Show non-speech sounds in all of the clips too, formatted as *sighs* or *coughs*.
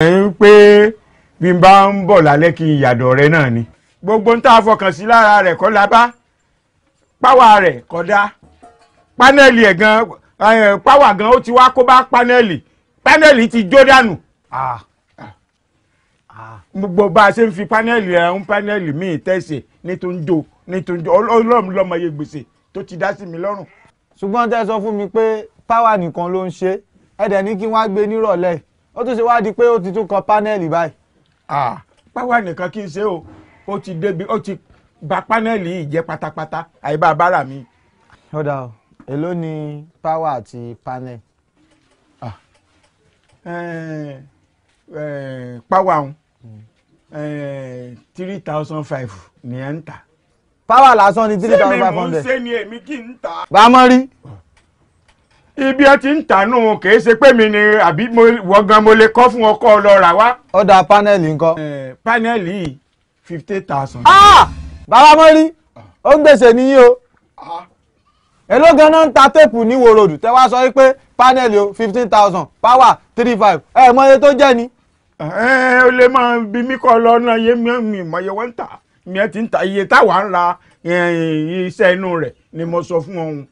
ń pé bí n bá ń bọ̀ lálẹ́ kí n yàdọ̀ rẹ náà ni. gbogbo ń tá a fọkàn sí lára rẹ̀ kọ́ la bá páwà rẹ̀ kọ́ pánẹ́ẹ̀lì ẹ̀ gan páwà gan ó ti wá kó bá pánẹ́ẹ̀lì pánẹ́ẹ̀lì ti jó dànù. gbogbo bá a ṣe ń fi pánẹ́ẹ̀lì ẹ̀ ń pánẹ́ẹ̀lì míì tẹ̀sẹ̀ ní tó ń jó ní tó ń jó ọlọ́run lọ́mọ iye gbèsè tó ti dá sí mi lọ́rùn. ṣùgbọ́n tẹ́ sọ fún mi pé páwà nìkan ló ń ṣe ẹ̀dẹ̀ ní kí ó tún ṣe wá di pé ó ti tún kan pánẹ́ẹ̀lì báyìí. páwá nìkan kí n ṣe o ó ti débi ó ti bà pánẹ́ẹ̀lì yìí jẹ́ pátápátá àyíbá bára mi. ó dà o èló ni páwá àti pánẹ́ẹ̀lì. páwá òun three thousand five ni ẹ ń tà. páwá lásán ni three thousand five hundred. sẹ́mi mò ń sẹ́ni èmi kì í ń tà. bá a mọ̀ rí ibi ẹ ti ń tànú kìí ṣe pé mi ni àbí wọ́n gan mo lè kọ́ fún ọkọ ọlọ́ra wa. ó da pánẹ́ẹ̀lì ńkọ́. pánẹ́ẹ̀lì fifty thousand. Ah! bàbá mọ́rí ó ń gbèsè níyí o ah. èló ganan ń ta téèpù ní wo ròdù tẹ wá sọ pé pánẹ́ẹ̀lì o fifteen thousand power three five ẹ mọ iye tó jẹ́ ni. ẹ ẹ lè máa bí mi kọ́ lọ náà yé mi mọ iye wọ́n ń tà mi ẹ ti ń ta iye táwa ń ra iṣẹ́ inú rẹ̀ ni mo sọ fún ọ̀hún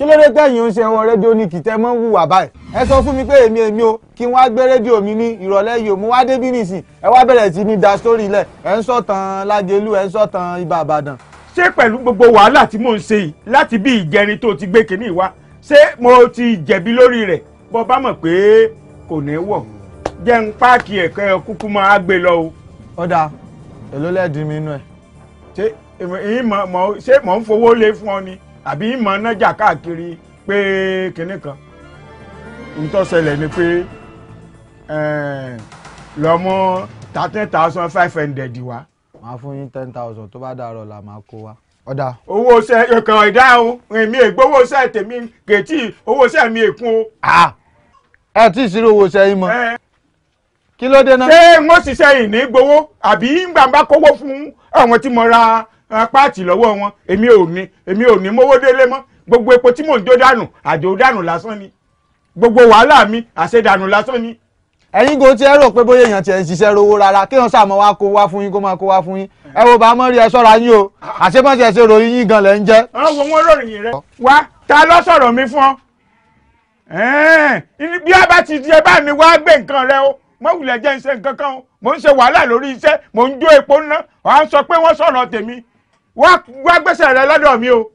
kí ló dé tẹ̀yìn ń ṣe wọn rédíò ní kìtẹ́ mọ́ wùwà báyìí ẹ sọ fún mi pé èmi èmi o kí n wá gbé rédíò mi ní ìrọ̀lẹ́ yìí o mo wá débí nìsín ẹ wá bẹ̀rẹ̀ sí ní da sórí ilẹ̀ ẹ ń sọ̀tàn lájẹlú ẹ ń sọ̀tàn ibà àbàdàn. ṣé pẹ̀lú gbogbo wàhálà tí mò ń ṣe yìí láti bí ìjẹrin tó ti gbé kínní wá ṣé mo ti jẹ̀bi lórí rẹ̀ bọ́ bá mọ̀ pé kò ní wọ̀ jẹ́ ń páàkì ẹ̀kẹ́ kúkú máa gbé lọ o. ọ̀dà èló lẹ́ẹ̀dín mi inú ẹ̀. ṣé mò ń fowó lé fún ọ ni àbí ìmọ̀ nájà káàkiri pé kinní kan ntọ́ ṣẹlẹ̀ ni pé eh, lọ́mọ thirteen thousand five hundred wá. màá fún yín ten thousand tó bá dàrọ̀ la máa kó wa ọ̀dà. owó ṣe ẹ̀kan ìdáhùn èmi ègbówó ṣe tèmi kètì owó ṣe mi èkún o. ẹ tí ìṣirò owó ṣe yín mọ. Eh. kí ló dé náà. ṣé mo ṣiṣẹ́ ìní gbowó àbí gbàǹbá kówó fún àwọn tí mo ra páàtì lọ́wọ́ wọn èmi ò ní èmi ò ní mówó délé mọ́ gbogbo epo tí mò ń jó dànù àjò dànù lásán ni gbogbo wàhálà mi àṣedànù lásán ni. ẹ̀yin kò tiẹ̀ rò pé bóyá èèyàn tiẹ̀ ń ṣiṣẹ́ rówó rárá kí wọ́n sàmọ́ wá kó wá fún yín kó máa kó wá fún yín ẹ wo bá mọ́ rí ẹ sọ́ra yín o àṣebọ́sẹ̀ ṣe ròyìn yín gan lẹ́ ń jẹ́. ọ̀wọ́ wọn ròyìn rẹ wá ta ló sọ̀rọ̀ mi fún ọ bí a bá ti di ẹ bá mi wá gbé nǹkan rẹ o mo wulẹ̀ jẹ́ iṣẹ́ nǹkan kan o mo ń ṣe wàhálà lórí iṣẹ́ mo ń jó epo ná wàá sọ pé wọ́n sọ̀rọ̀ tèmi wá gbèsè rẹ lọ́dọ̀ mi o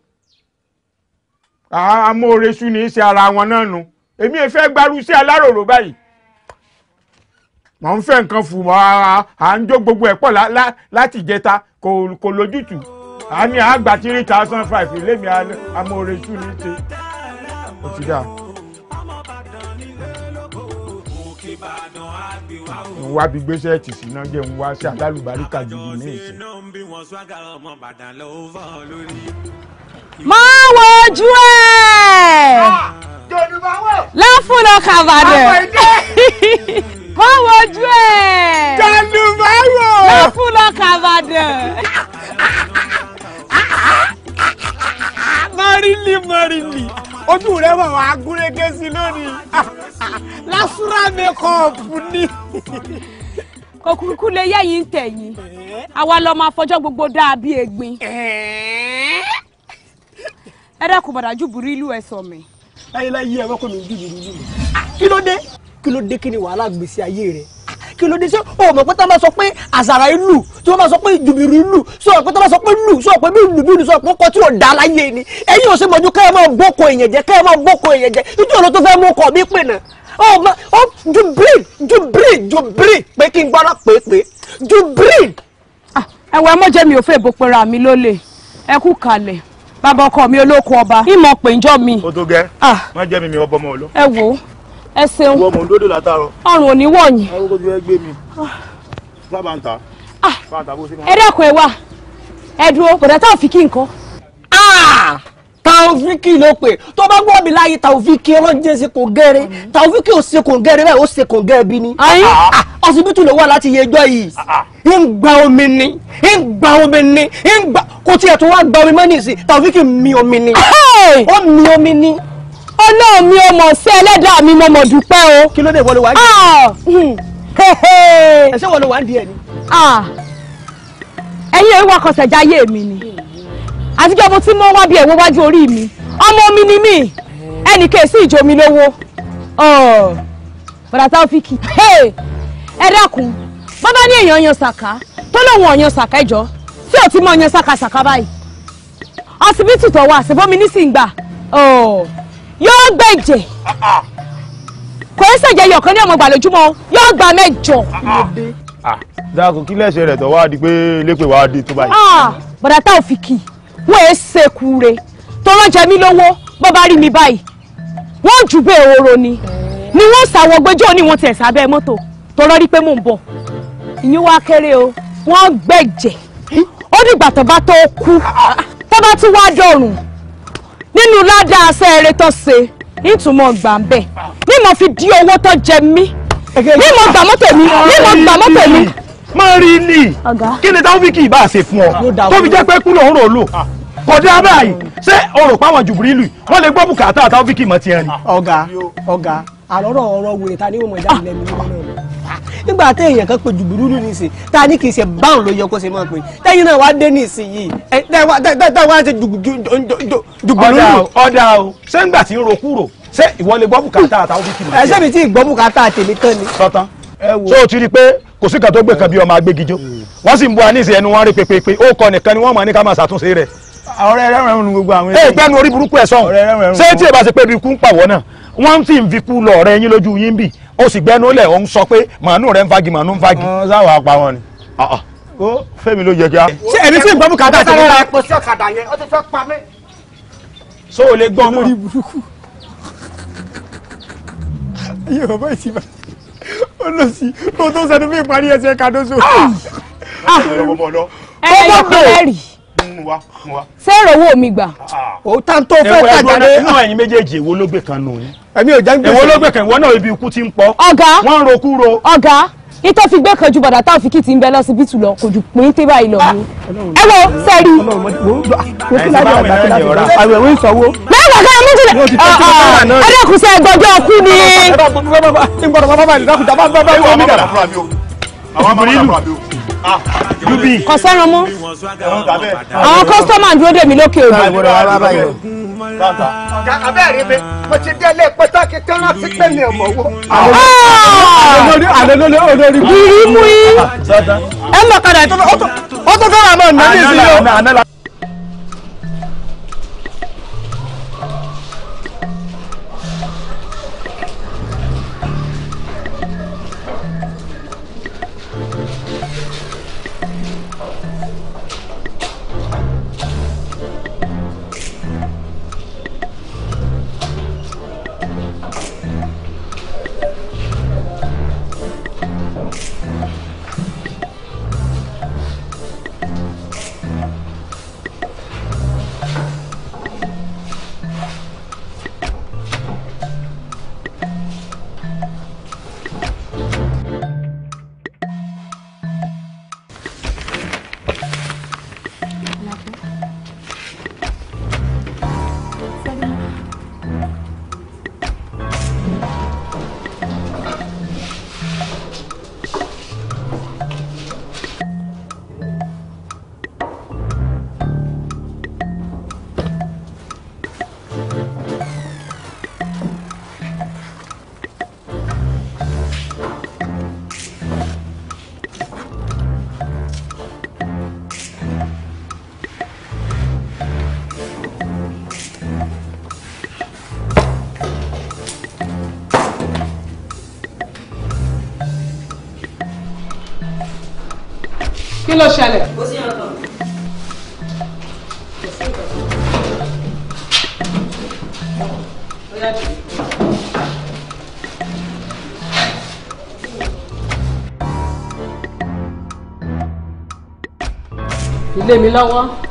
amóoreṣu ní í ṣe ara wọn náà nu èmi ẹ fẹ́ gbarú sí aláròrò báyìí mọ̀ ń fẹ́ nǹkan fù mọ́ à ń jó gbogbo ẹ̀ pọ̀ láti jẹta kò lójútùú a ní àgbà three thousand five lèmi amóoreṣu ní í ṣe òtí dáa. ń wá bí gbé sẹ́ẹ̀tì sí náà jẹ́ ń wá sí àdálùbáríkà gidi ní ìsìn. máa wo ojú ẹ̀ láfúnà kàbàdàn máa wo ojú ẹ̀ láfúnà kàbàdàn. Ah! Ah! mọ́rìlì mọ́rìlì ojú rẹ wà wá gúnrégé sí lónìí *laughs* lásùrà mẹ́kọ̀ọ̀pù ni. òkùnkùn lè yẹ yín tẹ̀yìn àwa lọ máa fọjọ́ gbogbo dáa bíi egbin. *laughs* ẹ dẹ́kun bàdájú burú ìlú ẹ̀ sọ mi. láyé láyé ẹ wọ́n kọ́ mi jù jù jù kí ló dé kí ló dé kí ni wàhálà gbèsè ayé rẹ̀ kí ló dé ṣé o mọ̀ pé tá a máa sọ pé àṣàrà ìlú tí wọ́n máa sọ pé ìjùmìrì ìlú sọ pé tá a máa sọ pé ìlú sọ pé bí ìlú bí ìlú sọ pé kọ́ tí ò dá láyé ni ẹ̀yin ò sì mọ̀jú ká ẹ máa bọ́kọ èèyàn jẹ ká ẹ máa bọ́kọ èèyàn jẹ títí òun tó fẹ́ mú ọkọ mi pè náà ó ma ó jubril jubril jubril pé kí n gbọ́dọ̀ pé pé jubril. ẹ̀wọ̀n ẹ mọ̀jẹ̀ mi ò fẹ́ ìbòpera mi lólè ẹ kú kalẹ̀ bàbá ọkọ mi olóko ọba ìmọ̀ pèjọ́ mi. o tó gẹ́ mọ̀jẹ̀ mi mi ọbọ̀ mọ́ ọ ẹ wo ẹ ṣeun. wọ́n mọ̀ ń dódò látàárọ̀. ọrùn ò ní wọ̀nyí. ọrùn kò ju ẹ gbé mi. sábà ń ta. Ah. ẹ dẹ́kun ẹ wá ẹ dúró kò dá Taofiki nǹkan. Ah! Taofiki ló pè tó bá gbọ́ mi láyé Taofiki ọlọ́jẹ́ ṣe kò gẹ́rẹ́ Taofiki ò ṣe kò gẹ́rẹ́ bẹ́ẹ̀ ó ṣe kò gẹ́rẹ́ bí ni. Ah, ọsibítù ló wà láti yẹjọ́ yìí ń gba omi ni ń gba omi ni ń gba kò tiẹ̀ tó wá gba omi mọ́ nìsín Taofiki mi omi ni ó mi omi ni ọlọ́run mi ò mọ̀ sí ẹlẹ́dàá mi mo mọ̀ dúpẹ́ o. kí ló dé ìwọ ló wá ń di ẹ. Ah, hmm. ẹ ṣé ìwọ ló wá ń di ẹ ni. Ah. ẹ̀yin ẹ̀ wá kọsẹ̀já ayé mi ni àtijọ́ mo ti mọ́ wá bí ẹ̀wọ́ wájú orí mi ọmọ mi ni mí ẹnì kèésì ìjọ mi lówó oh. bàdà táwọfíkì ẹ dákun bàbá ní èèyàn yan sàkà tó lóun ọ̀yan sàkà ẹjọ́ tí ò ti mọ ọ̀yan sàkà sàkà báyìí ọsibítù tó wà síbómi nísìngbà. Oh yóò gbẹ̀jẹ̀ kò ń ṣèjẹ́ yọ̀kan ní ọmọ gbàlójúmọ́ yóò gba mẹ́jọ. Ah, dáàkú kí lẹ́sẹ̀ rẹ̀ tó wá di pé lépè wá di tó báyìí. Ah, bọ̀dà tá ò fi kì í wọ́n ẹ̀ ṣekú re tó ránjẹ mi lówó bó bá rí mi báyìí wọ́n jù bẹ́ẹ̀ oró ni ni wọ́n ṣàwọ̀ gbẹjọ́ ni wọ́n ti ẹ̀ sábẹ́ mọ́tò tó rọ́rí pé mò ń bọ̀ ìyín wá kéré o wọ́n gbẹ̀jẹ̀ ó dìgbà tó bá tó kú tó bá tún wá dọ̀rùn nínú ládà àṣẹ eré tó ṣe ìtumọ̀ gbà ń bẹ̀ ní mo fi di owó tó jẹ mí ní mo gbà mọ́tò mi ní mo gbà mọ́tò mi. má rí i ní kí ni táwọnfíkì ìbá ṣe fún ọ tó fi jẹ́ pé kúlò ń rò lò ah. kọjá báyìí ṣé ọ̀rọ̀ pàwọn jùbìrìlù wọ́n lè gbọ́ bùkátà táwọnfíkì mọ́ ti rìn. ọ̀gá ọ̀gá ọ̀rọ̀ wèrè ta ni ó mọ̀ ìdánilẹ́nu nígbà tí èèyàn kan pèjù burúkú nísìn tá a ní kì í ṣe báwọn ló yẹ kó ṣe máa pè tẹ́yìn náà wá dé nísìnyìí ẹ tẹ́yìn wá ṣe dùgbòlódù. ọ̀dà o ṣé ń gbà tí ń rokúrò ṣé ìwọ lè gbọ́ bùkátà àtàwọn fi kìlọ̀. ẹ ṣé mi tí ì gbọ́ bùkátà tèmi tán ni. sọtán so o ti rí i pé kò sí kan tó gbé kan bí ọmọ agbégijó hmm. wọ́n sì ń bu anísì ẹnu wọn rí pépépé ó kọ nìkan ni wọ́n mọ̀ ní ká máa ṣàtúnṣe rẹ̀. ọ̀rẹ́ rẹ̀ rẹ̀ ń gbogbo àwọn èèyàn. ẹ gbẹ́nu orí burúkú ẹ̀ sọ̀hún ṣé tí ẹ bá ṣe pé ibi ikú ń pàwọ́ náà wọ́n sì ń fi kú lọ ọ̀rẹ́ yín lójú yín bì ó sì gbẹnu lẹ̀ ó ń sọ pé màánù rẹ̀ ń fagi màánù ń fagi. wọn sáwọ apá wọn ni. Ah, ah. ó fẹ́mi ló yẹ kí a. ṣé èmi sì ń gbọ́ bùkátà tí mo bá. ọ̀pọ̀ sí ọ̀kadà yẹn ó ti fẹ́ pa mí. so o lè gbọ́ mọ́. iye bàbá ìtìbà ó lọ sí o tó sẹnu fún ìparí ẹsẹ̀ kadoso. ọmọ bẹ̀rẹ̀ fẹ́rẹ̀ owó mi gbà. o tá n tó fẹ́ tajà rẹ. inú ẹ̀yin méjèèjì èwo ló gbé kan nù yín. èmi ò já ń gbèsè. èwo ló gbé kan ìwọ náà ibi ikú ti ń pọ̀. ọ̀gá wọ́n ń rokú ro. ọ̀gá ìtọ́ fi gbé kan ju bàdà táwọn fi kì ti ń bẹ lọ́sibítù lọ kò ju pín tẹ́ báyìí lọ. ẹ wo sẹ́ẹ̀rì. àwẹ̀wé ìsọwọ́. mẹ́wàá ká mú tilẹ̀ ẹ̀ẹ́dẹ́kùsẹ̀ gbọ́jọ́ ọkú ni. ìbùrìlù kò sẹ́ran mọ́ àwọn kọ́sítọ́mà dúró dè mí lókè òbí. abẹ́rẹ́ mi mo ti délé pẹ́tàkì tí wọ́n ti pè mí ọ̀mọ̀ wo. àdéhùn olórí. ìrì mú i ẹ mọ̀ kadà ó tó kọ́ àwọn ọ̀nà ní ìsinmi o. kí ló ṣẹlẹ̀. ó sì yàn kàn. ilé mi lọ́wọ́.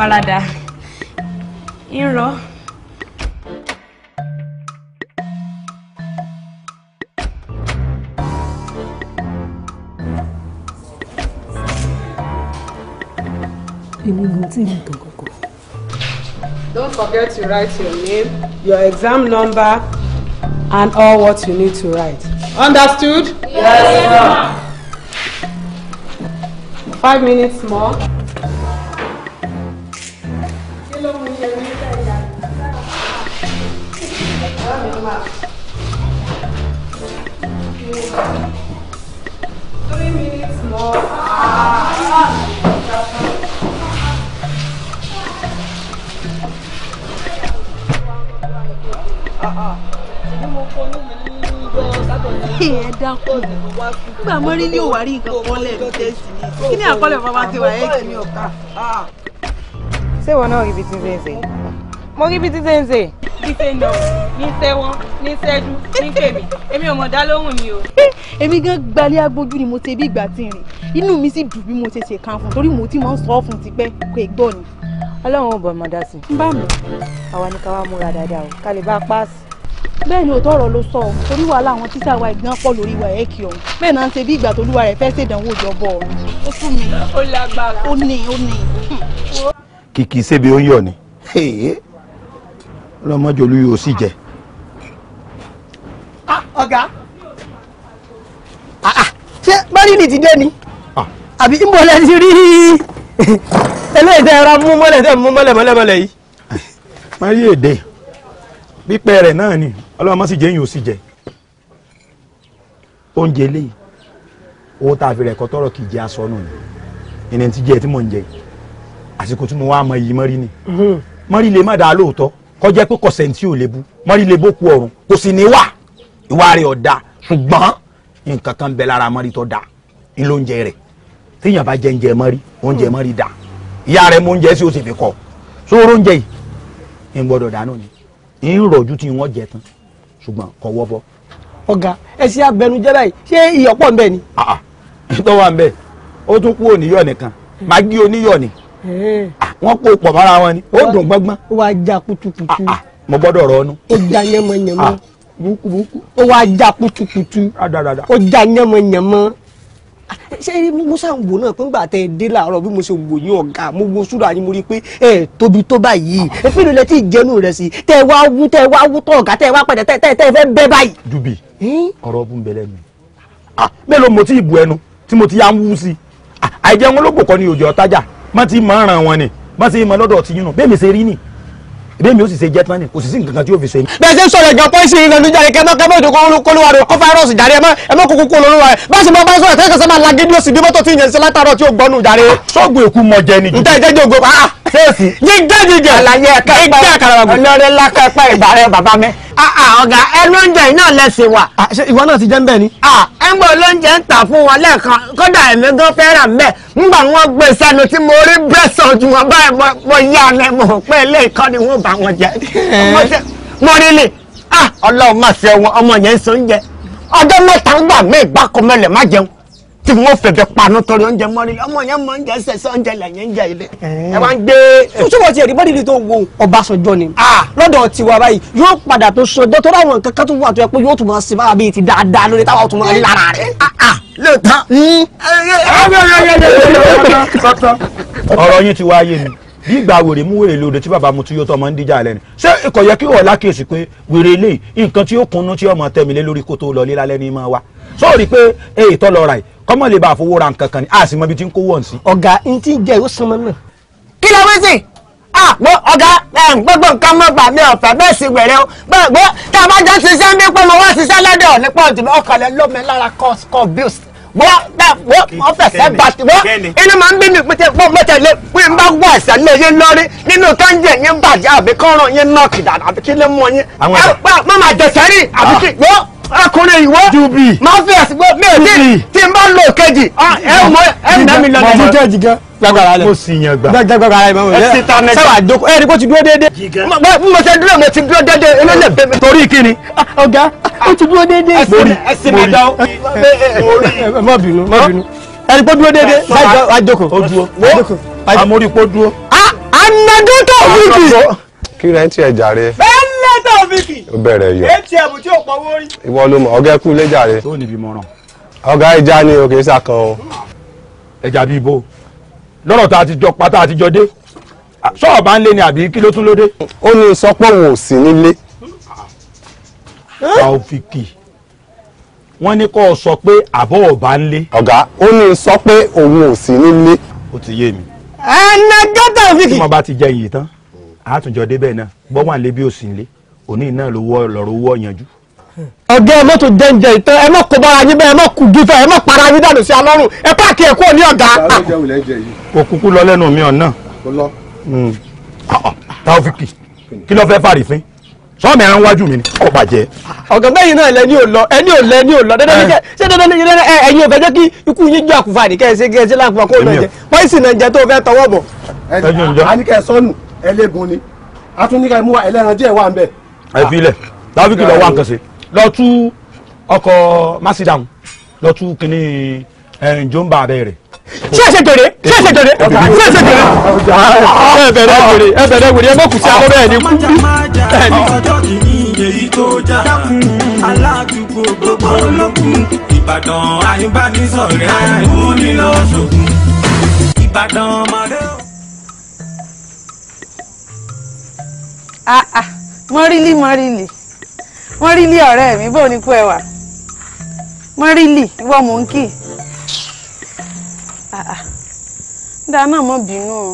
faradà ń Don't forget to write your name, your exam number, and all what you need to write. Understood? Yes, ma'am. Five minutes more. wàá rí nǹkan kan lẹ́ẹ̀mí tẹ́sí ni kí ni àkọlẹ̀ bàbá ti wà ẹ́ kí ni ọ̀ka. Ah. ṣé ìwọ náà rí ibi tí ń ṣe ń ṣe mo rí ibi tí ń ṣe ń ṣe. níṣẹ́ nà ní sẹ́wọ́ ní sẹ́dú ní kèmí èmi ò mọ̀ dá lóhùn ni o. *laughs* èmi gan gbalẹ̀ agbójú ni mo ṣe bí ìgbà tí ń rìn inú mi sì dùn bí mo ṣe ṣe kan fún torí mo ti máa ń sọ ọ́ fún tipẹ́ kò gbọ́ ni. ọlọ́run ò bọ̀ mọ́ dá sí ń bá mi àwa ni ká múra dáadáa o ká lè bá a páàsì bẹ́ẹ̀ ni òótọ́ ọ̀rọ̀ ló sọ torí wàhálà àwọn tíṣà wa ìgbọ́n pọ̀ lórí wa ẹ̀ kì ọ́ bẹ́ẹ̀ náà ń ṣe bí ìgbà tó lúwa rẹ̀ fẹ́ ṣèdánwò jọbọ ó fún mi ó lágbára ó ní ó ní. kìkì ṣebí ó ń yọ yóò sì jẹ. Ah, ọ̀gá ah, ah, ṣé mọ́rìnì ti dé ni àbí ń bọ̀ rí eléyìí ẹ̀rọ mú mọ́lẹ̀ mọ́lẹ̀ mọ́lẹ̀ yìí. máyé èdè pípẹ́ rẹ̀ náà ni ọlọ́run mọ́ sì jẹ́ yín ò sì jẹ́ oúnjẹ eléyìí owó tá a fi rẹ̀ kọ́ tọ́rọ̀ kì í jẹ́ aṣọ nù ni ìní ti jẹ́ tí mò ń jẹ àsìkò tí mo wá mọ iyì mọ́rí ni mhm. mọ́rí lè má dáa lóòótọ́ kọjá pé kọ̀sẹ̀ tí ò lè bu mọ́rí lè bó ku ọ̀run kò sì ní wà ìwà rẹ̀ ọ̀dà ṣùgbọ́n nǹkan kan bẹ lára mọ́rí tó dáa ńlóúnjẹ rẹ̀ téèyàn bá jẹ oúnjẹ mọ́rí oúnjẹ mm. mọ́rí dáa ìyá ṣùgbọ́n kọ́ wọ́bọ́. ọ̀gá ẹ ṣe abẹnujẹ báyìí ṣé iyọ̀ pọ̀ nbẹ ni. tó ah, ah, wà nbẹ ó tún kú oníyọ̀ nìkan màgí oníyọ̀ ni ah, wọ́n kó pọ̀ mọ́ra wọn ni ó dùn gbọ́ngbọ́n. ó wàá já kutukutu. mo gbọ́dọ̀ rọ ọ́nú. ó já yẹmọyẹmọ. burúkú ó wàá já kutukutu. ó já yẹmọyẹmọ ṣé mo ṣàǹwò náà pé ńgbà tẹ ẹ dé làárọ̀ bí mo ṣe wò yín ọ̀gá mo wo súra yín mo rí i pé ẹ tóbi tó báyìí ìpinnu lẹ tí ìjẹnu rẹ sí tẹ ẹ wá wú tẹ ẹ wá wú tọ ọ̀gá tẹ ẹ wá padà tẹ ẹ tẹ ẹ fẹ́ bẹ́ báyìí. dubi ọ̀rọ̀ ọbùn bẹlẹ mi mélòó mo ti ìbù ẹnu tí mo ti yá ń wú sí i àìjẹun olóògbò kọ ni òjò ọ̀tájà má ti mọ̀ ọ́ràn wọn ni má ti mọ̀ lọ́dọ̀ ọ̀tí yín nù bẹ́ẹ̀ mi ṣe rí nìyí ebi mi ò sì ṣe jẹ́ tán ni kò sì sí nǹkan kan tí yóò fi ṣe. bẹ́ẹ̀ ṣe ń sọ̀rọ̀ ẹ̀gàn pọ́ìsì ìrìnà ló jáde kẹ́mọ́ kẹ́mọ́ ìdókò olúkọlùwà rẹ̀ kó fáírọ́ọ̀sì jáde ẹ̀mọ́ ẹ̀mọ́ kókó kó olóró rẹ̀ bá ṣe máa bá sọ̀rọ̀ tẹ́kẹ̀sẹ̀ máa lagídí ó sì bí mọ́tò tí ìyẹn ṣe látàárọ̀ tí ó gbọ́nù jáde. sọ́ọ̀gbù èkú mọ jẹ ni. ntẹ́ ìjẹ́jẹ́ ògbó pa á ṣèèsì. jíjẹ jíjẹ jíjẹ àkàràmàgbò. olórí lákọ ẹpẹ ìbàrẹ bàbá mi. Ah, ah, ọ̀gá ẹnu oúnjẹ yìí náà lẹ́sìn wa. Ah, ṣé ìwọ náà ti jẹ́ ń bẹ̀ ni. ẹ ń bọ̀ olóúnjẹ ń tà fún wọn lẹ́ẹ̀kan kódà ẹ̀mí gan fẹ́ràn ń bẹ̀ ńgbà wọn gbé sẹ́nu tí mo rí bẹ́sẹ̀ ojú wọn báyìí mo yá ni mo pé ilé ìkọ́ni wọn bá wọn eh. jẹ. mo rí ni ọlọ́run má ṣe ọmọ yẹn ń so oúnjẹ ọjọ́ mẹ́ta ń gbà mí ìgbákọ̀ mẹ́lẹ̀ má jẹun tí wọ́n fẹ̀fẹ̀ paná tọrọ oúnjẹ mọ́rí ọmọ yẹn mọ oúnjẹ ṣẹ̀ṣẹ̀ oúnjẹ lẹ́yìn oúnjẹ ilé ẹ wá ń gbé. sọ́sọ́bọ̀ ti ẹ̀rí bọ́dìlì tó wo Ọbásanjọ́ ni lọ́dọ̀ tiwa báyìí yóò padà tó sọjọ́ tó ráwọn nǹkan kan tó wà tó yẹ pé yóò tún máa ṣe bára ti dáadáa lórí táwa tún máa rí lára rẹ̀. ọ̀rọ̀ yín ti wáyé mi bí ìgbà wèrè mú wèrè lòdì tí bàbá mu tún yóò tọmọ ń díjà lẹ́nu ṣé ìkọ̀ yẹ kí wọ́n lákèsí pé wèrè lè nǹkan tí ó kunnú tí ọmọ tẹ̀mílẹ́ lórí kó tó lọ lé lálẹ́ ní máa wá sóòrí pé èyí tọ́ lọ ra kọ́mọ̀ lè bá àfowó ra nǹkan kan ni a sì mọ ibi tí ń kówó ọ̀hún sí. ọ̀gá n ti jẹ́ ìwé sanmọ́ náà. kí ló wí sí àpò ọ̀gá gbogbo nǹkan mọ́ bà mí ọ̀fẹ́ bẹ́ẹ̀ sì wẹ̀rẹ̀ o gbogbo tá a bá jọ ṣiṣẹ́ mi pé mo wá ṣiṣẹ́ lọ́dọ̀ nípa òjòló ọkàlẹ̀ lómi lára kọ́ bills wọ́n wọ́n ọ̀fẹ́sẹ̀ bàtì wọ́n inú máa ń bí mi pété wọ́n mọ́tẹ́ lé pé n bá wọ ẹ̀sẹ̀ lé yín lórí nínú tó ń jẹ yín bàjẹ́ àbí kọ́rọ̀ yín nọ́ọ̀kì dànù àbí kí ló mú yín. àwọn ẹ̀rọ má má jẹ sẹ́rí àbí kí wọ́n ọkùnrin ìwọ jubi máa fi ẹ̀sìn pé mi tí n bá lò kejì ah, ẹ mọ ẹ nà mí lọ nìyẹn. mo jẹ́ jìgẹ́ gbàgbàrà rẹ̀ mo sì yan gbà gbàgbà gbàgbà rẹ̀ mọ̀ ẹ ti ta mẹ́ta sábà jókòó ẹ ní kó ti dúró déédéé. mo ṣe dúró mo ti dúró déédéé eléyìí bẹ́ẹ̀ mi. torí kíni. Ah, ọ̀gá ó ti dúró déédéé. mórí mórí má bínú má bínú ẹ ní kó dúró déédéé báyìí wá jókòó. ó dúró amórí kó dúró. anadó tó wúbi. kí ni ẹ ti ẹ jàre. bẹ́ẹ̀ lẹ́tọ̀ fífi. ó bẹ̀rẹ̀ yọ. atm tí ò pọ̀wó rí. ìwọ ló mọ ọgá ẹkú léjàre. tó níbi mọ̀ràn. ọgá ẹja ni òkè sàkàn o. ẹja bíi bo lọ́rọ̀ tá a ti jọ pátá a ti jọ dé ṣọ́ọ̀bá ń lé ni àbí kí ló tún ló dé. ó ní sọpọ́ òun ò sí nílé. taofiki wọ́n ní kó o sọ pé àbọ̀ ọ̀bá ń lé. ọ̀gá ó ní sọ pé òun ò sí nílé. ó ti yé mi. ẹnẹgẹ́ taofiki. tí mo bá ti jẹ iyì tán àtúnjọ débẹ̀ náà bọ́ wà lé òní náà lọ́rọ̀ owó ọ̀yànjú. ọ̀gá ẹ mọ́tò jẹ́ǹjẹ́ ìtọ́ ẹ mọ́ kó bára ẹ mọ́ kù ẹ mọ́ para yín dànù sí alọ́run ẹ páàkì ẹ̀kọ́ ní ọ̀gá. lọ lẹ́nu mi hmm. mi ni kò bàjẹ́. náà ò lọ ẹni ní eh. kẹ́ ṣé ní ẹ̀yin ò fẹ́ jẹ́ kí ikú yín jọ ṣe ẹ ṣe kó lọ jẹ pọ́ìsì náà jẹ tó fẹ́ tọwọ́ bọ̀. ẹlẹ́gùn ni a tún ní ká mú wa ẹlẹ́ran díẹ̀ wà ń bẹ̀. ilẹ̀ dáfíkì lọ wá nǹkan ṣe lọ tú ọkọ̀ masidamu lọ tú kínní jomba abẹ́ rẹ̀. ṣé ẹsẹ̀ tèrè ṣé ẹsẹ̀ tèrè ṣé ẹsẹ̀ tèrè. ẹ bẹ̀rẹ̀ wèrè ẹ bẹ̀rẹ̀ wèrè ẹ bọ́ kùsì àbọ̀ bẹ́ẹ̀ kú bí. ọjọ́ kìíní èyí tó já aládùúgbò gbogbo olókùn Ìbàdàn àyùbánisọ̀rẹ́ àìmúnilọ́ṣọ̀gùn Ìbàdàn màdé. mọ́rílì mọrili mọrili ọ̀rẹ́ mi bó kú ẹwà mọ́rílì ìwọ mò ń kì ah, ah. dáa náà mọ́ bínú o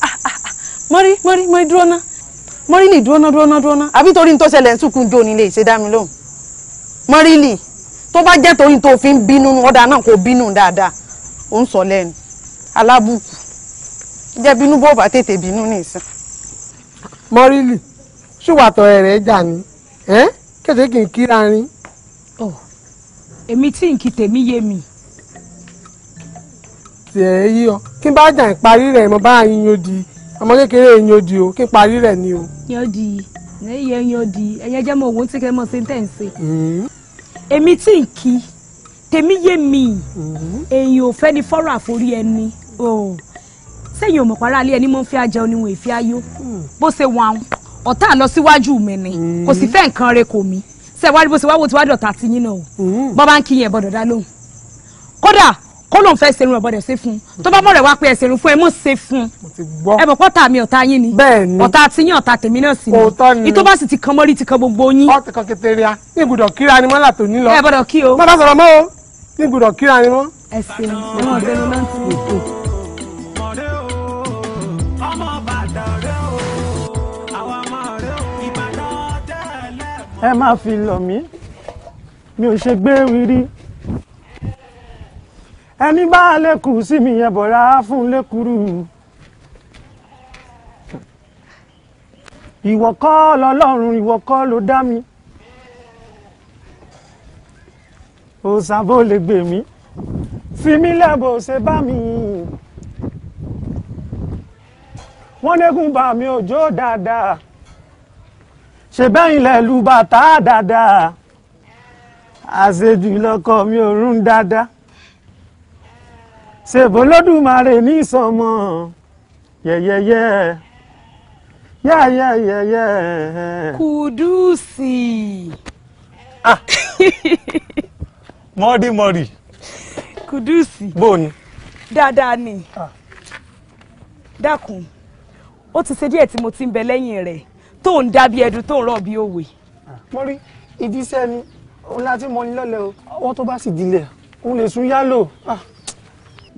ah, mọ́rí mọ́rí mọ́rí dúró ná mọ́rílì dúró ná dúró ná dúró ná àbí torí lóhùn tó bá jẹ́ torí tó fi ń bínú ọ̀dà náà kò bínú dáadáa ń sọ lẹ́nu alábùkù. jẹ́ bínú bó bá tètè bínú nìsín. mọ́rílì ṣùwàtọ̀ ẹ̀rẹ̀ jà ni kéde kì í kíra rin. èmi tí n kì tèmi yé mi. tiẹ̀ yí ọ kí n bá jà ń parí rẹ̀ mo bá yín yóò di ọmọ kékeré yín yóò di o kí n parí rẹ̀ ni o. yóò ẹyẹ yóò ẹyẹ jẹ́ mọ̀ owó tí kẹ́ mọ̀ ṣe ń tẹ̀ ń ṣe. Mm-hmm. èmi tí n kì tèmi yé mi èèyàn mm-hmm. ò fẹ́ ni fọ́rọ̀ àforí ẹni. Oh sẹ́yìn ò mọ̀ pàrọ̀ alẹ́ ẹni mọ́ ń fi ajẹ́ oníwọ̀n èfi ayó hmm. bó ṣe wọn àwọn ọ̀tá lọ síwájú mi ni hmm. kò sì fẹ́ nǹkan rẹ̀ kò mí ṣe wá rí bó ṣe wá wò tí wá dọ̀tà ti yín náà o hmm. bọ́ bá ń kí yẹn bọ́dọ̀ dá lóhùn kódà kó lóun fẹ́ serun ọ̀bọ̀dẹ̀ ṣe fún un tó bá mọ̀ rẹ̀ wá pé ẹ̀sìn fún ẹ mọ̀ ṣe fún un ẹ mọ̀ pọ́tà mi ọ̀tá yín ni ọ̀tá ti yín ọ̀tá tèmi náà sì ni ìtọ́ bá sì ti kan mọ́rí ti kan gbogbo yín. ọ̀tẹ̀ kan kété ria ní ìgbùdọ̀ kíra ni mọ́là tó ní lọ. ẹ gbọ́dọ̀ kí o. má bá sọ̀rọ̀ mọ́ o ní ìgbùdọ̀ kíra ni mọ́. ẹ ṣeun ẹ mọ̀ bẹ́ẹ̀ ló máa ń tún mi. ẹ má fi lọ̀ mí mi ò ṣe gbé wírí ẹni bá lẹ́kù sí mi yẹn bọ̀rá fún lẹ́kùrú ìwọ kọ́ lọ́lọ́run ìwọ kọ́ ló dá mi òsàbò lè gbè mí fi mí lẹ́bọ̀ ṣe bá mi wọ́n lẹ́kùn bá mi òjò dáadáa ṣe bẹ́yìn lẹ́lu bàtà dáadáa àṣejù lọkọ mi ò rún dáadáa ṣèbó lódùmarè ní ìsọmọ yẹyẹyẹ yẹyẹyẹyẹ. kùdùsì. Ah! mọ́rìmọ́rì. kùdùsì. bóòni. dáadáa ni ah. dákun ó ti ṣe díẹ̀ tí mo ti ń bẹ lẹ́yìn rẹ̀ tó ń dábí ẹdun tó ń rọ̀ bí òwe. mo rí ìdíṣẹ́ ni òun láti mọ ní lọ́lẹ̀ o ọwọ́ tó bá sì dilẹ̀ òun lè sún yálò. Ah.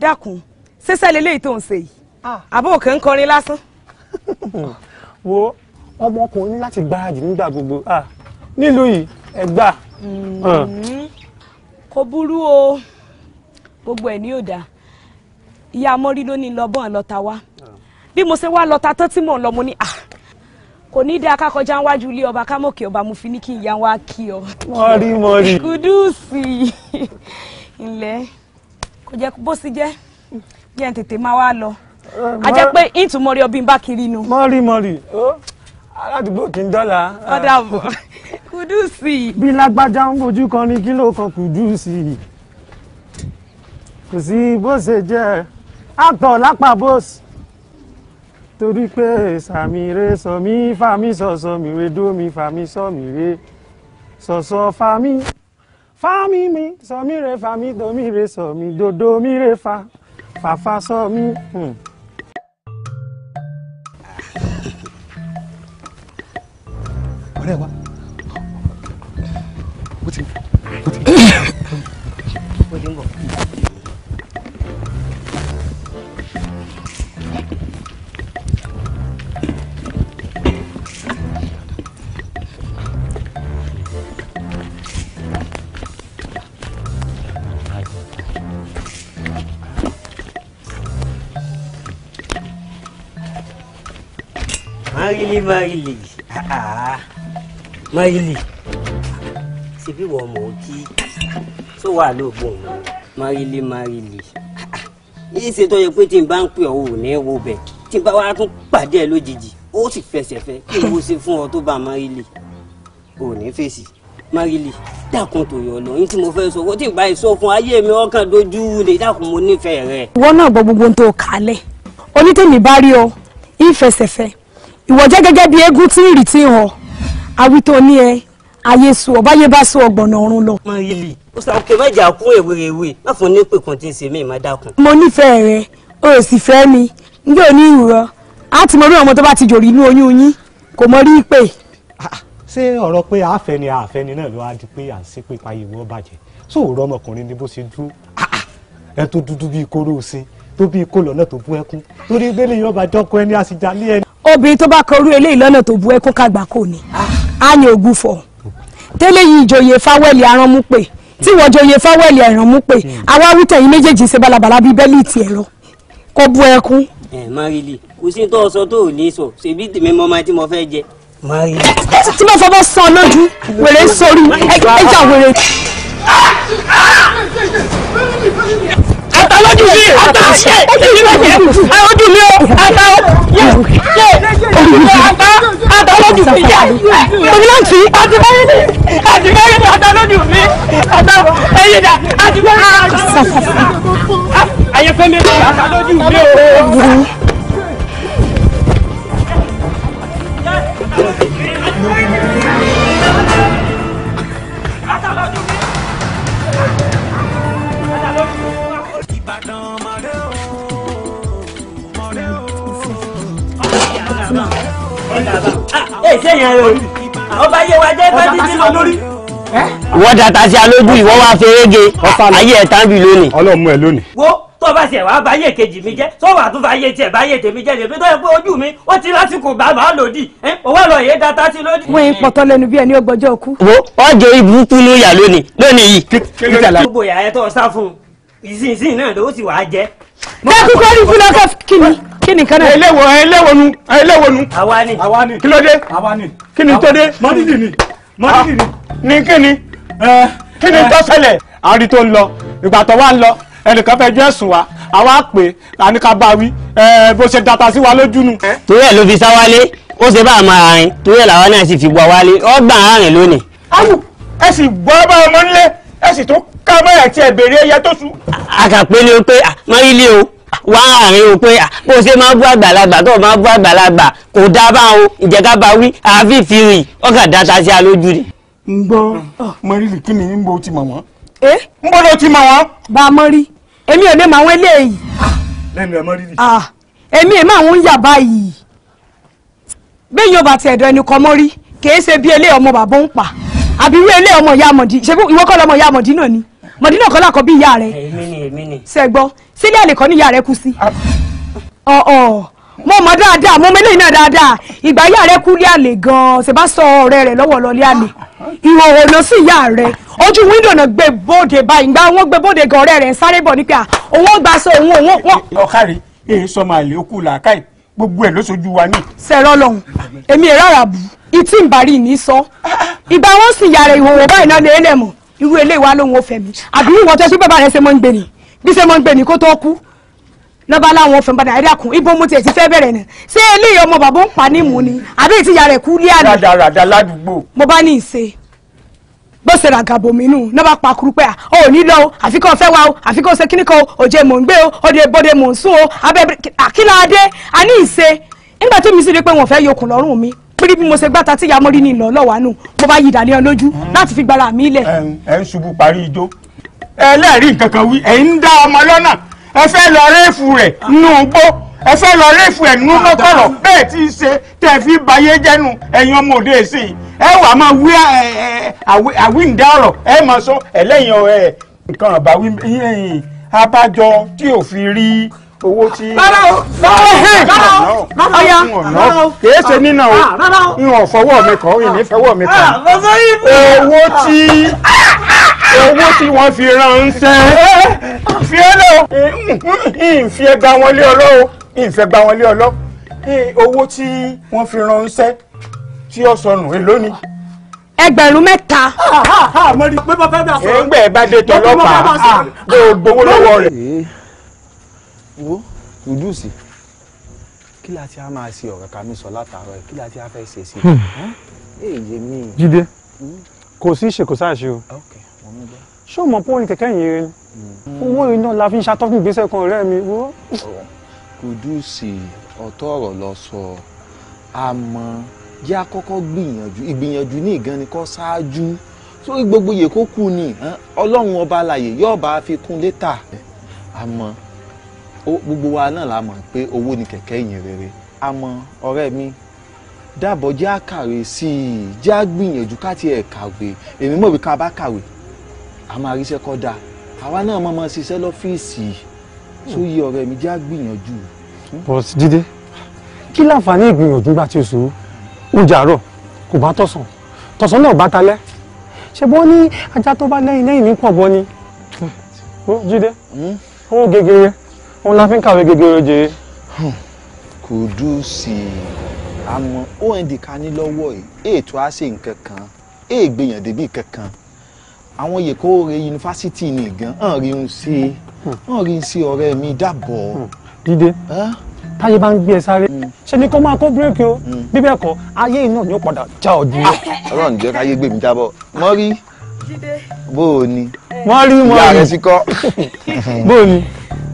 dákun ṣẹṣẹ lélẹyìí tó ń ṣe yìí ah. àbó òkè ń kọrin lásán. *laughs* wo ọmọkùnrin ní láti gbáradì nígbà gbogbo ah. nílùú yìí ẹ gbà. Mm-hmm. kò burú o gbogbo ẹ̀ ní ò dáa ìyá amọ́rí ló ní lọ́bọ̀n lọ́ta wá bí mo ṣe wá lọ́ta tán tí mò ń lọ mo ní Ah kò ní dá ká kọjá wájú ilé ọba kámọ̀kì ọba mo fi ní kí ìyá wa kí ọ. mọ́rí mọ́rí. kùdùsì ilẹ̀ kò jẹ́ bó sì jẹ́ jẹ́ tètè máa wá lọ. a jẹ́ pé ìtumọ̀rí ọbí ń bá kiri nu. mọ́rí mọ́rí aládùúgbò kì í dọ́là. ọ̀dà bọ̀ kùdùsì. bí lágbájá ń bojú kan ní kí kan kùdùsì kò sí bó ṣe jẹ́ àtọ̀ lápá bó ṣe torí pé sàmì re sọ mí fàmí sọ̀sọ̀ mi re dó mi fàmí sọ mi re sọ̀sọ̀ fàmí fàmí mi sọ mí re fàmí tó mi re sọ mi dodo mi re fa fàfa sọ mí. ọ̀rẹ́ wa ó ti ó ti ń bọ̀. marili marili ah, ah. marili ṣebí wọ́n mọ̀ kí tó wà lóògbé òun marili marili ah, yìí ṣe tó yẹ pé tí n bá o pè ọ́ ò ní wo bẹ̀ tí n bá wàá tún pàdé ẹ lójijì ó sì fẹsẹ̀ fẹ́ kí n wo ṣe fún ọ tó bá marili o ní fèsì marili dákun tó yọ lọ yín tí mo fẹ́ sọ owó tí n bá yìí sọ fún ayé mi ọkàn dojú lè dákun mo nífẹ̀ẹ́ rẹ. ìwọ náà gbọ́ gbogbo ohun tó kà á lẹ̀ onítẹ̀mí bá rí ọ ìfẹsẹ̀fẹ́ ìwọ jẹ́ gẹ́gẹ́ bí eégún tí ìrètí hàn àwítọ́ ní ẹ ayé sùn ọ̀báyé bá sùn ọ̀gbọ̀nà ọ̀run lọ. mo rí i ó sọ òkè mẹ́jà kún èwerewe má fún ní pè kan tí ń ṣe mí má dákun. mo nífẹ̀ẹ́ rẹ o ò sì fẹ́ mi n yóò ní ìrora á ti mọ bí ọmọ tó bá ti jòrí inú oyún yín kò mọ rí i pé. Ah, ah, ṣé ọ̀rọ̀ pé àfẹ́ni àfẹ́ni náà ló wá di pé à ń ṣe pé payé wọ́n bàjẹ́ sóòrọ̀ ọmọkùnrin ni bó ṣe dúró ah, ẹ tó dúdú bíi kóró sí tó bí kó lọ́nà tó bú ẹkún torí gbé lè yọ bá dọ́kọ ẹni àsìjà lé ẹni. obìnrin tó bá kọrú eléyìí lọ́nà tó bú ẹkún kàgbà kò ní á ní ogún fọ tẹ́lẹ̀ yìí ìjòyè fáwẹ́lì aránmú pé tí wọ́n jòyè fáwẹ́lì ẹ̀rànmú pé àwa wítẹ̀ yìí méjèèjì ṣe balabala bíi bẹ́líìtì ẹ̀rọ kó bú ẹkún. ẹ márílì kò sí tó sọ tó ò ní sọ ṣèbí tèmi mọ ọmọ tí mo fẹ́ jẹ. márílì. tí ata lójú mi ata yé èyí ló yẹ ojú mi o ata o yé yé ojú mi ata ata lójú mi yé ojú náà ti àti báyìí ni àti báyìí ni ata lójú mi ata ẹyẹ dà àti báyìí ni àyẹ̀fẹ́ mi ata lójú mi o. ẹ ṣe yẹn rẹ òbí ọba yẹ wa jẹ wọ́n data sí alójú ìwọ wá fèrè ge ayé ẹ̀ bí lónìí. ọlọ́mú ẹ lónìí. wo tó bá ṣe wàá báyé kejì mi jẹ́ tó wàá tún báyé tiẹ̀ báyé tèmi jẹ́ lèmi tó yẹ pé ojú mi ó ti lásìkò bàbá lòdì owó lọ yé data sí lódì. wọ́n ń pọ̀tọ́ lẹ́nu bí ẹni ó gbọ́jọ́ òkú. wo ọjọ́ ibùkún ló yà lónìí lónìí yìí. kíkẹ́lẹ́ tó bòyà ẹ tó sá fún un ìsinsìnyí náà ló sì wàá jẹ́ kí ni kánà. eléwo eléwo nu eléwo nu. àwa ni àwa ni. kí ló dé. ni. kí ni ni mọ́nìdì ni. ní kí tó ń lọ ìgbà tó ń lọ ẹnìkan fẹ́ jẹ́ ẹ̀sùn wa àwa pè àníkà bá wí bó ṣe dàtà sí wa lójú nu. torí ẹ ló fi sá wálé ó ṣe bá a máa rìn torí ẹ làwa náà sì fi gbọ́ wálé ọgbà àárín lónìí. awu ẹ sì gbọ́ bá ọmọ nílé ẹ sì tún ká mọ́ ẹ̀ tí ẹ ẹyẹ tó sùn. àkàpé ni ó pé ah, mọ́rílé o wá àárín o pé ah, bó ṣe máa bú àgbàlagbà tó máa bú àgbàlagbà kò dá bá o ìjẹgàba wí àáfíì fìrì ọkà dáta sí alójú ni. ń gbọ́ ah, mọ́rìlì kí ni ń bọ́ ti mọ̀ wọ́n. ẹ ń bọ́ ló ti mọ̀ wọ́n. bá a mọ rí èmi ò lè mọ àwọn eléyìí. Ah, lẹ́nu ẹ̀ mọ́rìlì. èmi ẹ̀ máa ń yà báyìí bẹ́ẹ̀ yóò bá ti ẹ̀dọ̀ ẹni kan mọ́ rí kì í ṣe bí eléyìí ọmọ bàbá ń pa àbí irú eléyìí ọmọ ìyá mọ̀dínà kọ́ làkọ́ bí ìyá rẹ̀. èmi ni èmi ni. sẹ́gbọ́ sílẹ̀ àlè kọ́ ni ìyá rẹ̀ kú sí. ọ̀ọ̀ mo mọ̀ dáadáa mo mẹ́lẹ̀ iná dáadáa ìgbà ìyá rẹ̀ kú lé àlè gan-an ṣe bá sọ ọ̀rẹ́ rẹ̀ lọ́wọ́ lọ lé àlè ìhòòhò lọ sí ìyá rẹ̀ ojú wíńdò náà gbé bóde báyìí gbá wọn gbé bóde gan ọ̀rẹ́ rẹ̀ sáré bọ̀ nípa òun ó gbà sọ òun òun wọn. ọ̀kárí èyí sọ máa lè okú làákàyè gbogbo ẹ̀ ló sojú wa ní. sẹ̀rọ lọ́hùn èmi ẹ̀ rárá bu ìtì ìbàrí ní sọ ìgbà wọn sì yàrá ìhòòhò báyìí náà lè é irú eléyìí wá lóhun ó fẹ́ mi àbí ìwọ tó ṣe bàbá rẹ ṣe mọ́ ń gbé ni bí ṣe mọ́ ń gbé ni kó tó kú lọ́ba láwọn ọ̀fẹ́ padà ẹ̀rí àkùn ibo mo tiẹ̀ ti fẹ́ bẹ̀rẹ̀ nà ṣé eléyìí ọmọ bàbá ń pa ní mu ni àbí ìtìyà rẹ̀ kú lé àná. rádaràdà ládùúgbò. mo bá ní ìṣe bó ṣe ra gàbò mi nù náà bá pa kuru pé ọ ò ní lọ o àfi kò fẹ́ wa o àfi kò ṣe kíní kan o òjè mò ń gbé o òde bòde mò ń sùn o abẹ́ àkílà a ní ìṣe nígbà tó mi sì rí pé wọ́n fẹ́ yọkùn lọ́rùn mi torí bí mo ṣe gbàtà tí ìyá mọ́rí ni ìlọ́ lọ́wọ́ nù mo bá yí ìdálẹ́ ọ lójú láti fi gbára mi lẹ̀. ẹ ń ṣubú parí ijó ẹlẹ́rìí nǹkan kan wí ẹ̀ ń dá ọmọ lọ́nà ẹ fẹ́ lọ réèfù rẹ̀ nù gbó ẹ fẹ́ lọ réèfù ẹ̀ nù lọ́kọ̀rọ̀ bẹ́ẹ̀ tí í ṣe tẹ̀ fi bayé jẹ́nu ẹ̀yin ọmọ òde èsì ẹ wà máa wí àwíǹdá ọ̀rọ̀ ẹ máa sọ ẹlẹ́yin nǹkan àbáwí abájọ tí ò fi rí owó tí. rárá o rárá o rárá o rárá o kìí ṣe nínà ah, o n ò fọwọ́ mi kọ́ ìní fọwọ́ mi kọ́ ah, owó tí owó tí wọ́n fi ránṣẹ́ fi ẹ́ lọ ìfi ẹ gba wọn lé ọlọ́ o ìfẹ́ gba wọn lé ọlọ́ owó tí wọ́n fi ránṣẹ́ tí ó sọnù èló ni ẹgbẹ̀rún mẹ́ta. Ah, mo rí i pé bàbá bá sọ̀rọ̀ ẹgbẹ́ ẹ bá dé tọ́lọ́pàá bó gbowó lọ́wọ́ rẹ̀. Eh wo ojúùsì kí la ti á máa ṣe ọ̀rọ̀ ká mi sọ látàárọ̀ kí la ti á fẹ́ ṣe sí i. èyí mi. jíde kò sí ṣe kò sáàṣe o ṣé o mọ̀ pé orin kẹ̀kẹ́ hmm. yìí ni owó iná la fi ń ṣàtọ́kùn ìgbésẹ̀ kan ọ̀rẹ́ mi wo. kùdùsì ọ̀tọ̀ ọ̀rọ̀ lọ sọ àmọ́ yá kọ́kọ́ gbìyànjú ìgbìyànjú ní ìgan ni kọ́ ṣáájú sórí gbogbo yèkó kù ni ọlọ́run ọba àlàyé yóò bá fi kún létà àmọ́ gbogbo wa náà la mọ̀ pé owó ni kẹ̀kẹ́ ìyìn rere àmọ́ ọ̀rẹ́ mi dábọ̀ jẹ́ àkàwé sí i jẹ́ àgbìyànjú ká tiẹ̀ kàwé èmi mọ̀ wí ká bá kàwé a máa ríṣẹ́ kọ́ da àwa náà máa máa ṣiṣẹ́ lọ́fíìsì tó yí ọ̀rẹ́ mi jẹ́ àgbìyànjú. bọ́s jíde kí láǹfààní ìgbìyànjú gbà tí o sòrò oúnjẹ àárọ̀ kò bá tọ̀sán tọ̀sán náà bá talẹ́ ṣe bọ́ ní ajá tó bá lẹ́yìn lẹ́yìn ní pọ̀ bọ́ ni hmm. jíde hmm? owó gegere òun la fi ń kàwé gegere jèrè. Kúdùsì àmọ́ OND ká ní lọ́wọ́ yìí ètò á ṣe nǹkan kan èègbèyàn débi kankan àwọn yèkóore yunifásitì ni gan hàn rí n ṣe hàn rí n ṣe ọ̀rẹ́ mi dàbọ̀. dídé táyé bá ń gbé ẹ sáré hmm. ṣe ni kó máa kó bírèkì o hmm. bí bẹ́ẹ̀ kọ́ ayé iná ni ó padà já ọ dúró. ọlọ́run ń jẹ́ káyé gbé mi jábọ̀ mọ́rí bó o ni mọ́rí mọ́rí ìyá rẹ̀ sì kọ́ bó ni.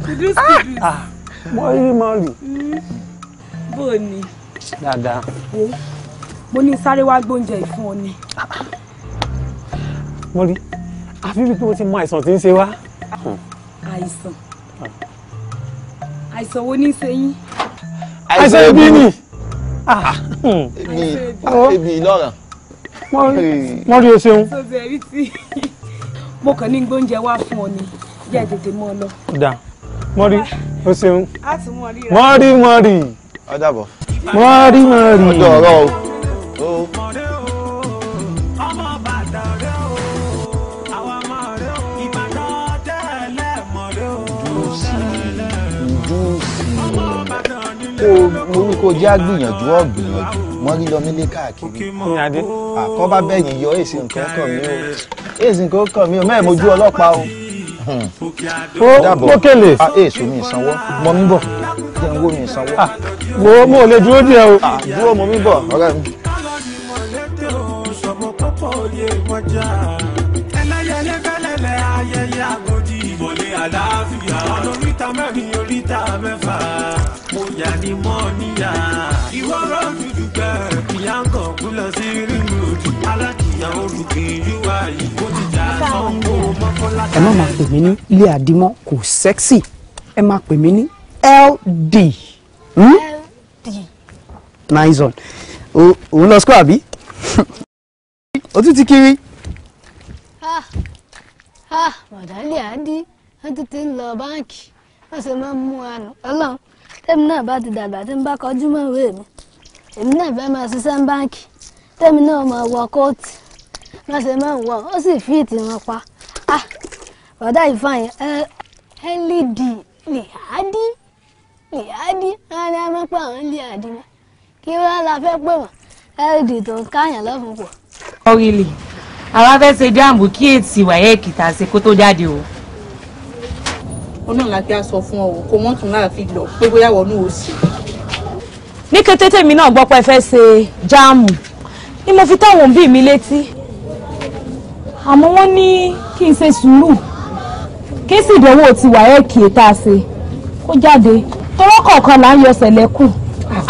Kudus kudus. Ah! Ah! Mo rí Mọ́ọ̀lì. Hmm. Bó o ni? Dáadáa. Wo mo ní sáré wá gbóúnjẹ ìfún ọ ni. Mo rí àfi bí mo ti mọ àìsàn tí ń ṣe wá. Àìsàn. Àìsàn wo ní í ṣe yín? Àìsàn ebi ni. Ah! Hmm. Ebi ebi lọ́ràn. Mo rí o ṣeun. *laughs* Mo kàn ní gbóúnjẹ wá fún ọ ni. Jẹ́ tètè mọ́ mọ́rí o ṣeun mọ́rí mọ́rí ọ̀dàbọ̀ mọ́rí mọ́rí ọjọ́ ọ̀rọ̀ o. kó orúkọ jẹ́ àgbìyànjú ọ̀gbìyànjú wọ́n rí lọ́mílé káàkiri àkọ́ bá bẹ̀yìn yọ èsì nǹkan kàn mí o èsì nǹkan kàn mí o mẹ́ẹ̀mọ́jú ọlọ́pàá o ó gbókèlè. Ah, èso mi ìsanwó mọ mi bọ̀ jẹun wo mi ìsanwó. Ah, wo mo lè dúró díẹ̀ o. Ah, dúró mọ mi bọ̀ ọ̀rẹ́ mi. ẹlẹ́yẹlé fẹ́lẹ́lẹ́ ayẹyẹ agodi ìbòlè àlàáfíà olóríta mẹ́rin oríta ẹ má máa pè mí ní ilé àdìmọ́ kò sẹ́ksì ẹ máa pè mí ní ld. Hmm? ld. nice one lọ sọ́kọ́ àbí *laughs* o tún ti kiri. mọ̀dálì àdí wọ́n ti ti ń lọ báǹkì wọ́n sì máa ń mú àná ọlọ́run tẹ́mi náà bá ti dàgbà tí ń bá kọjú mọ́ ìwé mi èmi náà fẹ́ máa ṣiṣẹ́ ń báǹkì tẹ́mi náà máa wọ kóòtù wọ́n sì máa ń wọ ó sì fíìtì wọn pa ah bàdá ìfàyè ẹ ẹ led lè ádì lè ádì ẹni a máa ń pè àwọn lè ádì mọ kí wọn la fẹ́ pè wọn led tó ń káyàn lọfún pọ. ọ̀rìlì àwa fẹ́ ṣe jáàmù kí ètì wàyẹ̀ kìtà ṣe kó tó jáde o. olóòlà tí a sọ fún ọ kò wọ́n tún láàfin lọ pé bóyá wọnú o sì. ní kété tèmi náà gbọ́ pé ẹ fẹ́ ṣe jáàmù ni mo fi táwọn òbí mi létí àmọ́ wọ́n ní kí n ṣe sùúrù kí sì ìdánwò ti wà ẹ́ kì í tá a ṣe kó jáde tọwọ́ kọ̀ọ̀kan là ń yọ sẹ̀lẹ́kù.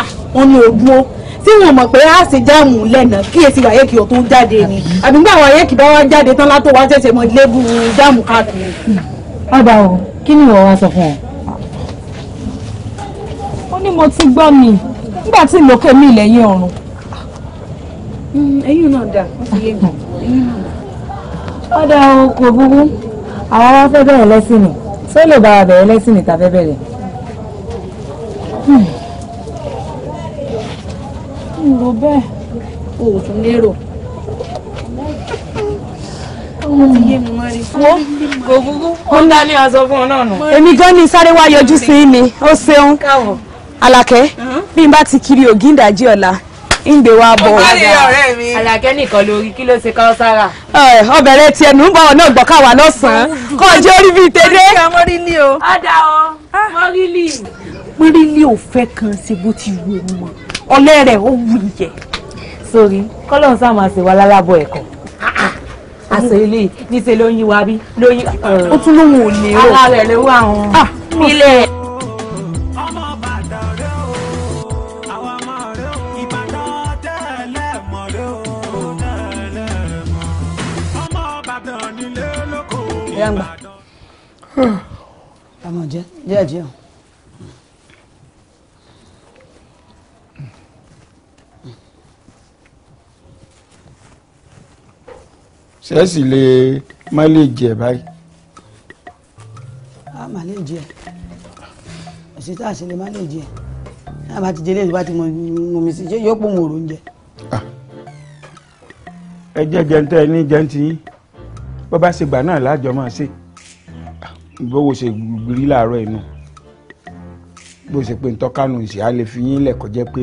Ah, wọ́n ní ogún ó tí wọn mọ̀ pé a ṣe jáàmù lẹ́nà kí èsì wàyẹ́kì ò tó jáde ni àbí nígbà wàyẹ́kì bá wá jáde tán látó wá ṣẹ̀ṣẹ̀ mọ lébù jáàmù káàkiri. ọba o kí ni ìwọ wá sọ fún ọ. ó ní mo ti gbọ́ ni nígbà tí ìlókè mi lẹ́yìn ọ̀run. ẹ̀yin hmm, náà dà wọ́n ti yé mi ẹ̀yin hmm. náà dà ọ̀dà oko burú àwa wá fẹ́ bẹ̀rẹ̀ lẹ́sìn ni tó lè bá wa bẹ̀rẹ̀ lẹ́sìn ni tàbẹ́ bẹ̀rẹ̀. Hmm. n bẹ́ẹ̀ o ò tún lérò. kò gúgú ó ń dání aṣọ fún ọ náà nù. èmi gan ni sáré wá yọjú sí ni ó ṣeun Àlàkẹ́ bí n bá ti kiri Ògìndàjì ọ̀la ń gbé wa bọ̀. àlàkẹ́ nìkan lórí kí ló ṣe kọ́ sára. ọbẹ̀rẹ̀ tiẹ̀ nù ń bọ̀ náà gbọ́ káwa lọ́sàn-án kọ́ ọjọ́ orí bíi tẹ́lẹ̀. mo rí ni o. ọ̀dà o mo rí ni. mo rí ni ò fẹ́ kan ṣe bó ti wù ú mọ́ ọlẹ́ rẹ̀ ó wù yẹ. sori kọ́lọ́n sá máa ṣe wa lálábọ̀ ẹ̀kọ́ àṣẹ ilé níṣẹ́ ló ń yí wa bí ló yí. ó tún lóun ò ní o. ara rẹ̀ ló wà hàn. Ah, ilé. yàǹgbà àmọ̀ jẹ́ díẹ̀ díẹ̀. sẹ́ẹ̀sì lè má lè jẹ báyìí. a má lè jẹ òsì tá a sì lè má lè jẹ náà bá ti jẹ léyìí bá ti mọ mi sí yóò pọ̀ mọ̀ òrò oúnjẹ. Ah. ẹ jẹ́ jẹ́ ń tẹ́ ẹ ní jẹ́ ń tiyín bó bá ṣe gbà náà lájọ máa ṣe bówó ṣe rí láàárọ̀ inú bó ṣe pé ntọ́kánu ìṣe á lè fi yín lẹ̀ kó jẹ́ pé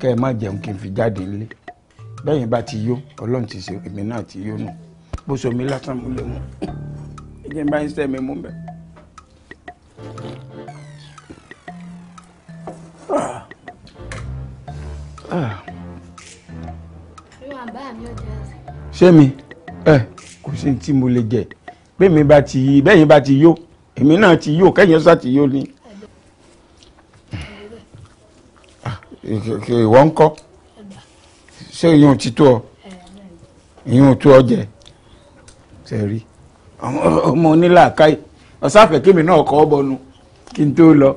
kẹ́ ẹ má jẹun kí n fi jáde nílé bẹ́yìn bá ti yó ọlọ́run ti ṣe èmi náà ti yó nù bó ṣe omi lásán mú lé mu ẹ̀jẹ̀ bá ń sẹ́mi mú bẹ́ẹ̀. ṣé mi ẹ. Eh kò sí tí mo lè jẹ bẹ́ẹ̀mi bá ti yí bẹ́ẹ̀yin bá ti yó èmi náà ti yó kẹ́yìn sá ti yó ni. Ah, ìwọ ń kọ́ ṣé ìyún ti tó ọ ìyún tó ọ jẹ tẹ̀rí ọmọ onílàákàyè ọ̀sáfẹ́ kémi náà kọ́ ọ bọnu kí n tó lọ.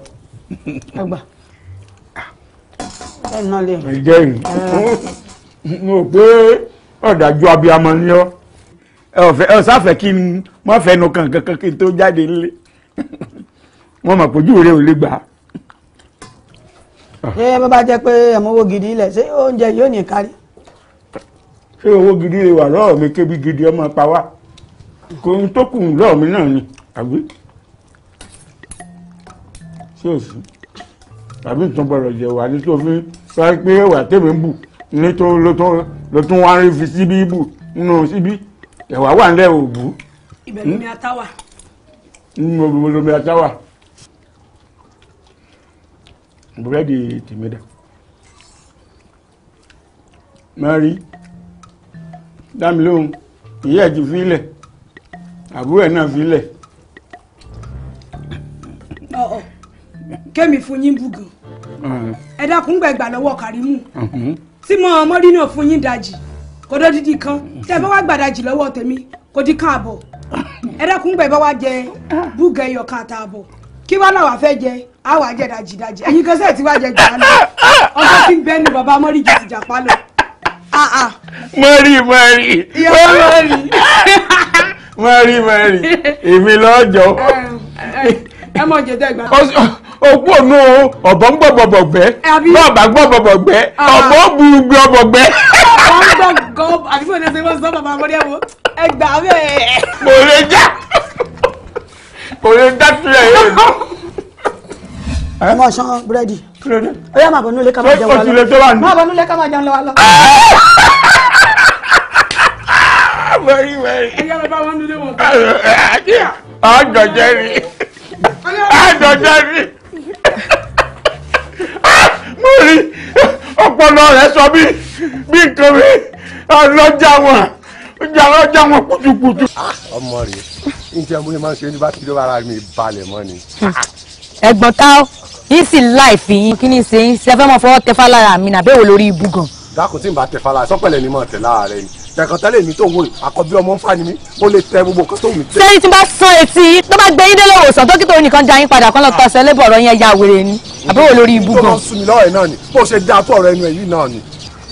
ọgbà bẹ́ẹ̀ mo pé ọ̀dàjú abiyamọ ni ọ́ ẹ ọ̀fẹ́ ẹ ọ̀sáfẹ́ kí n mọ́ fẹnu kankan kan kí n tó jáde nílé wọ́n *laughs* mọ̀ pójú rẹ̀ ò lè gbà á. ṣé bá bá jẹ́ pé ẹ̀mọ́wó gidi ilẹ̀ ṣé oúnjẹ yóò ní kárí. ṣé owó gidi lè wà lọ́rọ̀ mi kébi gidi ọmọ pa wá kò ń tó kù lọ́rọ̀ mi náà ni àbí ṣé o sì tàbí nǹkan gbọ́dọ̀ jẹ wà ní tó fi wá pé wà tèmi ń bù ní tó ló tún wá rí fi síbí bù nínú síbí ẹ̀wà wà nílẹ̀ òbú. ibẹ̀ lómi atawa. wà. nínú òbú lómi ata wà. búrẹ́dì tèmi dà. mẹ́rí dámi lóhùn ìyá ẹ̀ ti fílẹ̀ àbúrò ẹ̀ náà fílẹ̀. ọ̀ọ́ kémi fún yín bùgàn ẹ dákun gbẹ̀gbà lọ́wọ́ Kàrímù tí mo ọmọ rí náà fún yín dajì kò dó dídì kan tẹ bá wá gbàdájì lọ́wọ́ tèmi kò dín kan àbọ̀ ẹ dákun gbẹ bá wá jẹ búgẹ ẹyọ kan àtààbọ̀ kí wá náà wàá fẹ́ jẹ á wàá jẹ dajì dajì ẹ̀yin kan sẹ́ẹ̀ tí wàá jẹ jàá lọ ọjọ́ tí ń bẹ́ẹ̀ ni bàbá mọ́rí jù ti jà pa lọ. Ah, ah. mọ́rí mọ́rí mọ́rí mọ́rí èmi lọ́jọ́. ẹ mọ̀ jẹ́ dẹ́gbà òkú ònú ọ̀bọ̀ ń gbọ̀bọ̀bọ̀ gbẹ́ bọ́ọ̀bà gbọ̀bọ̀bọ̀ gbẹ́ ah. ọ̀bọ̀ bu gbọ̀bọ̀ gbẹ́ gan àdúgbò náà ṣe wọ́n sọ bàbá mọ́dẹ́wò ẹ gbà bẹ́ẹ̀. kò lè já kò lè dá sílẹ̀ yìí. ẹ mọ sán búrẹ́dì ó yá màbọ̀ nulẹ̀ ká máa jẹun lọ màbọ̀ nulẹ̀ ká máa jẹun lọ. Ah, very very. ẹ yára bá wọn nílé wọn. àádọ́jẹ́ rí àádọ́jẹ́ rí mo rí ọpọlọ rẹ sọ bí bí nǹkan mi ọlọ́jà wọn ọjà ọlọ́jà wọn kùtùkùtù. ọmọ rẹ n tí ẹ múlẹ̀ máa ń ṣe ní bá ti dọ́ ara mi balẹ̀ mọ́ ni. ẹ̀gbọ́n ká ó yín sì láì fi yín kí ni ṣe yín ṣe fẹ́ mọ́ fọwọ́ tẹfá lára mi nàbẹ́ wò lórí ibú gan. dákun tí n bá tẹfá lára sọ́pẹ̀lẹ̀ ni mọ̀ tẹ̀ lára rẹ ni tẹ̀kọ̀ tẹ́lẹ̀ mi tó wò àkọ́bí ọmọ ń fa ni mí ó lè tẹ gbogbo nǹkan tó wù mí. sẹ́yìn tí n bá san etí yín tó bá gbé yín délé òwòsàn dókítà òun nìkan já yín padà kán lọ tọ́ sẹ́lẹ̀bọ̀ ọ̀rọ̀ yẹn ya wèrè ni àbẹ̀wò lórí ibú gan. tó lọ sùn mí lọ́rọ̀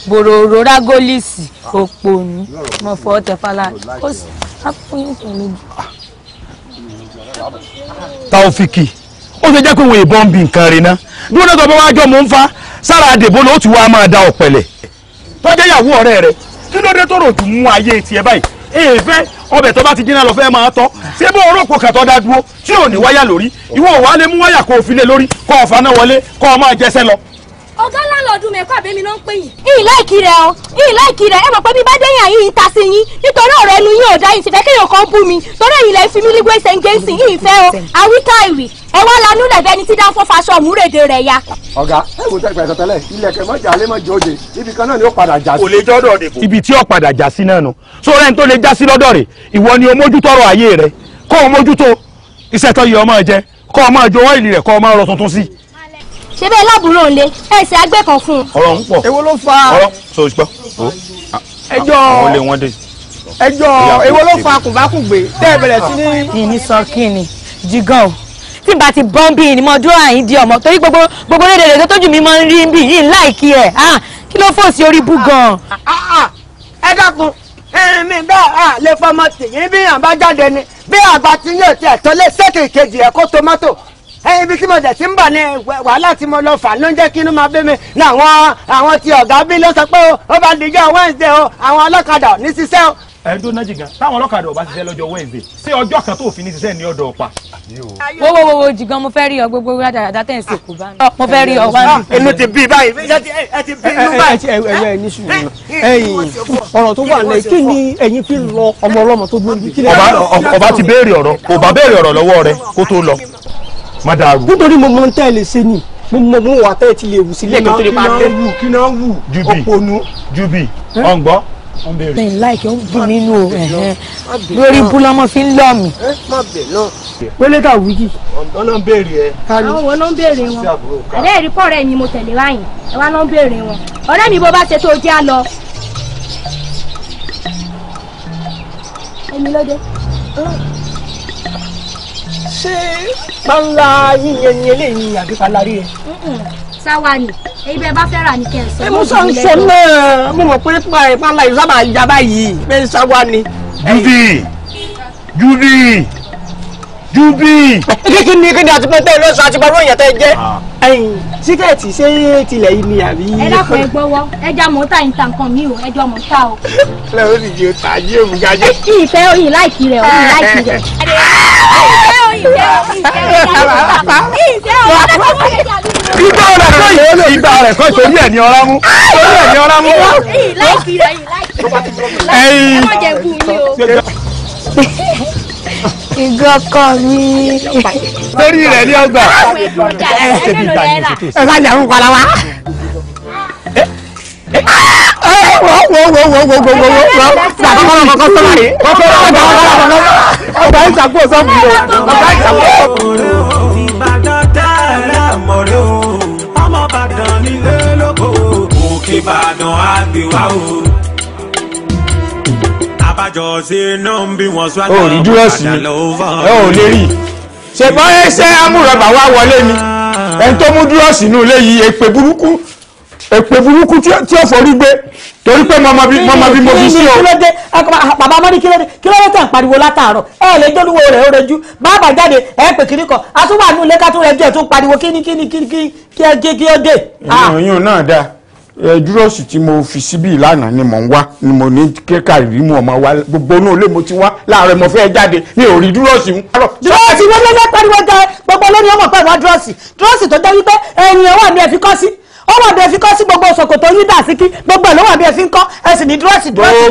bòròrò rágólìsì òpònú mọ̀fọ́ tẹ̀fálà ó sì ápòyìn pẹ̀lú. Taofiki ó ṣe jẹ́ pé òun ìbọn bí nǹkan rẹ̀ ná bí wọ́n náà sọ pé wọ́n á jọ mò ń fa sára àdèbó ló ti wá máa da ọ̀pẹ̀lẹ̀ tọ́jú ìyàwó ọ̀rẹ́ rẹ̀ kí ló dé tó rò tún mú ayé tiẹ̀ báyìí èèfẹ́ ọbẹ̀ tó bá ti jiná lọ fẹ́ máa tọ́ ṣé bó oró kò kàtọ́ dá dúró tí ò ní wáyà lórí ìwọ wàá lè mú wáyà kó o fi lé lórí kó o faná wọlé kó o máa jẹsẹ́ lọ ọ̀gá láńlọ́ọ̀dù mẹ́kọ́ àbẹ́mi ló ń pè yín. ìlà ìkìrẹ̀ o ìlà ìkìrẹ̀ ẹ mọ̀ pé bí bá déyìn àyè ìta sí yín nítorí ọ̀rọ̀ ẹnu yín ò dá yín sì fẹ́ kéèyàn kan bú mi torí èyí lẹ́ fi mí lígbó ìsẹ̀ǹgẹ́sì yín ìfẹ́ o àwíká ìwì ẹ wá lanú lẹ̀bẹ́ ni tí dáńfọ́ faṣọ òmùrèdè rẹ̀ ya. ọ̀gá ẹ wò tẹ́ gbẹ̀sọ̀ tẹ́lẹ̀ ilẹ̀ kẹ́ mọ́jà lé mọ́jà òde ibi kan náà ni ó padà já sí. kò lè jọ́dọ̀ dìbò. ibi tí ó padà já sí náà nù sórí ẹni tó lè já sí lọ́dọ̀ rẹ̀ ìwọ ni o mójútọ́rọ̀ ayé rẹ kó o mójútó iṣẹ́ tó yẹ ọmọ jẹ kó o máa jowọ́ ìlì rẹ̀ kó o máa rọ tuntun sí ṣé bẹ́ẹ̀ lábúrò ń lé ẹ̀sẹ̀ agbẹ́ kan fún un. ọ̀rọ̀ ń pọ̀ èwo ló fa ọ̀rọ̀ so ìṣpọ̀ ẹjọ́ àwọn olè wọn dé. ẹjọ́ èwo ló fa kùbákùgbé tẹ́ ẹ bẹ̀rẹ̀ sí ní. ìní sọ kí ni jígan o tí n bá ti bọ́n bí ni mo dúró àyín di ọmọ torí gbogbo gbogbo lédè lèdè tójú mi máa ń rí bí yìí láìkí ẹ̀ kí ló fòsí orí bú gan. ẹ dákun ẹ̀mí bẹ́ẹ̀ à lè fọmọ tìyín bí àbájáde ni bí àgbà tí yóò tiẹ̀ tó lé sẹ́kì kejì ẹ̀ tomato ẹyin ibi tí mo tẹ̀ sí ń bà ní wàhálà tí mo lọ fà ló ń jẹ́ kí inú máa bí mi ní àwọn àwọn ti ọ̀gá bí ló sọ pé ó bá dijọ́ Wednesday o àwọn ọlọ́kadà ní ṣiṣẹ́ o. ẹ̀ẹ́dún náà jìgàn táwọn ọlọ́kadà ò bá ṣiṣẹ́ lọ́jọ́ Wednesday ṣé ọjọ́ kan tó fi ní ṣiṣẹ́ ní ọ̀dọ̀ ọ̀pá. wo wo wo jìgàn mo fẹ́ rí ọ gbogbo rádàràdà tẹ̀ ń ṣe kò bá mi. mo fẹ́ rí ọ wá mi. inú ti bí báyìí ẹ ti bí inú báyìí. ẹ ní sùúrù ẹ̀yin ọ̀rọ̀ tó wà lẹ́yìn kí ni ẹ̀yin fi lọ ọmọ ọlọ́mọ tó gbóyè. ọba ti béèrè ọ̀rọ̀ ọba béèrè ọ̀rọ̀ lọ́wọ́ rẹ kó tó lọ má dàrú. nítorí mo mọ tẹ́ ẹ lè ṣe ni mo mọ mo wà tẹ́ ẹ ti lè wù sílẹ̀ kí n tó lè máa tẹ́ wù kí n náà wù òpònú. jubi ọ̀ngbọ́ bẹ́ẹ̀ láìkẹ́ ó dùn nínú ẹ̀hẹ́n lórí búlámọ́ fi ń lọ mi. pélé ta wíjì. ọ̀dọ́ náà ń béèrè ẹ. àwọn wo ló ń béèrè wọn. ẹ̀rẹ́ ìrìkọ́ ọ̀rẹ́ mi mo tẹ̀lé wáyìn ẹ wá ló ń béèrè wọn. ọ̀rẹ́ mi bó bá ṣe tó jẹ́ á lọ. ẹni lọ́jọ́ ṣé panla yíyan ni eléyìí àbí panla rí sáwa ni èyí bẹ́ẹ̀ bá fẹ́ rà ní kẹ́ ẹ̀ sọ. mo sọ ń sọ náà mo mọ̀ pé panla yìí sábà ń jà báyìí pé sáwa ni. Judy Judy jubi. kíkí ni kí ni àti pé tẹ́ àti bàbá òyìn ẹ jẹ́. Ah. síkẹ́ẹ̀tì ṣé tilẹ̀ yìí ni àbí. ẹ dákun ẹ gbọ́wọ́ ẹjọ́ mò ta ìta nǹkan mi ò ẹjọ́ mò ta o. lẹ́yìn ó sì di ta yé omi gajẹ. kí ìfẹ́ oyin láìkí rẹ̀ oyin láìkí rẹ̀. *laughs* ìfẹ́ oyin ìfẹ́ oyin ìfẹ́ oyin ìfẹ́ oyin ìfẹ́ oyin ìgbà rẹ̀ kọ́ ìyẹn ìgbà rẹ̀ kọ́ torí ẹ̀ ní ọ̀rá mú torí ẹ̀ ní ọ̀rá mú. ẹyin. ẹ má jẹ kú yín o. *laughs* ìgbọ́kọ̀ mi. lórí rẹ̀ ní ọgbà. ẹsẹ̀ mi gbà yín sókè. ẹ bá jà ń kọ́ra wa. wo wo wo wo wo wo wo wo tàbí wọn kọ́kọ́ sọ́ra rè. kọ́kọ́ sọ́ra rè ọ̀gá ọ̀gá ọ̀gá ọ̀gá ìṣàkóso sọ́ọ̀bù yìí o ọ̀gá ìṣàkóso. Ìbàdàn tẹ́lẹ̀ mọ̀rẹ́ o ọmọ Ìbàdàn nílé lóko òkè Ìbàdàn àgbèwá o abájọ ṣe náà ń bí wọn sọ àjọ ò ní dúró sí mi ẹ ò lè rí ṣèpọ̀ ẹsẹ̀ amúrọ̀bà wá wọlé ni ẹni tó mú dúró sínú ilé yìí èpè burúkú èpè burúkú tí ó forí gbé torí pé mọmọ bí mọmọ bí mo fi sí o. bàbá amadi kílódé kílódé tẹ̀ ń pariwo látàárọ̀ ẹ lè jólúwo rẹ̀ ó rejú bàbá jáde ẹ pè kiri kọ àtúwà nù ilé ká tún rẹ̀ jẹ́ tún pariwo kíni kíni kíni kí ẹ gé kí ó dé. ìyóò náà dáa dúrọ́ọ̀sì tí mo fi síbí ìlànà ni mò ń wá ni mo ní kéka ìrímù ọmọ wa gbogbo inú ilé mo ti wá láàárọ̀ mo fẹ́ jáde ní òrí dúrọ́ọ̀sì ń. dúrọ́ọ̀sì wọn lọ́lọ́ pariwo jẹ gbogbo olórí ọmọ pẹ̀lú dúrọ́ọ̀sì dúrọ́ọ̀sì tó jẹ́ wípé ẹ̀yìn ọwọ́ mi ẹ̀ fi kọ́ sí ọwọ́ mi ẹ̀ fi kọ́ sí gbogbo ṣòkòtò yín dà sí kí gbogbo ẹ̀ lọ́wọ́ mi ẹ̀ fi ń kọ́ ẹ̀ sì ní dúrọ́ọ̀sì dúrọ́ọ̀sì dúrọ́ọ̀sì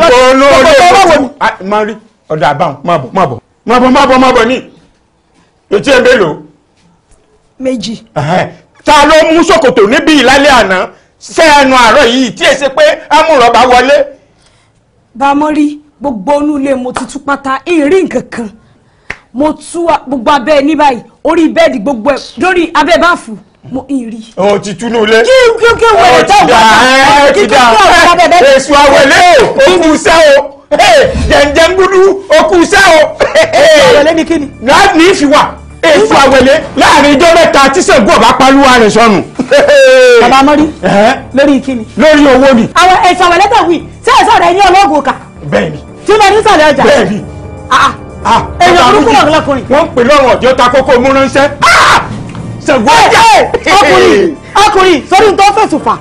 gbogbo olówó aro sẹ́ ẹnu àárọ̀ yìí tí èsì pé amúrọ̀bá wọlé. bàmọ́rí gbogbo inú ilé mo ti tú pátá ìrìn kankan mo tú gbogbo abẹ́ ní báyìí orí bẹ́ẹ̀dì gbogbo ẹ̀ lórí abẹ́ báàfù mo ìrì. o ti tunu lé. kí kí kí wele tó wà náà kí kí kí ọ̀rọ̀ lábẹ́ bẹ́ẹ̀. èso àwẹ̀lé o kú sẹ́ o jẹ̀ǹjẹ̀ ń gbúdú o kú sẹ́ o. èso àwẹ̀lé ni kí ni. náà ní ìfìwà èso àwẹ̀lé láàrin ijọ́ mẹ́ta tí Ṣàngó ọba paluwa rẹ̀ sọnù. *laughs* bàbá mọ́rí lórí kíni. lórí owó ni. àwọn èso àwẹ̀lé tẹ̀ wí sí èso rẹ̀ ní ọlọ́gùn ọkà. bẹ́ẹ̀ni. tí mo ní sàlẹ̀ ọjà. bẹ́ẹ̀ni. Ah, ah. ah, èyí burúkú lọ lọkùnrin. wọ́n ń pè lọ́rùn ọ̀jọ́ ta kókó mú ránṣẹ́. Ṣàngó ọjà. ọkùnrin ọkùnrin sórí ntọ́ fẹ̀sùn fà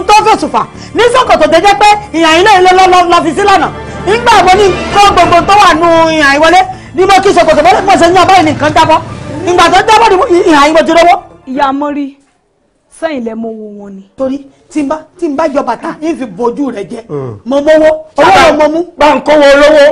ntọ́ fẹ̀sùn fà ní sọ́kọ̀tọ̀ tẹ́jẹ́ pé ìyàn ilé ilé lọ́ ni mo kí ṣòkòtò mọ́lẹ́ pọ̀ ṣe ní abáyé nìkan jábọ́ ìgbà tó jábọ́ ni ìhà yín ti lọ́wọ́. ìyá mọ́rí sẹ́yìn lẹ mọ owó wọn ni. torí tí n bá tí n bá jọ bàtà ń fi bojú rẹ jẹ mm. mo mọ owó owó rẹ mo mú. bá ń kówó olówó.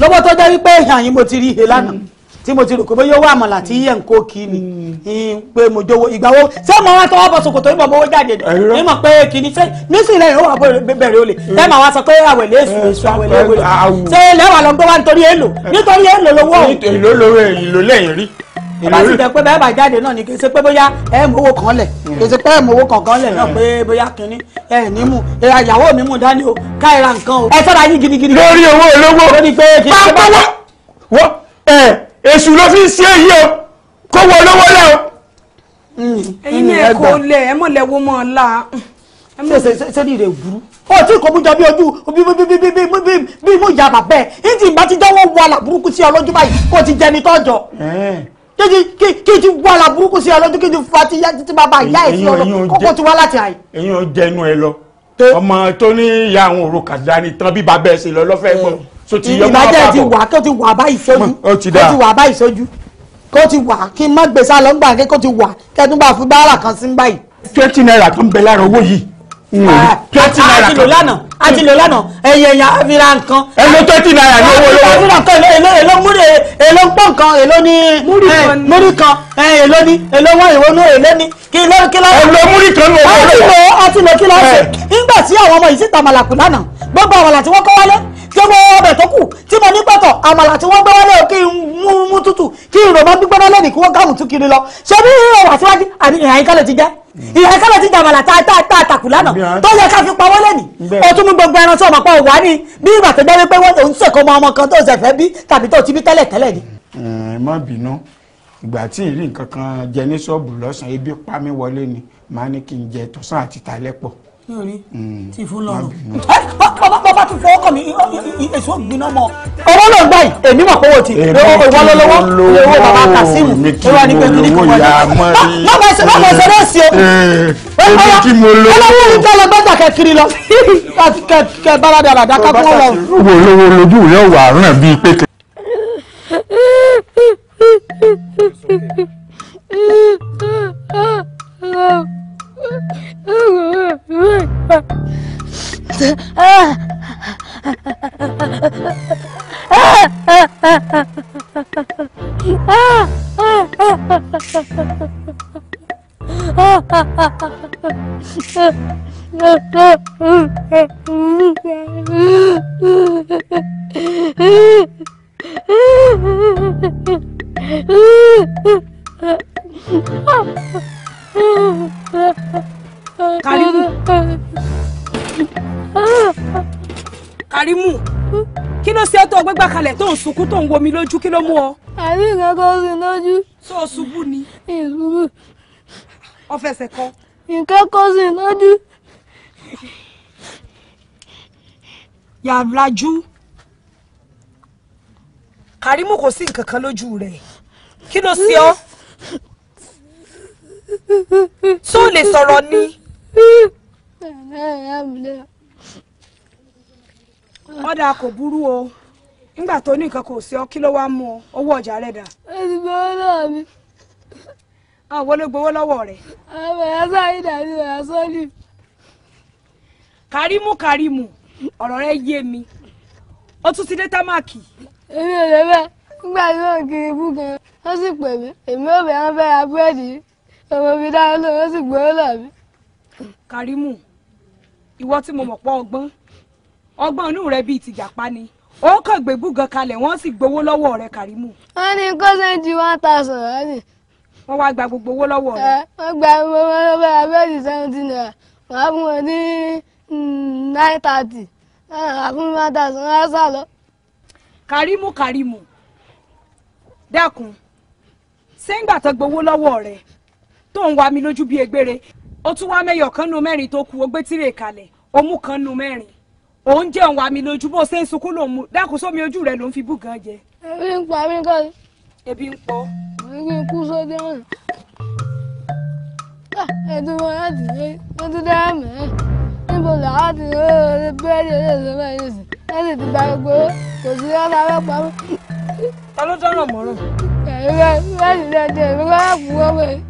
lọ́wọ́ tó jẹ́ wípé ìhà yín ti rí ìhè lánàá. Mm tí mo ti rò pé bóyá owó àmàlà tí yẹ̀ ń kó kí ni hmm. pé mo jówó ìgbàwó ṣé mo wá tọwọ́ bọ̀ ṣòkòtò ìbọn bówó jáde ní mọ̀ pé kí ni ṣé nísìnyí ìwọ bẹ̀rẹ̀ olè ṣé màá wá sọ pé àwẹ̀lẹ̀ èṣù èṣù àwẹ̀lẹ̀ èwòlè ṣé lẹ́wà lọ gbọ́ wá nítorí èlò nítorí èlò lówó. èlò lóore èlò lẹ́yìn rí. ìbá ti jẹ pé bẹ́ẹ̀ bá jáde náà ni kì í ṣe pé bóyá ẹ mú owó kan lẹ̀ hmm. kì í ṣe pé ẹ mú owó kankan lẹ̀ náà pé bóyá kínní ẹ ní mú ìyàwó mi mú dání o káìra nǹkan o ẹ sọ́ra yín gidigidi. lórí owó olówó. lórí pé kì í ṣe bá wọ́n èṣù ló fi ń ṣe èyí o kó wọ lówó lẹ o. ẹ̀yin ni ẹ kò lẹ ẹ mọ lẹ wo mọ ọla. sẹ́ni rẹ̀ burú. ó tí kò mú jọ bí ojú bí bí bí bí bí bí bí mú ìyá bàbá ẹ̀ ní ti ìbá ti dáwọ́ wàhálà burúkú sí ọlọ́jú báyìí kó ti jẹni tọ́jọ kí kí ti wàhálà burúkú sí ọlọ́jú kí ti fa ti yá títí bàbá ìyá ẹ̀ sí ọlọ́ kókó ti wá láti àyè. èyí ò jẹnu ẹ lọ ọmọ tó ní ìyá àwọn òrùka dání tán bí bàbá ẹ sì lọ lọ́fẹ́ gbọ́ so ti yọ máa bá bọ̀ ìbàjẹ́ ti wà kó ti wà báyìí sójú kó ti wà báyìí sójú kó ti wà kí n má gbèsè àlọ́ngbà kí kó ti wà kẹ́tún bá fi báárà kan sí báyìí. twenty naira tó ń bẹ lára owó yìí ah, twenty naira kan àti lò lánàá àti lò lánàá ẹ̀yìn ẹ̀yà àfihàn nǹkan. ẹ lo twenty naira ní owó lọ́wọ́. àti nǹkan èlò èlò èlò múri èlò ń pọ̀ nǹkan èlò ní múri eh, kan eh, èlò ní èlò wọ́n ìwọ ní èlò ní kí ló kí lọ́wọ́. èlò múri kan ní owó lọ́wọ́. àti lò àti lò kí lọ́wọ́ ṣe eh. nígbà tí àwọn ọmọ yìí sì ta màlàkù lánàá gbogbo àmàlà tí wọ́n kọ́ wálé gbogbo ọbẹ̀ tó kù tí mo ní pẹ̀tọ̀ àmàlà tí wọ́n gbé wálé o kí n mú mú tútù kí n rò mọ́ gbígbóná lẹ́nìí kí wọ́n gáàmù tún kiri lọ ṣé bí ọ̀rọ̀ àtiwájú àbí ìhàn ìkálẹ̀ ti jẹ́ ìhàn ìkálẹ̀ ti jẹ́ àmàlà tá a tá tàkù lánàá tó yẹ ká fi pawọ́ lẹ́nìí o tún mú gbogbo ẹran tí ọmọ pa òwá ni bí ìgbà tó dẹ́rẹ́ pé òun sèkó ọmọ kan tó ṣẹ̀fẹ̀ bí tàbí tó ti bí tẹ́lẹ̀ tẹ́lẹ̀ ni. ẹ má bínú ìgbà tí ìrí nǹkan kan pa mí wọlé ni màá ní kí n jẹ mi ò rí tí ìfún lọ́rùn. bàbá tún fọwọ́ kàn mí èso gbiná mọ́. owó ló ń gbà yìí èmi mọ̀ kówó ti ìwọ ló lówó owó bàbá Kasimu ìwà ni pé kí ni kò wọlé. lọ́mọ ẹsẹ̀ lọ́mọ ẹsẹ̀ ló sí o. Eh, èmi tí mo lówó. ọlọ́wọ́ mi tẹ́lẹ̀ gbọ́dọ̀ kẹkiri lọ *laughs* kẹ bára dàrà dáká kó lọ. owó lówó lójú rẹ̀ wà ràn bíi pé kẹ Oh *laughs* Oh, Karimu. Karimu. Kí ló ṣe ọ́ tó o gbégbá kalẹ̀ tó ń sunkún tó ń womi lójú kí ló mú ọ? Àbí nǹkan kan rí lójú. Ṣé o ṣubú ni? Ìṣubú. Ọ fẹsẹ̀ kọ. Nǹkan kan sí lójú. Yàrájú. Karimu kò sí nǹkan kan lójú rẹ̀. Kí ló ṣe ọ́? ṣó lè sọ̀rọ̀ ni. ọ̀dà kò burú o nígbà tó ní nǹkan kò sí ọ kí ló wá mú ọ owó ọjà rẹ dà. ó àwọn ló gbowó lọ́wọ́ rẹ̀. àwọn ẹ̀yà sáyìn dàbí ẹ̀yà sọ́ọ̀lì. ọ̀rọ̀ rẹ yé mi ó tún ti dé támàkì. èmi ò lè bẹ́ẹ̀ nígbà tí wọ́n kiri bú gan wọ́n sì pè mí èmi ò fẹ́ ra búrẹ́dì yìí. ọmọ mi dáná lọ́wọ́ sì gbọ́ làbí. Kàrímù ìwọ tí mo mọ̀ pọ̀ ọgbọ́n ọgbọ́n inú rẹ bíi tìjàpá ni ó kàn gbé gbúgan kalẹ̀ wọ́n sì gbowó lọ́wọ́ rẹ Kàrímù. wọ́n ní kó sẹ́ńtì one thousand wọ́n ní. wọ́n wá gba gbogbo owó lọ́wọ́ rẹ. wọ́n gba gbogbo owó lọ́wọ́ abẹ́ẹ̀dì seventeen naira wàá fún wọn ní mm, nine thirty wàá fún one thousand wọ́n á sá lọ. Kàrímù Kàrímù dákun ṣé ń gbà tó gbowó lọ́wọ́ rẹ tó ń wa mi lójú bíi egbére ó tún wá mẹ́yọ̀ kan nu mẹ́rin tó kù ó gbé tírè kalẹ̀ kan nu mẹ́rin òun jẹ́ òun wa mi lójú bó ṣe ń sunkún lòun mu dákun sómi ojú rẹ̀ ló ń fi bú gan jẹ. ebi ń pa mí kọ́. ebi ń pọ. ebi ń kú sóde ọ̀nà. ẹ̀dùn wọn láti lé wọ́n tún dá àmọ́ níbo làwọn ti lé olè bẹ́ẹ̀lì olóòṣèlú ẹ̀ yóò sì lẹ́sìn ti bá gbogbo kò sí ọ́nà abẹ́ pamọ́. ta ló dọ́rọ̀ mọ́rọ̀. ẹ̀rọ bẹ́ẹ̀ ni lọ́jọ́ ìrora kù wọ́n mọ́ ẹ̀.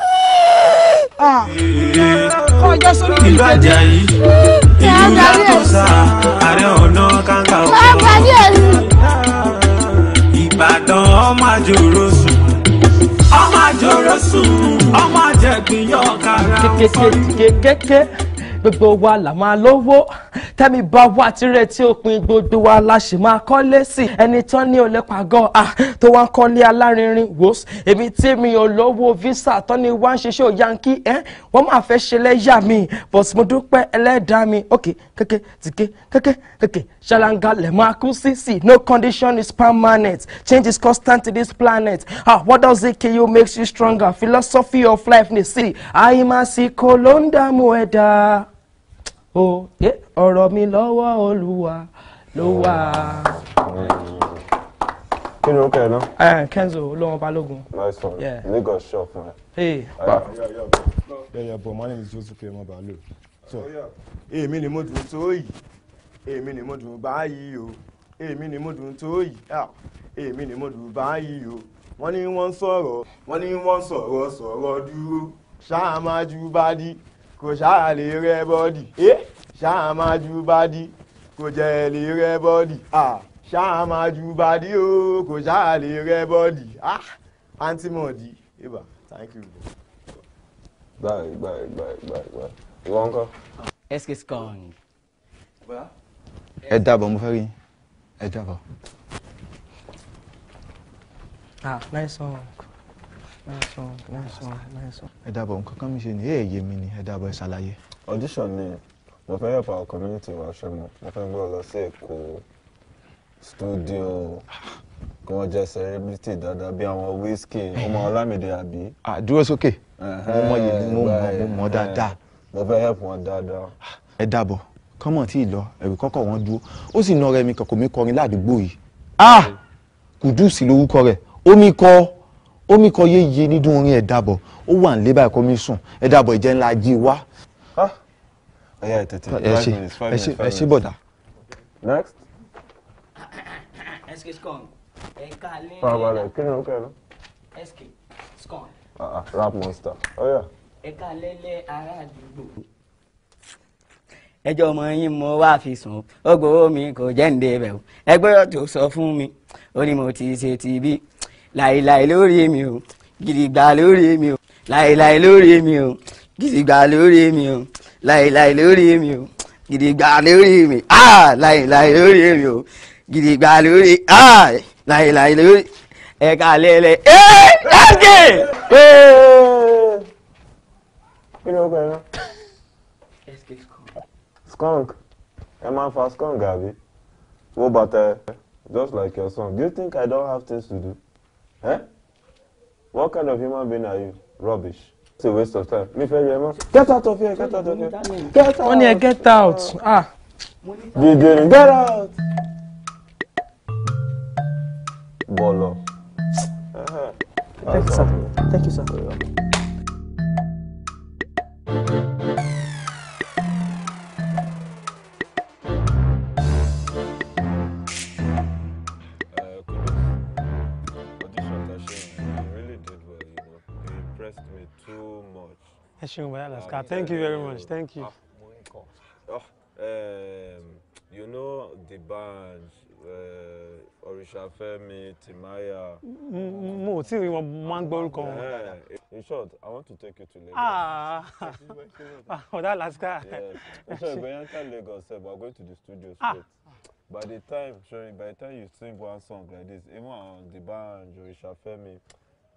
kọjá ah. sórí mi. ìbàjá yìí ìlú yàtọ̀sà ààrẹ ọ̀nà kàńkà òkú. ìbàdàn ọmọ àjòrò sùn ọmọ àjòrò sùn ọmọ àjẹgbìn yọ̀ọ̀kara. kékeré gbogbo wa là máa lówó tẹ́mi bá wà tirẹ̀ tí ó pin gbogbo wa la ṣì máa kọ́lé sí ẹni tán ní olẹ́pà gan ah tó wá ń kọ́lé alárinrin wò èmi tí mi ò lówó visa tán ni wá ń ṣiṣẹ́ òyankí ẹ́ wọ́n máa fẹ́ ṣe lẹ́yà mi but mo dúpẹ́ ẹlẹ́dàá mi ok kéke tìke kéke kéke ṣàlàngà lẹ̀ máa kú sí sí no condition is permanent change is constant to this planet ah what does it kill you makes you stronger philosophy of life ni sí àyè máa sì kó ló ń dààmú ẹ̀dá o ọ̀rọ̀ mi lọ́wọ́ olúwa ló wà. kí ni orúkọ ẹ náà. Kenzo olóhùn balógun. nice one Lagos shop fún ẹ. yeah yeah but my name is Joseph Emabalu. èmi ni mo dùn tó yìí èmi ni mo dùn báyìí o èmi ni mo dùn tó yìí èmi ni mo dùn báyìí o wọ́n ní wọ́n sọ̀rọ̀ wọ́n ní wọ́n sọ̀rọ̀ sọ̀rọ̀ dúró ṣáà máa ju bá dí kò ṣáà lè rẹ bọ́dì ṣáà máa ju bádì kò jẹ́ lè rẹ bọ́dì ṣáà máa ju bádì o kò ṣáà lè rẹ bọ́dì àǹtí mọ̀ọ́dì ibà thank you. báyìí báyìí báyìí báyìí ìwọ ń kọ́. sk skong. ẹ dábọ̀ mo fẹ́ rí ẹ dábọ̀. ah nice one nice one nice one nice one. ẹ dábọ̀ nǹkan kan mi ṣe ni èèyàn yé mi ni ẹ dábọ̀ ẹ ṣàlàyé. audition ni mo fẹ́ help our community wa ṣe mo mo fẹ́ gbọ́ lọ sí èkó studio kí wọ́n jẹ́ celebrity dáadáa bí àwọn Wizkid ọmọ Ọlámídé àbí. àdúró sókè mo mọ yìí mo mọ mo mọ dáadáa. mo fẹ́ help wọn dáadáa. ẹ dábọ̀ kọ́mọ̀ tí ì lọ ẹ̀rù kọ́kọ́ wọn dúró ó sì nà ọ̀rẹ́ mi kọ̀kọ́ mi kọrin ládùúgbò yìí kùdùsì lórúkọ rẹ̀ ó mi kọ́ ọ́ omi kan yé yé nídùn orin ẹ̀ dàbọ̀ ó wà nílé báyìí kọ́ mi sùn ẹ̀ dàbọ̀ ìjẹ́ ńlá jí wá. ẹ ṣe ẹ ṣe bọ̀dà. next. SK Skunk ẹ̀ka lẹ́yìn. farabalẹ̀ kí ni ó kẹ́ ẹ lọ. SK Skunk. rap monster. Oh, ẹ̀ka lẹ́lẹ́ ará àdúgbò ẹjọ́ ọmọ yín mo wá fi sùn ó gbowó mi kò jẹ́ ǹdẹ́ bẹ̀ o ẹgbẹ́ ọ̀tún sọ fún mi ó ní mo ti ṣe ti bí láìláì lórí èmi o gidigba lórí èmi o láìláì lórí èmi o gidigba lórí èmi o láìláì lórí èmi o gidigba lórí èmi ah láìláì lórí èmi o gidigba lórí ah láìláì lórí ẹ̀ka lẹ́lẹ̀ ẹ́ láǹkì. kí ló ń pẹ́ náà. skunk ẹ máa ń fa skunk àbí wo bàtà ẹ just like your son do you think I don't have things to do. Eh? What kind of human being are you? Rubbish. It's a waste of time. Mi fẹ́ rí ẹ Get out of here, get out of here. Get out. Wọ́n get out. Ah. Dìde ni get out. huh. Thank you, sir. Thank you, sir. Oscar, ah, thank you very much. Thank you. Oh, um, you know the bands, uh, eh, Orishafemi, Timaya. Mo ti we wọn máa ń gbórúkọ eh, In short, I want to take you to Lagos. Ah, *laughs* oh, that last guy. Yes. In short, when you Lagos, we eh, are going to the studio straight. By the time, sorry, by the time you sing one song like this, even on the band, Orisha Orishafemi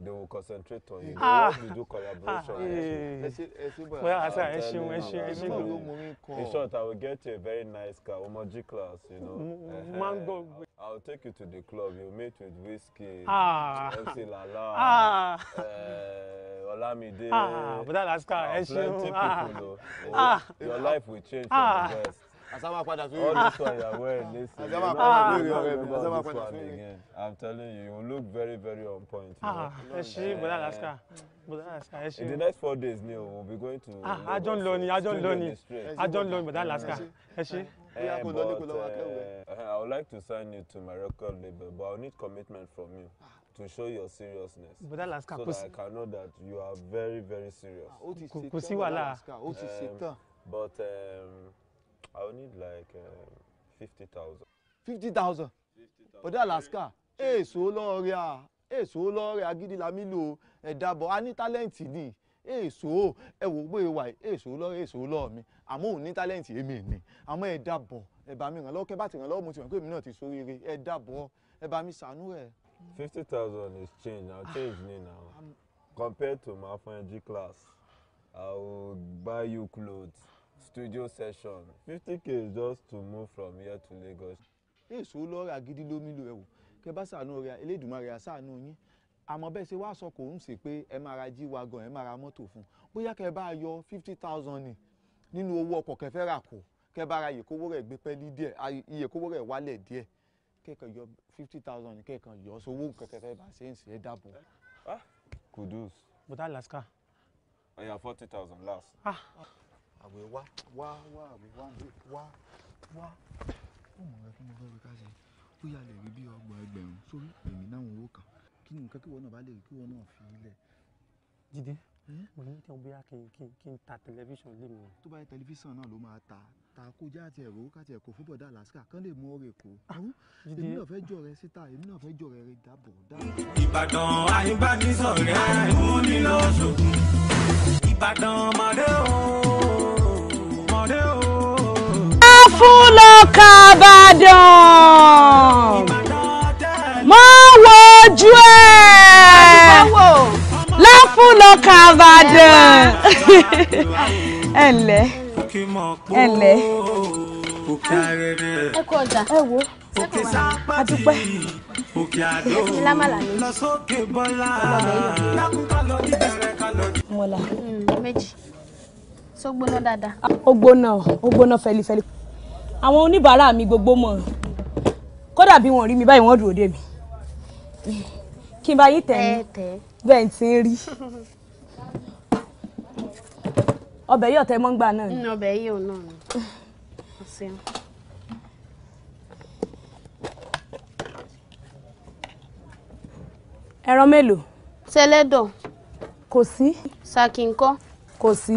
they will concentrate on you. Ah. They want to do collaboration. Ah. Eh. Well, as I issue, issue, issue. In short, I will get you a very nice car, Omoji class, you know. Mm, mm, mango. I will take you to the club. You meet with Whiskey, ah. MC Lala, ah. Uh, Olamide. Ah, but that last car, uh, plenty people. Ah. Oh, ah. Your life will change ah. for the best. Asama padà sórí. All this one you are well listen. Asama padà sórí ọ̀rẹ́ mi. Asama padà sórí again. I'm telling you, you look very very on point. Ah, ẹ ṣe Bọ̀dá Alaska. Bọ̀dá Alaska ẹ ṣe. In the next four days ni o, we be going to. Ajọ́ ah, ń lọ ni, Ajọ́ ń lọ ni, Ajọ́ ń lọ ni Bọ̀dá Alaska. Ẹ ṣe. Yeah, but uh, I would like to sign you to my record label, but I need commitment from you to show your seriousness. Bọ̀dá Alaska kò So that I can know that you are very very serious. Ah, kò sí wàhálà. Eh, but. Um, I will need like um, fifty thousand. fifty thousand bọ̀dá alaska èso so à èso lọ́ọ̀rẹ́ so la mi lò ẹ̀ dàbọ̀ a ní tálẹ́ǹtì ni èso ẹ wò pé wà èso lọ́ọ̀rẹ́ èso lọ́ọ̀ mi àmọ́ òun ní tálẹ́ǹtì èmi ni àmọ́ ẹ̀ dàbọ̀ ẹ̀ bá mi ràn lọ́wọ́ kẹ́ bá ti ràn lọ́wọ́ mo ti ràn pé èmi náà ti ṣoríire ẹ̀ dàbọ̀ ẹ̀ bá mi ṣàánú rẹ̀. fifty thousand is change na change ni now. *sighs* compared to my friend G class I will buy you clothes studio session fifty k is just to move from here to Lagos. èso lọ́ra gidi ló nílò ẹ̀ wò kẹ bá ṣàánú rẹ Elédùmarè àṣàánú yín àmọ́ bẹ́ẹ̀ ṣe wá sọ kò ń ṣe pé ẹ máa ra jí wagon ẹ máa ra mọ́tò fún bóyá kẹ bá yọ fifty thousand ni nínú owó ọkọ̀ kẹfẹ́ rà kù kẹ bá ra ìyèkówó rẹ̀ gbé pẹ́ẹ́lí díẹ̀ ìyèkówó rẹ̀ wálẹ̀ díẹ̀ kẹ́ẹ̀kan yọ fifty thousand kẹ́ẹ̀kan yọ sówó kẹ̀kẹ́ bá ṣe ń ṣe é dàbọ̀. Ah! Kudus. bùtá laska. ọ̀yà forty thousand last. Ah àwẹ̀ wá wá wá àwẹ̀ wá wá wá. ó mọ̀ ẹ́ fún mi fẹ́ fi ká ṣe ó yà lè rí bí ọgbọ̀n ẹgbẹ̀rún sórí èmi náà owó kan kí ni nǹkan kí wọn náà bá lè rí kí wọn náà fi ilẹ̀. jíde mo ní tẹ bóyá kí n kí n ta tẹlifíṣàn lé mi. tó bá yẹ tẹlifíṣàn náà ló máa ta ta kó já àti ẹ̀rọ ká ẹ̀kọ́ fún bọ̀dá Alaska kán lè mú ọrẹ kó. Ah, èmi náà fẹ́ jọ rẹ síta èmi náà fẹ́ jọ rẹ rẹ dàbọ̀ dàbọ̀. Ìbàdàn àyùbá ní sọ̀rẹ́ àìmúnilọ́ṣọ̀gùn Ìbàdàn mọ̀dé òun ọmọdé o. má fún lọ́kà àbàdàn má wo ojú ẹ̀ láfún lọ́kà àbàdàn ẹ̀lẹ́ ẹ̀lẹ́ ẹ kọ ọjà ẹ wo adúpẹ́ lámàlà ni mọ̀lá hmm, méjì tó gbóná dáadáa. ó gbóná ó gbóná fẹlifẹli àwọn oníbàárà mi gbogbo mọ̀ kódà bí wọ́n rí mi báyìí wọ́n dúró dè mí kí n bá yín tẹ̀ mí bẹ́ẹ̀ tí ń rí ọbẹ̀ yìí ọ̀tẹ̀ mọ́ngbà náà ni. ọbẹ̀ yìí ò náà ni ẹran mélòó. tẹlẹdọ. kò sí. sàkínkọ. kò sí.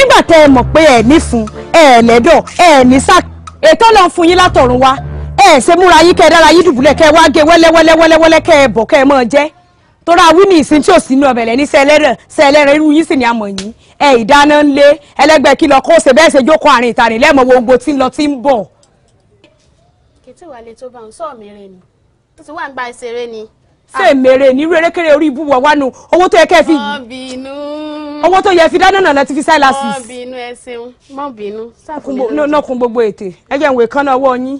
nígbà tẹ ẹ mọ̀ pé ẹ nífun ẹ lẹ́dọ̀ ẹ ní sá ètò lọ fún yín látọ̀run wá ẹ ṣe múra yín kẹ ẹ dára yín dùbúlẹ̀ kẹ ẹ wá gé wẹ́lẹ́wẹ́lẹ́wẹ́lẹ́ kẹ ẹ bọ̀ kẹ ẹ mọ̀ jẹ́ torí àwọn ìsìn tí ò sí inú ọbẹ̀ lẹ́ni sẹ́lẹ̀rẹ̀ irú yín sì ni a mọ̀ yín ẹ ìdáná ń lé ẹlẹ́gbẹ́ kí lọ kó ṣe bẹ́ẹ̀ ṣe jókòó àárín ìtàrin lẹ́mọ̀ wo gbogbo tí ń lọ tí ń bọ̀. kìtìwálé tó bá ń sọ mi rẹ ni ó ti wà ń gba ìṣeré ni ṣé ah. mèrè nírú erékeré orí ibú wọ̀ wánu owó tó yẹ kẹ́ fi owó tó yẹ fi dáná náà láti fi sáìlásì. má bínú ẹ ṣeun má bínú. nọkùn gbogbo ètè ẹgbẹ́ ìwé kan náà wọ́ yín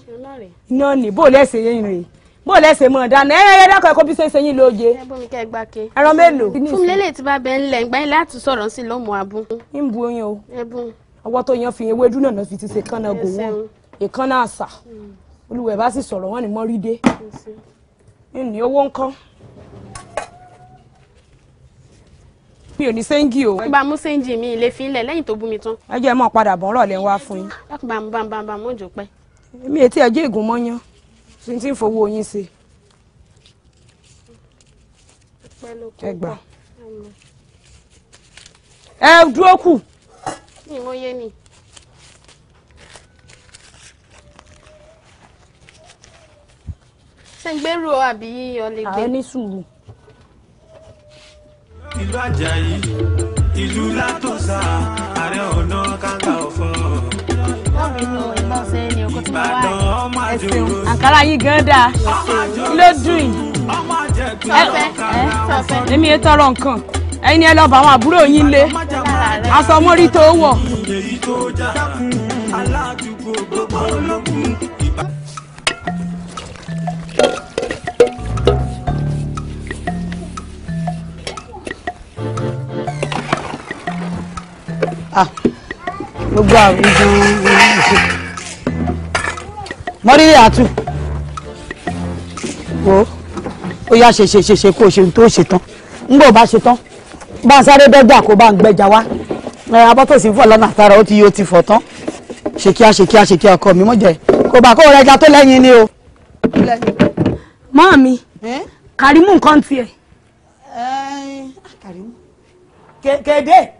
iná ní bó lẹ́sẹ̀ yín rèé bó lẹ́sẹ̀ mọ̀ dáná ẹ ẹ dákọ̀ ẹ̀kọ́ bí ṣe ń ṣe yín lóye. ẹ bómi kẹ́ ẹ ke. ẹran mélòó. fún mi lélẹ̀ tí bá bẹ ń lẹ̀ ń gbá yín láti sọ̀rọ̀ sí lọ́mọ abú. ń bu oyin o. ẹ bùn. ọwọ́ tó yan fi ewé dúnà náà fi ti ṣe kánná gòwó ìkánná àṣà hmm. olùwẹ̀ bá sì sọ̀rọ̀ wọn ni mọ́rí dé ní owó ńkọ́ mi ò ní sẹ́ńgì o. bá a mú sẹ́ńgì mi ilé fi ń lẹ̀ lẹ́yìn tó bú mi tán. ẹ jẹ́ mọ́ padà bọ̀ ọ̀rọ̀ lẹ́ ń wá fún yín. bámbá bámbá mọ́ òjò pẹ́. mi ètí ẹjọ́ ègún mọ́yán ṣe ti ń fowó yín ṣe. ẹ gbà. ẹ dúró kù. ìmọ̀ yé ni. ṣe ń gbèrò àbí ọlẹ gbé. àwọn ní ìlú Àjàyí ìlú Látòsà Ààrẹ Ọ̀nà Kakanfò. Ìbàdàn ọmọ àjòrò. àkàrà yìí gan dáa ló dùn yìí. ọmọ àjẹgbẹ́ ọ̀kadà fọ́nrán. èmi yẹn tọrọ nǹkan ẹ̀yin ẹ lọ bá àwọn àbúrò yín lé aṣọ mọ́rí tó wọ̀. Ah. gbogbo àwọn gan-an mọ́rírì àtú wo ó yá ṣe ṣe ṣe ṣe kó o ṣe ohun tó ṣe tán ń bò bá ṣe tán bá ń sáré dọ́jà kó bá ń gbẹ́jà wá abọ́tòsí fọ̀ lọ́nà àtàrà ó ti yóò ti fọ̀ tán ṣe kíá ṣe kíá ṣe kíá ọkọ mi mọ̀ jẹ́ kò bá kó rẹja tó lẹ́yìn ni o. mọ́ọ̀mí kàrímù nǹkan tiẹ̀. kàrímù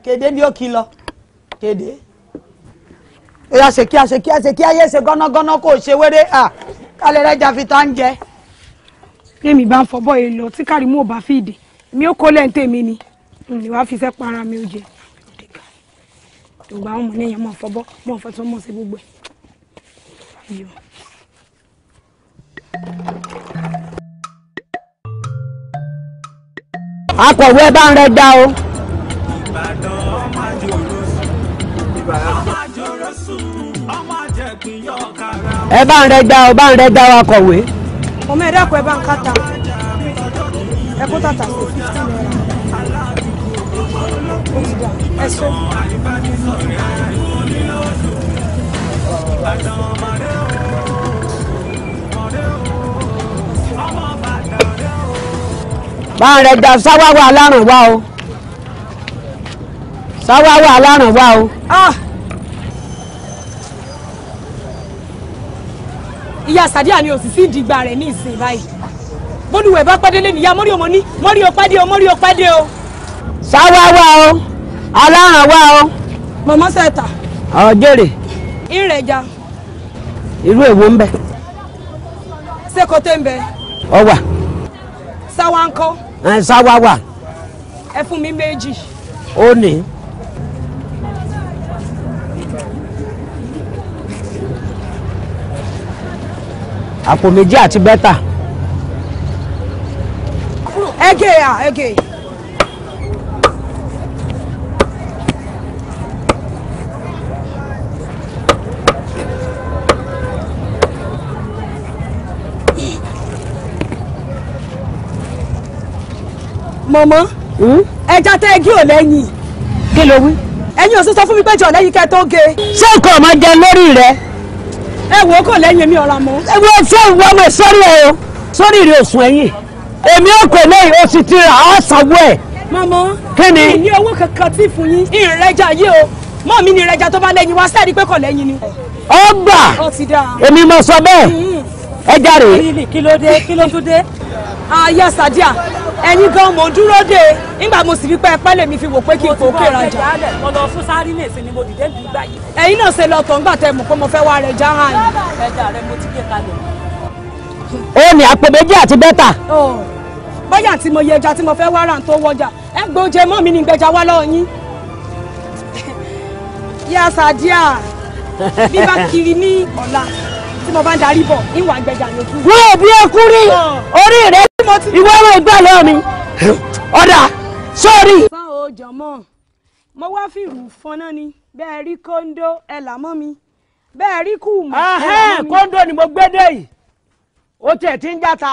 kéde ni ó kí lọ kéde ó yà ṣe kí a ṣe kí a ṣe kí a yẹ ṣe gánágáná kó o wéré à kálẹ̀ rẹ̀ jàfi tá ń jẹ. èmi bá ń fọbọ́ yìí lọ tí Kàrímù ò bá fi mi ò kó lẹ́ǹtẹ̀ mi ni ìwà fi sẹ́pọ̀ ara mi ò jẹ ìgbà àwọn ọmọ ní èèyàn máa fọbọ́ mọ́ ọ̀fẹ́ tó sí gbogbo ẹ̀. akọ̀wé bá ń rẹ dá o ẹ bá ń rẹgbá ọ bá ń rẹgbá wa kọ̀wé. ọmọ ẹ̀rẹ́ ọkọ̀ ẹ bá ń kàtà ẹ kó tàtà sí fifteen naira ẹ ṣe. bá ń rẹgbá sáwá wa lárùn wá o sáwá wà láràn wá o. Ah. ìyá sàdíà ni òsìsì ìdìgbà rẹ̀ ní ìsìn báyìí bólúwẹ̀ bá pàdé lé nìyá mọ́rí òmọ́ní mọ́rí òpàdé o mọ́rí òpàdé o. sáwá wá o aláràn wá o. mọ̀mọ́ sẹ́ta. ọ̀jẹ̀rẹ̀. ìrẹ̀jà. irú èwo ń bẹ. sékòtè ń bẹ. ọwà. sáwá ń kọ́. sáwá wà. ẹ fún mi méjì. ó ní. àpò méjì àti bẹ́tà. ẹgẹ à ẹgẹ. mọ̀mọ́ hmm? ẹja tẹ́ gí ò lẹ́yìn. kí ló wí. ẹ̀yin ò sì sọ fún mi pé jọ̀ lẹ́yìn kẹ́ tó ge. ṣé nǹkan ọmọ jẹun lórí rẹ ẹ wò ó kò lẹ́yìn mi ọ̀rọ̀ àmọ́. ẹ wọ ṣé ìwọ ọmọ sórí ẹ o sórí ìrè òsùn ẹ̀yìn èmi ò kò lẹ́yìn o sì ti rà á sanwó ẹ. màmá kí ni. èmi owó kankan tí fún yín ìrẹ́jà yìí o mọ́ mi ni ìrẹ́jà tó bá lẹ́yìn wá sẹ́ẹ̀rí pé kò lẹ́yìn ni. ọgbà èmi mọ sọ bẹ́ẹ̀. Hmm ẹ járe. kí ló dé kí ló tún dé ayé ah, sadiya ẹ̀yin gan mo dúró dé nígbà mo sì rí pé ẹpẹ́ lèmi fi wò pé kí n kò kó mo lọ fún sáré ní èsì ni mo dìde ní ìgbà yìí. ẹ̀yin náà ṣe lọ tọ̀ ńgbà tẹ mọ̀ pé mo fẹ́ wá rẹ̀ já hàn yín. ẹja rẹ mo ti gbé kalẹ̀. ó ní àpò méjì àti bẹ́tà. bóyá tí mo yẹja tí mo fẹ́ wá ràn tó wọjà ẹ gbóúnjẹ mọ́ mi ní gbẹja wá lọ́wọ́ yín. *laughs* yá sadiya bí bá kiri ní ọ̀la tí mo bá ń darí bọ̀ níwà gbẹ̀gà lójú. wọ́n ò bí ekú rí orí rẹ ìwé ọmọ ìgbà lọ́wọ́ mi ọ̀dà sórí. fún òòjọ́ mọ́ mo wá fìrù fọná ni bẹ́ẹ̀ rí kóńdó ẹ là mọ́ mi bẹ́ẹ̀ rí kù mọ́ ẹ là mọ́ mi. kóńdó ni mo gbé dé yìí ó tiẹ̀ ti ń játa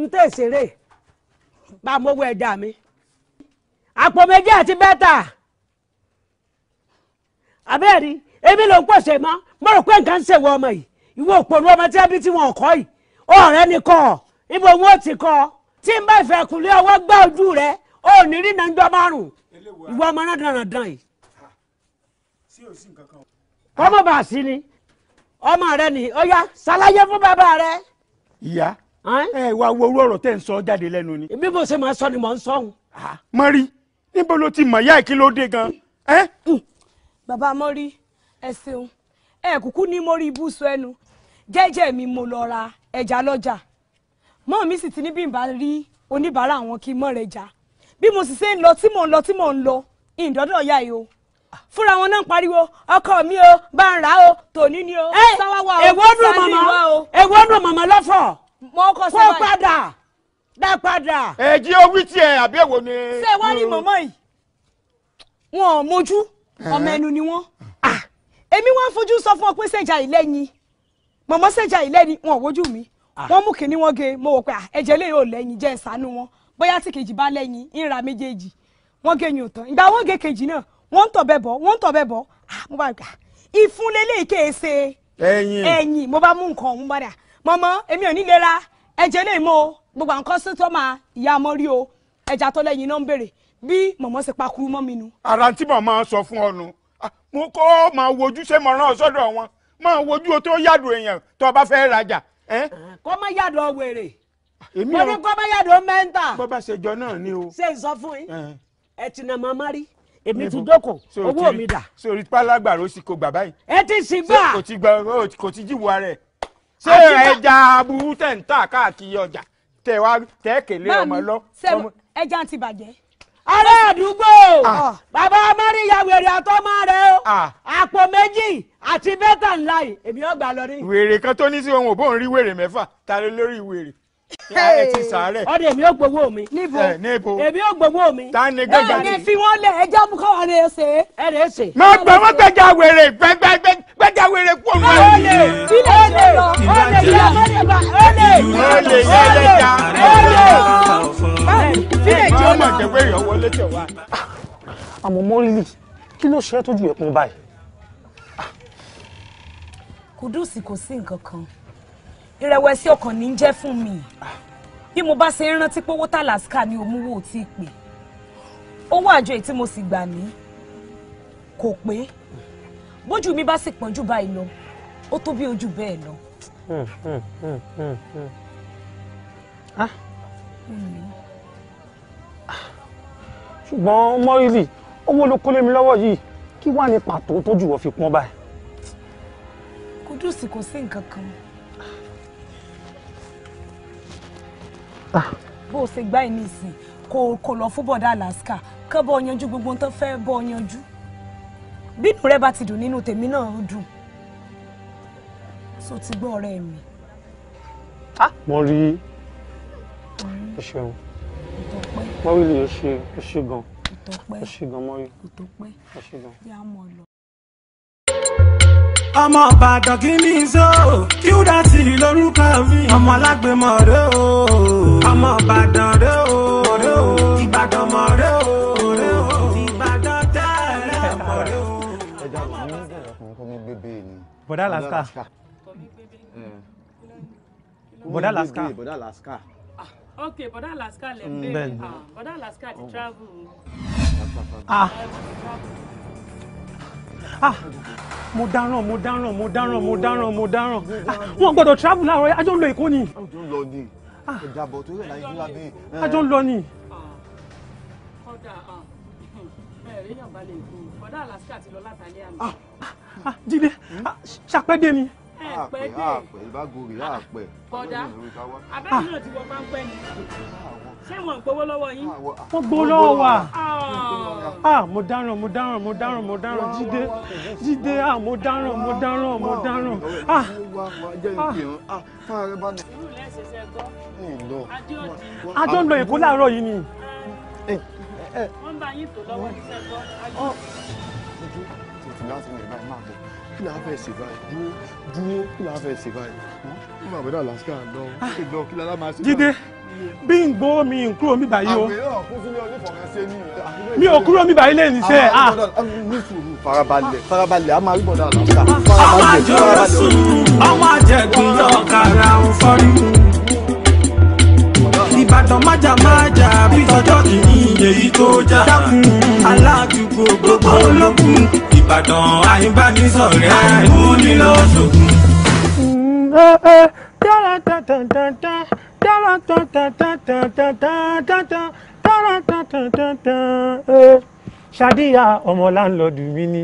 ń tẹ̀sẹ̀rẹ̀ bá a mọ́wọ́ ẹja mi àpò méjì àti bẹ́tà àbẹ́ẹ̀rí èmi ló ń pèsè mọ́ mo rò pé nǹkan ń ṣèwọ ọmọ yìí ìwọ òpònú ọmọ tí ẹbí tí wọn kọ́ yìí ọ̀rẹ́ ni kọ́ ibo wọn ò ti kọ́ tí n bá ìfẹ́ kùnlé ọwọ́ gbá ojú rẹ ó ní rí nàìjọ márùn ìwọ ọmọ náà dandan dan yìí. kọ́mọ bá a sí ni ọmọ rẹ ni ó yá ṣàlàyé fún bàbá rẹ. ìyá ẹ wá wo orú ọ̀rọ̀ tẹ́ ń sọ jáde lẹ́nu ni. bí mo ṣe máa sọ ni mò ń sọ òun. Ah, mọ́rí níbo ló ti mọ̀ yá ìkílódé gan. bàbá mọ́rí ẹ ṣeun ẹ kúkú ní mọ́rí ibùsùn ẹnu jẹ́jẹ́ mi mo lọ ra ẹja lọ́jà mọ́ mi sì ti ní bí n bá rí oníbàárà àwọn kí n mọ̀ rẹ̀ jà bí mo sì ṣe ń lọ tí mò ń lọ tí mò ń lọ ìdọ́dọ̀ yá yìí o fúnra wọn náà ń pariwo ọkọ mi o bá ń rà o tòní ni o sáwáwá o èwo nù màmá èwo nù màmá lọ́fọ̀ kó padà dá padà. èjì owí tiẹ̀ àbí èwo ni. ṣé wọ́n rí mọ̀mọ́ yìí wọn ò ọmọ ẹnu ni wọ́n ah, èmi wọ́n fojú sọ fún ọ pé ṣèjà ìlẹ́yìn mọ̀mọ́ sẹ́jà ilé ni wọn wojú mi ah. wọ́n mú kínní wọ́n ge mo wò pé ah, ẹ̀jẹ̀ lè yóò lẹ́yìn jẹ́ ìsánú wọn bóyá tí kejì bá lẹ́yìn ń ra méjèèjì wọ́n ge yín òtán ìgbà wọ́n ge kejì náà wọ́n ń tọ̀bẹ̀ bọ̀ wọ́n ń tọ̀bẹ̀ bọ̀ ah, mo bá gbà ìfun lélẹ̀ kéèsè ẹ̀yìn mo bá mú nǹkan ọ̀hún bá dà èmi ò ní lè ra lè mọ́ gbogbo nǹkan sí tọ́mà ìyá ọmọ rí o ẹja tó lẹ́yìn náà ń béèrè bí mọ̀mọ́ ṣe pakuru mọ́ mi nu. ara tí màmá sọ fún ọ nu mo kọ́ máa wojú ṣé mo wọn máa wojú o tó yàdùn èèyàn tó o bá fẹ́ rajà. kọ́ mọ́ yàdùn wèrè mo ní kọ́ mọ́ yàdùn mẹ́ńtà. bó bá ṣe jọ náà ni o. ṣé n sọ fún yín ẹ ti nà mọ́ mọ́rí èmi ti dọ́kọ̀ owó mi dà. sori pálágbàrò sì kò gbà báyìí. ẹ ti sì gbà. kò ti gbà kò ti jíwò rẹ. ṣé ẹja aburú tẹ̀ ń tà káàkiri ọjà tẹ̀ wá tẹ̀ kèlé ọmọ lọ. ẹja ti bàjẹ́ ará àdúgbò ah. bàbá mẹ́rìnyà wèrè àtọ́mọ rẹ o ah. àpò méjì àti bẹ́tà ńlá yìí èmi ọgbà lọ rí. wèrè kan tó ní sí ohun òbóun rí wèrè mẹ́fà ta ló lórí wèrè ẹ ti sàárẹ̀. ọdẹ èmi ò gbowó mi. níbo eh, níbo èmi ò gbowó mi. ta ni gbẹgbẹ ni. ẹ ní fi wọn lẹ ẹjọ mú káwa ni ẹ ṣe. ẹ lè ṣe. má gbẹ wọn gbẹjà wèrè gbẹgbẹ gbẹjà wèrè kú òun. ó lè ilé ìjọ lọ ó lè yá mọ́lẹ́gbà ó lè ó lè yá lẹ́jà ó lè. ilé ìjọ lọ. ọmọ ìjẹ̀wé yọ wọlé tẹ̀ wá. àmọ́ mọ́rìlì kí ló ṣe é tójú ẹ̀kún báyìí. kùdùsì kò sí nǹkan kan ìrẹ̀wẹ̀sì ọkàn ní í jẹ́ fún mi bí mo bá ṣe ń rántí pé owó tàlàsíkà ni òmùwò ti pè owó àjọ èyí tí mo sì gbà ní kò pé bójú mi bá sì pọ́n jù báyìí lọ ó tó bí ojú bẹ́ẹ̀ lọ. Ah. ṣùgbọ́n mọ́rìlì owó ló kólé mi lọ́wọ́ yìí kí wàá ní pàtó tójú wọ́n fi pọ́n báyìí. kùdùsì kò sí nǹkan kan. Ah. bó o ṣe gbá ẹ nísìn kó kó lọ fún bọ̀dá Alaska kán bọ́ yanjú gbogbo tó fẹ́ bọ́ yanjú bínú rẹ bá ti dùn nínú tèmi náà ó dùn so ti gbọ́ ọ̀rẹ́ mi. Ah. mo rí ẹ ṣeun mo rí ẹ ṣe ẹ ṣe gan ẹ ṣe gan mo rí ẹ ṣe gan ọmọ ìbàdàn kí ni so Qdot lórúkọ mi ọmọ alágbèmọ rẹ o ọmọ ìbàdàn rẹ o rẹ o ìbàdàn mọ rẹ o rẹ o ìbàdàn tẹ́lẹ̀ mọ rẹ o. ẹja kò ní bẹ̀rẹ̀ fún kó mi bébè ni. bọ̀dá laska. bọ̀dá laska. bọ̀dá laska. ok bọ̀dá laska lè mm. bẹ̀rẹ̀ ah, bọ̀dá laska ti oh. travel. ah ah mo dáràn mo dáràn mo dáràn mo dáràn mo dáràn ah, wọn gbọ́dọ̀ travel láàárọ̀ ajọ ń lọ èkó ni. ajọ ń lọ ni ìjàbọ̀ ah. tó yẹ láyé nílá bẹ́ẹ̀. ajọ ń lọ ni. kọ́dà ah, ẹ̀ẹ́dẹ́yàn balẹ̀ èkó kọ́dà alaska ti lọ látàlẹ́ àná. jíde ṣàpẹ́dé mi àpẹ dé àpẹ ìbágorì ah, àpẹ. kọjá abẹ́rẹ́ náà ti wọ páńpẹ́ ni ṣé wọn ń gbowó lọ́wọ́ yín. Ah, wọ́n ah, gbowó lọ́wọ́ wa ah mo dáràn mo dáràn mo dáràn mo dáràn jíde jíde ah mo dáràn mo dáràn mo dáràn ah ah. a jọ ń lọ èkó láàárọ̀ yìí ni. wọ́n bá yín tó lọ́wọ́ ní sẹ́gbọ́ kí la fẹ́ ṣe báyìí dúró dúró kí la fẹ́ ṣe báyìí kí hm? màá bẹ́ẹ̀ Alaska lọ kí ah. lọ kí la máa ṣe. Jídé bí n gbọ́ mi n kúrò mi báyìí o mi ò kúrò mi báyìí lè ní sẹ́ à. farabalẹ̀ ah. farabalẹ̀ a máa rí bọ̀dá Alaska ah, farabalẹ̀ farabalẹ̀. ọmọ àjẹgùn yọ ọ̀kadà òfọ́rí ìbàdàn májà májà bí ọjọ́ kìíní èyí tó já dákun gbogbo olókùn ìbàdàn àyínbánisọ̀rẹ́ àìkú nínú òṣogùn. dára tàntàn tàntàn dára tàntàn tàntàn tàntàn tàntàn dára tàntàn tàntàn. ṣadíya ọmọ láńlọ́ọ̀dù mi ni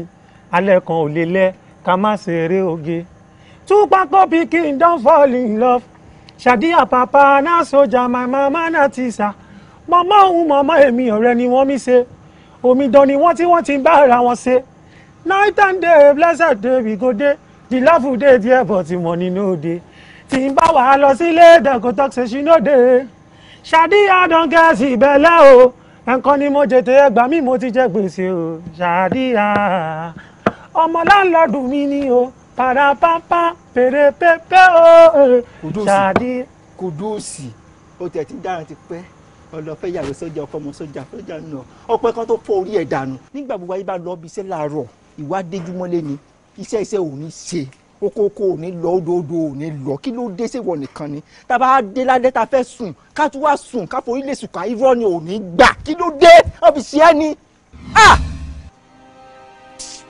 alẹ́ kan ò lè lẹ́ ká má ṣeré oge. two paco pikin don fall in love ṣadíya papa na soja my mama na tisa mama òun mama èmi ọ̀rẹ́ ni wọ́n mi ṣe omidan ni wọ́n tí wọ́n ti bá ara wọn ṣe night and day blessed day we go dey the love lawful dey there but the money no dey tí n bá wàá lọ sílé dem go talk say she no dey ṣáàdì àdán gẹ̀ẹ́sì ìbẹ̀lẹ̀ o ẹ̀ǹkan ni mo jètè ẹgbàá mi mo ti jẹ gbèsè o ṣáàdì à ọmọ láńlọ́ọ̀dù mi ni o parapampa pèrèpépé o ṣáàdì. kò dúró sí o tẹ̀ tí dára ti pẹ́ ọlọfẹ yàrá sọjà ọkọ ọmọ sọjà sọjà náà ọpẹ kan tó fọ orí ẹ dànù nígbà gbogbo ayé bá lọ bí iṣẹ́ láàárọ̀ ìwà déjúmọ́lé ni iṣẹ́ iṣẹ́ ò ní ṣe okoko ò ní lọ odoodo ò ní lọ kí ló dé séwọ nìkan ni tábà dé ládé ta fẹ́ sùn ká tún wá sùn ká forí lè sùn ká irọ́ ni ò ní gbà kí ló dé wọ́n fi ṣe é ni.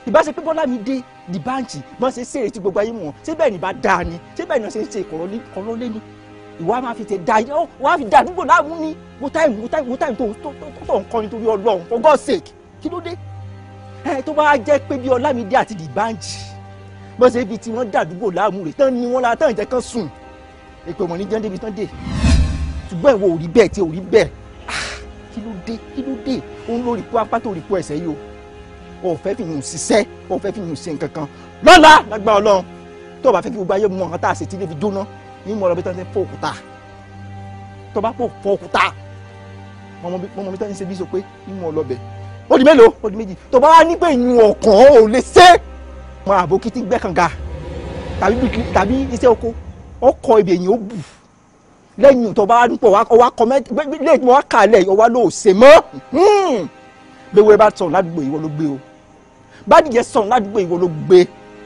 ìbáṣepé bọ́lá mi dé di báǹkì bọ́n ṣe ṣèrè tí gbogbo ayé mọ̀ ṣé bẹ́ẹ̀ ni bá dáa ni ṣé bẹ́ẹ̀ ni wọ́n ṣe ń ṣe ìkọ̀rọ̀ lé ni ìwà máa fi tẹ da yìí ó wàá fi da àdúgbò láàmú ni wo táìmù wo táìmù tó ń kọrin torí Ọlọ́run for God's sake kí ló dé ẹ tó bá jẹ́ pé bí Ọlámídé àti Dìbànjì bó ṣe ibi tí wọ́n dàdúgbò láàmú rẹ̀ tán ni wọ́n la tán ìjẹ́ kan sùn èpè mọ̀ ní jẹ́ débi tán dé ṣùgbọ́n ìwọ ò rí bẹ́ẹ̀ tí ò rí bẹ́ẹ̀ ah, kí ló dé kí ló dé òun ló rí kó apá tó rí kó ẹsẹ̀ yìí o ò fẹ́ fi hùn ṣiṣẹ́ ò fẹ́ fi hùn ṣe nǹkan kan lọ́la lágbá Ọlọ́run tó o bá fẹ́ fi gbogbo ayé mọ ọ̀hán tá a ṣe tí ilé fi jóná ní mọ̀ ọ́ bí tán ṣe fọ́ òkúta tó o bá fọ́ òkúta mọ̀ mọ̀ bí ṣe bí so pé ní mọ̀ ọ́ lọ́bẹ̀ẹ́ ó di mélòó ó di méjì tó bá wá ní pé ìyún ọ̀kan ò lè ṣe mọ àbókítí gbẹ́kànga tàbí iṣẹ́ oko ọkọ̀ ibi èyàn ó bù lẹ́yìn tó bá dúpọ̀ ọwá kọ́mẹ́tì lẹ́yìn wá kàlẹ̀ ọwá ló ṣe mọ́ gbẹwẹ́ hmm. bá sọ̀rọ̀ ládùúgbò ìwọ ló gbé o bádìyẹ sọ̀rọ̀ ládùúgbò ìwọ ló gbé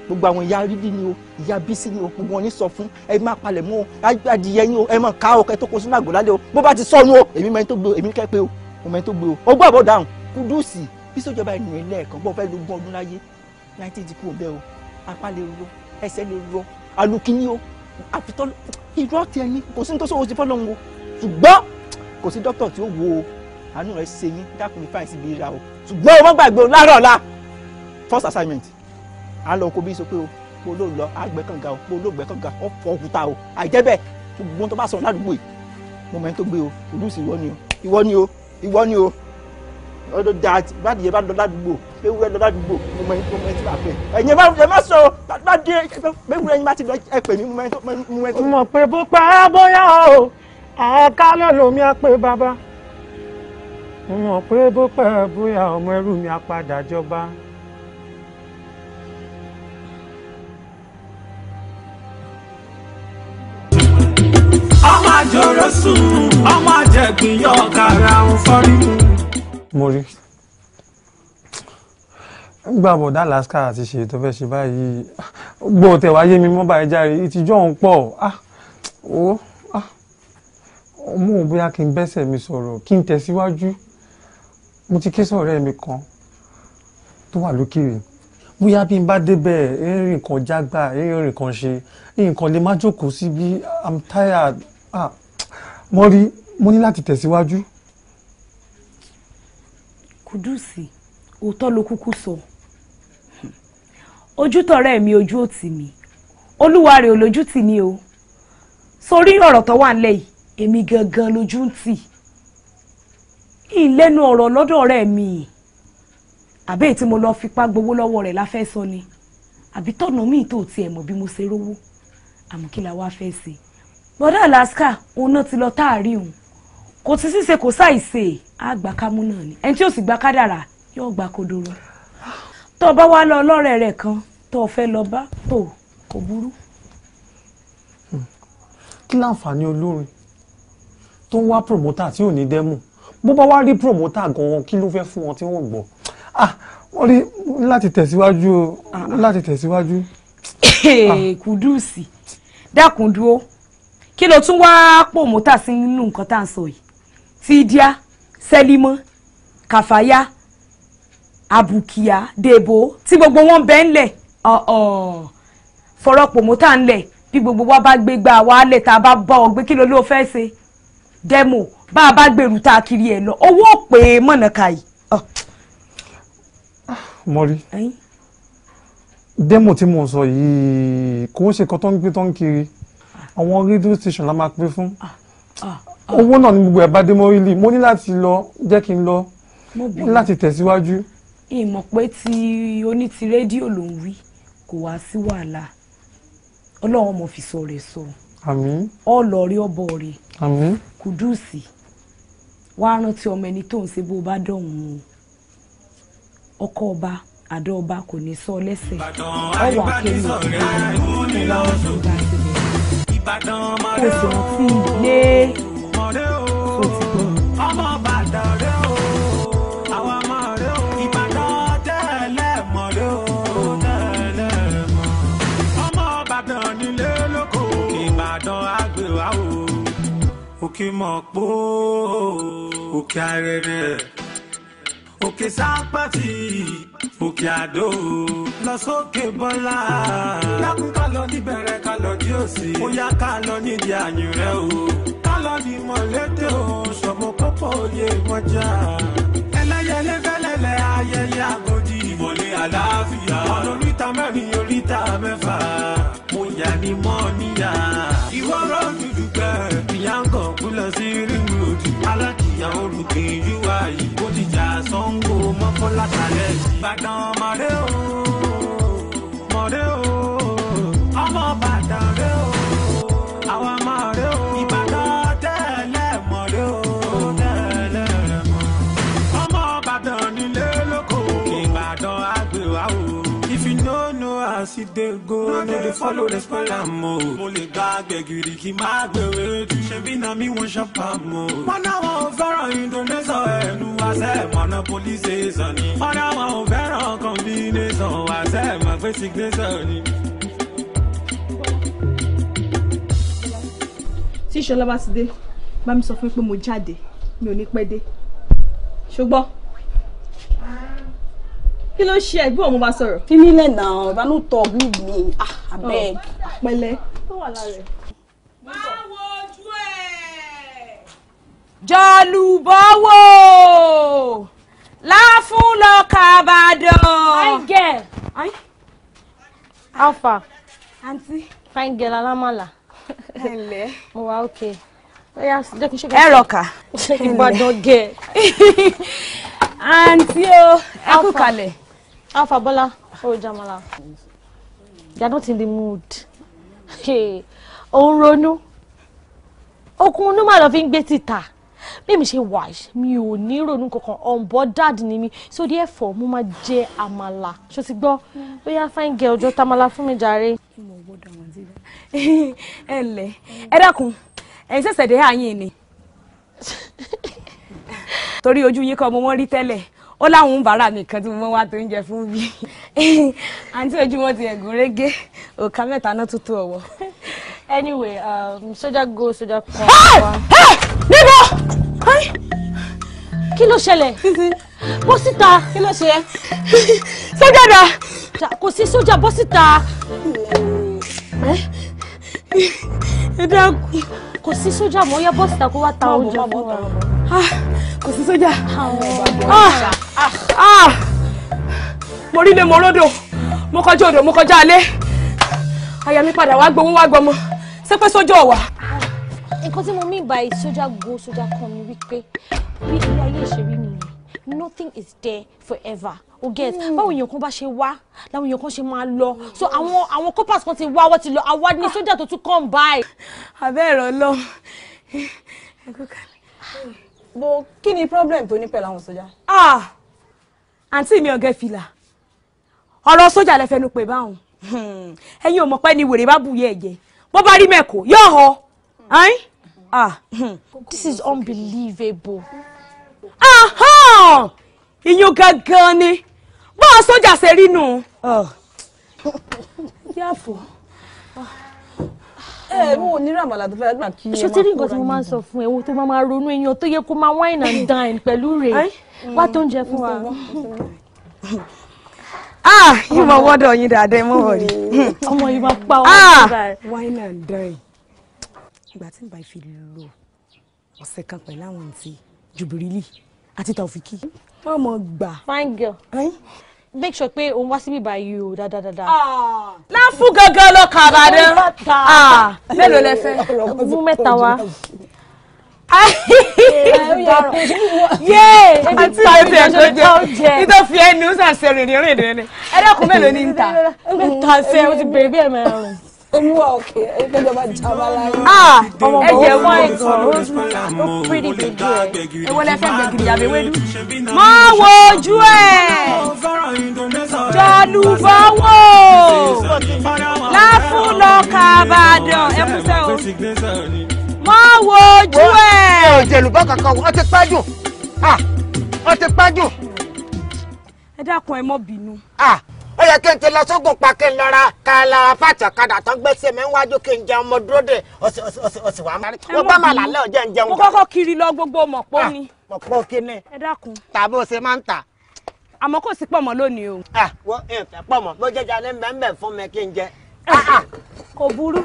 gbogbo àwọn ìyá rídì ni o ìyá bísí ni o gbogbo wọn ní sọ fún ẹ máa palẹ̀ mọ́ o adìyẹ yín o ẹ máa ká o kẹ́ tó kó sínú àgbò lálẹ́ o bó bá ti sọnù o èmi mẹ́ni tó gbé o èmi kẹ́ pé o mo mẹ́ni tó gbé o o gbọ́ àbọ̀ dáhùn Kúdùsì bí sójọba ènìyàn lẹ́ẹ̀kan bọ́ fẹ́ lógún ọdún láyé láìtí ti kú ọbẹ o apá lè rọ ẹsẹ̀ lè rọ alukini o àfitọ́ irọ́ tiẹ̀ ní kò sí ní tó sọ̀rọ̀ sí fọlọ́run o ṣùgbọ́n kò sí dókítà tí ó wo àánú rẹ̀ ṣe yín dákun ní fáìsì bí ra o ṣùgbọ́n o má gbàgbé o láàárọ̀ ọ̀la first assignment à ń lọ oko bí sọ pé o kó ló lọ àgbẹ̀ kànga o kó ló gbẹ̀ kànga ó fọ òkúta o àìjẹ́ bẹ́ẹ̀ gbogbo tó bá sọ̀rọ̀ ládùúgbò yìí mo mọ̀ ẹni tó gbé o Kúdùsì ìwọ ni o ìwọ ni o ìwọ ni o ọdọ da báàdì yẹn bá lọ ládùúgbò ewúrẹ́ lọ ládùúgbò mo mọ ẹni tí wàá pẹ ẹ̀yin bá ẹ má sọ bá dé ewúrẹ́ yín bá ti lọ ẹ pè mí mo mọ ẹni tí. mo pe bó pa bóyá o ẹ̀ka náà á pé bàbá mo pe bó pẹ́ bóyá ọmọ ẹrú mi á padà jọba. ọmọ àjọrò sùn ọmọ àjẹgbìn yọ ọkàrà ń fọrí Mori, rí gbà bọ̀dá alaska àti ṣe tó fẹ́ ṣe báyìí gbọ́ tẹ̀wá yé mi mọ́ báyìí járe ìtìjú ọ̀hún pọ̀ ah o ah mo ò bóyá kí n bẹ́sẹ̀ mi sọ̀rọ̀ kí n tẹ̀síwájú mo ti ké sọ̀rọ̀ mi kan tó wà lókèrè bóyá bí n bá débẹ̀ erin nǹkan jágbà erin nǹkan ṣe nǹkan lè má jókòó síbi i'm tired ah mo rí mo ní láti tẹ̀síwájú. Si kùdùsì òótọ́ ló kúkú sọ ojú tọ̀rẹ́ mi ojú òtì mi olúwa rẹ̀ olójú tì mí o sórí ọ̀rọ̀ tó wà nílẹ̀ yìí èmi gangan lójú ń tì ìlẹ́nu ọ̀rọ̀ lọ́dọ̀ ọ̀rẹ́ mi àbẹ́ tí mo lọ fipá gbowó lọ́wọ́ rẹ̀ láfẹ́ sọ ni àbí tọ̀nà míì tó tiẹ̀ mọ̀ bí mo ṣe rówó àmọ́ kí la wá fẹ́ ṣe bọ́dà alaska òun náà ti lọ táàrí òun kò sí ṣíṣe kò ṣàìṣe á gbà kámú náà ni ẹni tí ó sì gba kádàrà yóò gba kodoro tó o bá wá lọ ọlọ́rẹ̀ rẹ̀ kan tó o fẹ́ lọ bá tó kò burú. Hmm. kí láǹfààní olórin tó ń wá promoter tí ò ní dẹ́mù bó bá wá rí promoter gan-an kí ló fẹ́ fún wọn tí wọ́n gbọ́ ah wọ́n rí láti tẹ̀síwájú o láti tẹ̀síwájú. Eh, ah. kùdùsì dákúndúró kí ló tún wá promoter sí nínú nǹkan tá à ń sọ yìí Fidia Selimo Kàfáyà Abukia Debo tí gbogbo wọn bẹ́ẹ̀ ń lẹ̀ fọ̀rọ̀ pòmótà ń lẹ̀ bí gbogbo wa bá gbé gbà wá lẹ̀ tá a bá bá ọ gbé kí ló ló fẹ́ ṣe demo bá a bá gbèrú tá a kiri ẹ̀ lọ owó pè é mọ̀nàkà yìí. mọ́rí demo tí mo sọ yìí kò ń ṣe nǹkan tó ń gbé tó ń kiri àwọn rédíò station la máa pè fún ah, ah owó náà ni gbogbo ẹ̀ bá dé mo ní láti lọ jẹ́ kí n lọ láti tẹ̀síwájú. ìmọ̀ pé ti oní ti rédíò ló ń wí kò wá sí wàhálà ọlọ́run mo fi sọ rẹ̀ sọ. àmín. ọlọ́ọ̀rí ọbọ̀ rẹ̀. àmín. kùdùsì wàá rántí ọmọ ẹni tó ń ṣe bó bá dọ̀hún o ọkọ ọba àdó ọba kò ní sọ lẹ́sẹ̀ ọwọ́ akéwì òkèèrè ọlọ́run tó bá ti bẹ̀rẹ̀ kò sì rántí ilé. Ìbàdàn rẹ o ọmọ Ìbàdàn rẹ o àwọn ọmọ rẹ o Ìbàdàn tẹ́lẹ̀ mọ̀ rẹ o tẹ́lẹ̀ mọ̀ ọmọ Ìbàdàn nílé lóko Ìbàdàn àgbè wá o òkè mọ̀ pó òkè arẹrẹ òkè sápàtì òkè àdó lọ sókè bọ́lá lákùn ká níbẹ̀rẹ̀ ká lọ òsì ó yá ká nídìí àyùn rẹ o lórí mọ̀lẹ́tẹ̀ o sọ̀mọ́ kọ́pọ̀ òye wọn já. ẹlẹ́yẹlé fẹ́lẹ́lẹ́ ayẹyẹ àgọ́dì ìmọ̀lẹ́ àlàáfíà. ọ̀nà oríta mẹ́rin oríta mẹ́fà mo yà ní mọ́ níyà. ìwọ́rọ̀ dúdú pẹ́ ìyá ń kàn kú lọ sí ríru òdù. alákìyà olùkè yíwá yìí kó ti jà sango mọ́kànlá sàlẹ̀. ìbàdàn mọ̀rẹ́ o mọ̀rẹ́ o. ti dé go no dey follow respond am o. mo lè gba gbẹ̀gìrì kí má gbèrè jù ṣebí na mi wọ́n ṣọ́pà wọ́n náwọn ò fẹ́ràn indonesian ẹnu àṣẹ monopoly season ni. wọ́n náwọn ò fẹ́ràn combination àṣẹ màgbé signation ni. tí bá ti dé bá mi sọ fún mi pé mo jáde mi ò ní pẹ́ dé ṣùgbọ́n kí ló ṣe ẹgbẹ́ òun bá sọ̀rọ̀. kí nílẹ̀ náà if i no talk leave me ah wo ojú ẹ̀. jọlùbọ́wọ́ láfún fine girl. how far. aunty. fine girl alámàlà. ẹ ǹlẹ́. *laughs* mo wà okay ẹ rọkà ìbàdàn gẹ àǹtí o ẹ kú kalẹ̀. Alpha Bola, oh Jamala, they are not in the mood. Òun oh, ronú. Okun inú màá lọ fi ń gbé títà. Bí mi ṣe wà mi ò ní ronú kankan unbothered ni mi so therefore mama máa amala. àmàlà. Ṣo ti gbọ́? Bóyá fine girl ọjọ́ tamala fún mi jàre. *laughs* Ẹ ǹlẹ́, ẹ dákun, ẹ̀yin ṣẹ̀ṣẹ̀ dé àyìn ni. *laughs* Torí ojú yín kan ó láwọn ń bàárà mi tí mo wá tó ń jẹ fún bí *laughs* àǹtí ojúmọ́ ti ẹ̀gún régé òkà mẹ́ta náà tó tó ọ̀wọ́. anyway um, soldier go soldier come. níbo kí ló ṣẹlẹ̀ bọ́ síta kí ló ṣe *laughs* sójà dà kò sí sójà bọ́ síta ẹ dákun kò sí sójà mọ́ yá bọ́ síta kó wá ta oúnjẹ fún wa. Ah kò sí sójà ah, ah, ah. mo rí lé mo ródò mo kọjá odò mo kọjá alé aya mi padà wá gbowó wá gbọmọ ṣé pé sójà ọ̀wà. nǹkan tí mo mí bá yìí sójà go sójà kan ni wípé bí ilé ayé ìṣèrí nìyẹn nothing is there forever o get hmm. báwo èèyàn kan bá ṣe wá láwọn èèyàn kan ṣe máa lọ so àwọn àwọn coppers kan ti wá wọ́n ti lọ àwa ni sójà tó tún come by. abẹ́ ẹ̀rọ lọ ẹ̀kú bo kini ni problem tó ní pẹ̀lú àwọn sójà. Ah, àǹtí mi ọ̀gẹ́ fila ọ̀rọ̀ sójà lẹ fẹnu pè báwọn hmm. ẹ̀yin ò mọ̀ pé ni wèrè bá bu yẹ ẹ̀jẹ̀ bó bá rí mẹ́kọ̀ọ́ yóò họ. Ah, hmm. this is unbelievable. ìyún gangan ni bọ́ọ̀ sójà ṣe rí nù. Ah. yàfọ̀ ẹ mú onírà àmàlà tó fẹ́ gbà kí ẹ máa kóra nìkan. ṣé tí nǹkan tí mo máa ń sọ fún ẹ tó máa ronú èèyàn tó yẹ kó máa wine and dine pẹ̀lú rẹ̀ wá tó ń jẹ fún wa. ah yìí mọ wọ́dọ̀ yín dáadáa ẹ mọ̀ wọ̀ rí. ọmọ yìí máa pa ọmọ yìí ah! báyìí. wine and dine ìgbà tí n bá fi lò ọ̀sẹ̀ kan pẹ̀lú àwọn àǹtí Jubrili àti Taofiki. wọ́n mọ̀ gbà. fine girl make sure pé òun wá síbí báyìí o dáadáa dáadáa. Ah. láǹfù gangan lọ kà àbàdàn ah, mélòó lẹ fẹ́ mú mẹ́ta wá. *laughs* yéé àti ìgbésẹ̀ ẹ̀kọ́ jẹ nítorí fi ẹnu sàṣẹ rìnrìn rìnrìn ẹ̀dẹ́kùn mélòó ní ń ta. ń ta ṣe o ti bèrè bí ẹ̀ mẹ́rin olúwa òkè ẹgbẹjọba jamala ah, ẹ jẹ wọn ìtàn ó pírì gbègbè ẹ ewé lẹfẹ gbègbè àbí ewédú. mọ wo ojú ẹ jọlùbọwọ láfúlọ kàbàdàn ẹ kú sẹ o mọ wo ojú ẹ. ẹ ò jẹlùbọ kankan wọn ti pẹ́jù wọn ah, ti pẹ́jù. ẹ dákun ẹ mọ bínú. Ah, ó yẹ kí n ti lọ sógun pa kí n lọra ra kàlà fàtàkàdà tó gbèsè mi wájú kí n jẹun mo dúró de òsì wà kiri lọ gbogbo mọ̀pọ́ ah, ni. mọ̀pọ́ ẹ dákun. ṣe máa ń àmọ́ kò sí pọ̀mọ́ o. ẹ ah, wọ ìfẹ́ pọ̀mọ́ bó jẹjẹ ní bẹ́ẹ̀ fún mi kí n jẹ. Ah, kò burú.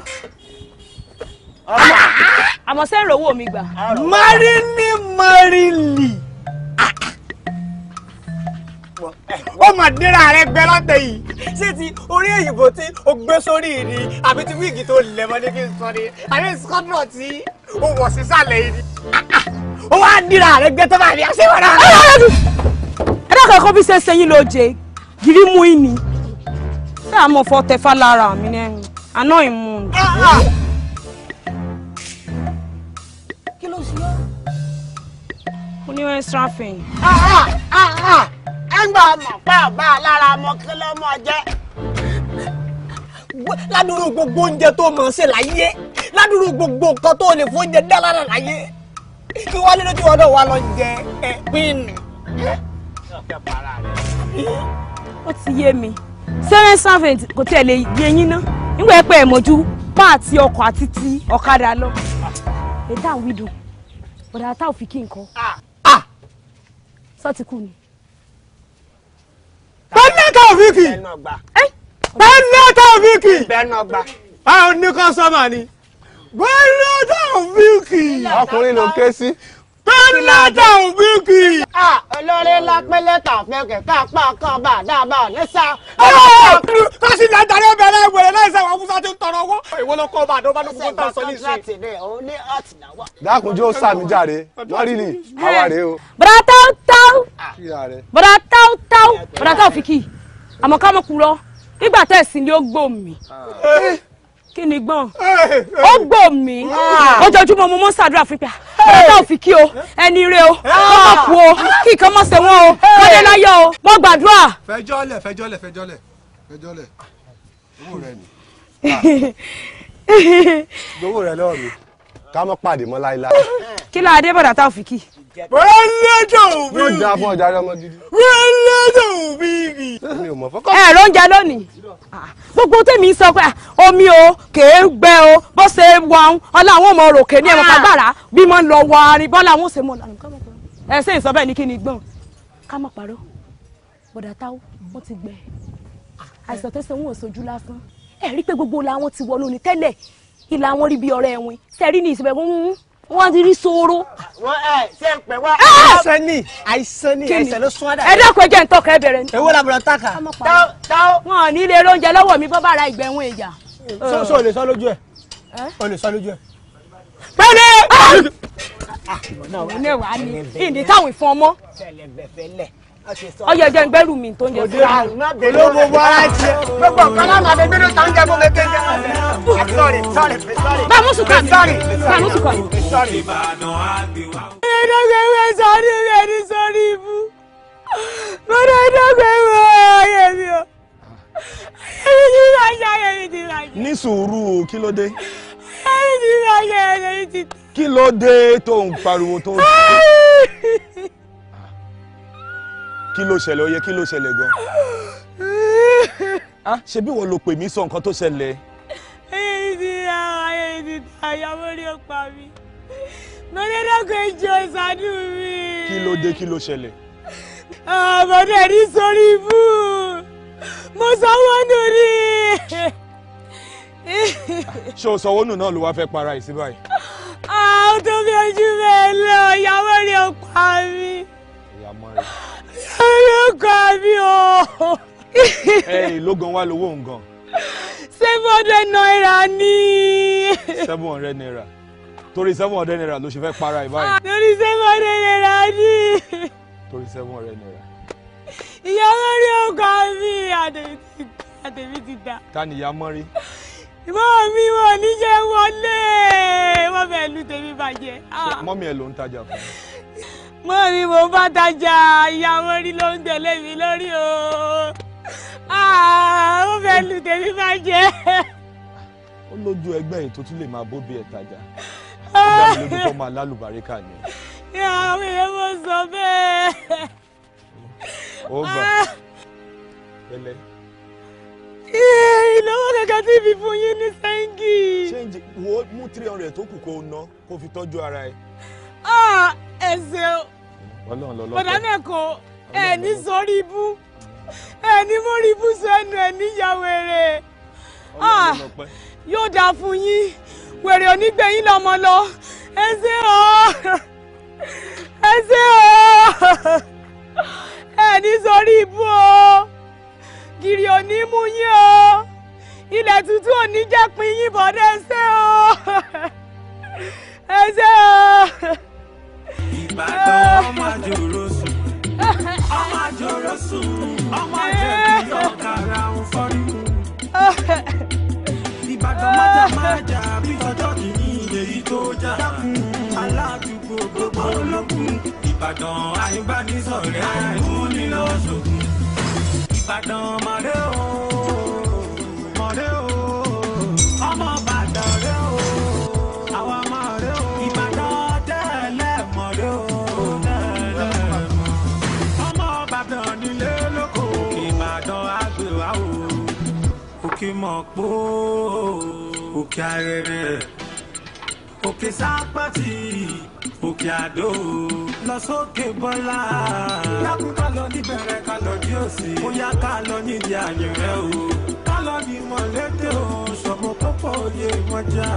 fún ọ. ó mà dínra rẹ gbẹ lọ́tẹ̀ yìí ṣé ti orí èyìnbó tí o gbé sórí ni àbí ti wíìgì tó lẹ̀ mọ́ ní kí n sọ ni àbí scotland tí o wọ̀ sísàlẹ̀ yìí ni. ó wá dínra rẹ gbẹ tó bá rí aṣẹ́wọ̀n náà. ẹ dákẹ́ kó bí ṣe ṣe yín ló jẹ gírí mú yín ni ṣé àmọ́ fọ tẹfá lára mi lẹ́nu àná ìmú. Ah, ah. kí ló ṣe é. mo ní extra fẹ̀yìn. Ah, ẹ ń gbà ọmọ pa àbá lára ọmọ kí lọ́mọ jẹ́ ládùúrú gbogbo oúnjẹ tó mọ̀ ṣe láyé ládùúrú gbogbo nǹkan tó lè fóúnjẹ dá lára láyé kí wọ́n lé lójú ọ̀dọ̀ wa lọ jẹ ẹ̀pín. ó ti yé mi seven servant kò tiẹ̀ lè yé yín ná nígbà pẹ́ mọ́jú páàtì ọkọ̀ àti ti ọ̀kadà lọ ètò àwìdùn ọ̀dà tá ò nǹkan ah! ah! sọ́ọ̀tì kù ni pẹ̀lẹ́ Taofiki pẹ̀lẹ́ Taofiki àwọn oníkan sọ́mà ni pẹ̀lẹ́ Taofiki. ọkùnrin ló ké sí pẹ́ńlẹ́tà òbíkì. ọlọ́rẹ́ la pẹ́lẹ́tà fẹ́kẹ̀ ká pa kan bá dábàá lẹ́sà. ó sì ní adarí obìnrin ìwé lẹ́sẹ̀ wọn kúta tó ń tọrọ owó. ìwọ ló kọ́ ọba àdóbá ló kúkú tán sọ ní ìsìn. dákunjó sàmì jàre wọ́n rí ni àwa rèé o. bùrọ̀ táw táw bùrọ̀ táw táw bùrọ̀ táw fi kì í àmọ́ ká mọ̀ kú lọ nígbà tẹ̀sí ni ó gbó mi. Ah kí ni gbọ́n ó gbọ́ mi ah. ojoojúmọ́ mo mọ́ ṣàdúrà fún pé bàbá òfin kí o ẹni rẹ o ah. kọ́ kú o kí nǹkan mọ̀ ṣe wọ́n o kọ́lé láyọ̀ o mo gbàdúrà. fẹjọ́lẹ̀ fẹjọ́lẹ̀ fẹjọ́lẹ̀ fẹjọ́lẹ̀ owó rẹ ni *laughs* ah. gbowó rẹ lọ́wọ́ mi ká má pàdé mọ́ láéláé. kí la adé bọ̀dà tá ò fi kí. wọ́n lẹ́jọ̀ òbí. yóò dáa fún ọjà ọmọ dídí. wọ́n òbí mi ò ẹ ló ń jẹ lónìí. Ah, ah. gbogbo tèmi sọ pé ah, omi o kèé gbẹ o bó ṣe wọ̀n ọlá àwọn ọmọ òròkè ní ẹ̀mọ́ kágbára bí mo ń lọ wọ arin bọ́lá àwọn òṣèlú ọ̀la ẹ ṣe ìsọ bẹ́ẹ̀ ni kí ni gbọ́n ká má parọ́ bọ̀dà táwọn wọ́n ti gbẹ àìsàn tẹ́sán wọn ò sojú lásán ẹ̀rí pé gbogbo làwọn ti wọnú ni tẹ́lẹ̀ ìlà wọn rí bí ọ̀rẹ́ wọn sẹrí ní ìsìnkú ń wọn ti rí sóró. wọn ẹ ṣe ń pẹ wá. Ah! àìsàn ni àìsàn ni àìsàn ló sún àdá. ẹ dákun ń tọkọ ẹ bẹ̀rẹ̀. èwo la bọ̀dọ̀ tàkà. wọn ò ní lè róúnjẹ lọ́wọ́ mi bọ́bá ara ìgbẹ̀wọ̀n ìjà. so o sọ lójú ẹ o sọ lójú ẹ. pẹ̀lẹ́. Ah! Ah! ní ẹ̀wà ni ìdí táwọn ìfọ̀n mọ́. fẹlẹ bẹ fẹlẹ ọyọ jẹ gbẹrù mi tó ń jẹ fún mi. olówó wàrà tiẹ. gbogbo kọ́lá máa bẹ mílíọ̀nù tán jẹ fún mi kéde. sọrí sọrí sọrí. bá a mú sùkọ́ mi bá a mú sùkọ́ mi. ẹ̀ẹ́dọ́gbẹ̀wé sọrí rẹ̀ ní sọrí ibú. mo ní ẹ̀ẹ́dọ́gbẹ̀wé ọ̀yẹ́ mi o. ẹ̀yin kí ló dé. kí ló dé tó ń pariwo tó ń kí ló ṣẹlẹ̀ ó yẹ kí ló ṣẹlẹ̀ gan. *laughs* Ah, ṣe bí wọ́n lo pè mí sọ nǹkan tó ṣẹlẹ̀. ayé ti ra ayé ti ta ìyàwó rí ọ̀pá mi mo ní dọ́kọ̀ ìjọ ìsàdù mi. kí ló dé kí ló ṣẹlẹ̀. àbọ̀dọ̀ ah, ẹ̀rí sórí ibú mo sanwó nù rí. *laughs* ṣé o sanwó nù náà ló wá fẹ́ para ẹ̀ sí báyìí. àwọn ah, tó fi ojú bẹ́ẹ̀ lọ ìyàwó rí ọ̀pá mi orúkọ mi o. ẹ lógan wá lówó nǹkan. seven hundred naira ni. seven hundred naira torí seven hundred naira ló ṣe fẹ́ para ẹ̀ báyìí. Ah, torí seven hundred naira ni. torí seven hundred naira. ìyá mọ́rí ọkọ mi àtẹ̀mí ti dà. ta ni ìyá mọ́rí. ìmọ̀ mi wọ̀ níṣẹ́ wọlé wọ́n fẹ́ lu tèmi bàjẹ́. Ah. mọ́mí ẹ ló ń tajà fún mi mo rí mo bá tajà ìyá wọn rí ló ń tẹ̀lé mi lórí o ó fẹ́ lu tèmi bá jẹ́. ó lójú ẹgbẹ́ yìí tó tún lè máa bóbi ẹ̀ tajà ó mi lójú kó máa lálùbáríkà ni. ìyàwó yẹn mo sọ bẹ́ẹ̀. ó gbà pẹ̀lẹ́ ìnáwó kankan tí fi fún yín ní sẹ́ńgì. ṣéǹjì wo mú three hundred tó kù kó o ná kó o fi tọ́jú ara ẹ. ẹ ṣeun bọ̀dá náà kò ẹni sórí ibú ẹni mórí ibú sẹ́nu ẹni ya wèrè ah, yóò dáa fún yín wèrè onígbẹ̀yìn lọ́mọ lọ ẹ ṣe ọ́ ẹ ṣe ọ́ ẹni sórí ibú o gìrì òní mú yín o ilẹ̀ tútù òní jẹ́ pin yín bọ̀dá ẹ ṣe ọ́ ẹ ṣe ọ́ ìbàdàn ọmọ àjòrò sùn ọmọ àjòrò sùn ọmọ àjẹbí ọ̀kàrà ń fọ́rí mu. ìbàdàn májà májà bí ọjọ́ kìíní èyí tó já dákun aládùúgbò gbogbo olókùn ìbàdàn àyíbánisọ̀rẹ́ o mọ̀rẹ́ o. kí mọ̀ pó òkè arẹrẹ òkè sápàtì òkè àdó lọ sókè bọ́lá lákùn ká lọ níbẹ̀rẹ̀ ká lọ ní òsì bóyá ká lọ níbi àyẹ̀rẹ́ o ká lọ ní mọ̀lẹ́dẹ̀ o ṣọ̀bùn pọ́pọ̀ òye mọ́jà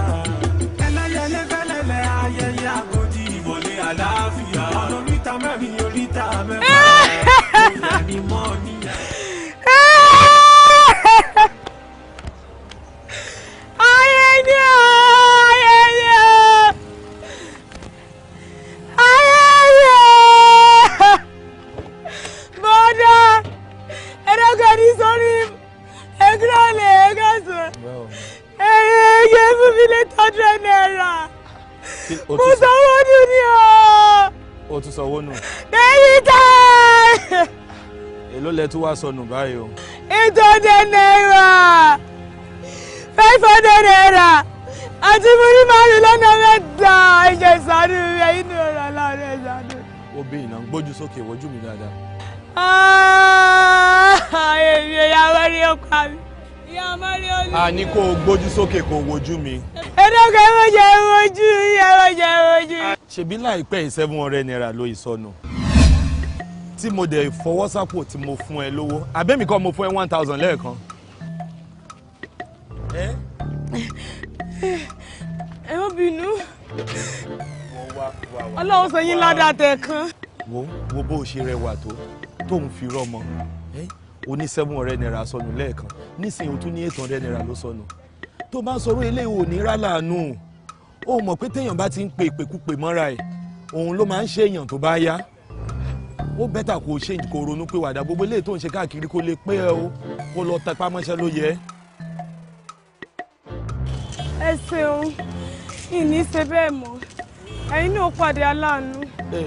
ẹlẹ́yẹlé fẹ́lẹ́lẹ́ ayẹyẹ àgọ́dì ìwọlé àlàáfíà ọ̀nà oríta mẹ́rin oríta mẹ́fà *laughs* ìyá ni mọ́ọ̀nì. tún wá sọnù báyìí o. eight hundred naira five hundred naira àti múrí márùn lọ́nà mẹ́ta ẹ̀jẹ̀ ìsàánú rẹ̀ inú ọ̀rọ̀ aláàárẹ̀ ìsàánú. obì iná ń gbójú sókè wojú mi dáadáa. Ah, èmi ìyá mọ́rí ó pa mi ìyá mọ́rí ó lù mí. àní kó o gbójú sókè kó o wojú mi. ẹ̀dọ́gbẹ́ mo jẹ́ wojú ẹ̀rọ jẹ́ wojú. ṣebí láìpẹ́ yìí seven hundred naira ló ìsọnù tí mo dẹ̀ fọwọ́sàpò tí mo fún ẹ lówó àbẹ́mi kọ́ mo fún ẹ one thousand lẹ́ẹ̀kan. ẹ ẹ ó bínú ọlọ́run sọ yín ládàá tẹ̀ kan. wo wo bó o ṣe rẹwà tó tóun fi rọmọ o ní seven hundred naira sọnù lẹ́ẹ̀kan nísìnyí o tún ní eight hundred naira ló sọnù tó bá ń sọ̀rọ̀ eléyìí ò ní rálàánú o mọ̀ pé téèyàn bá ti ń pe ìpèkúpè mọ́ra ẹ̀ òun ló máa ń ṣèèyàn tó bá yá ó bẹ́tà kó o change kó o ronú pé wàdà gbogbo eléyìí tó ń ṣe káàkiri kó lè pé o kó lọ tẹpá mọ́ṣẹ́ ló yẹ. ẹ ṣeun ìní ṣe bẹ́ẹ̀ mọ́ ẹ̀yin náà pàdé aláàánú. ẹ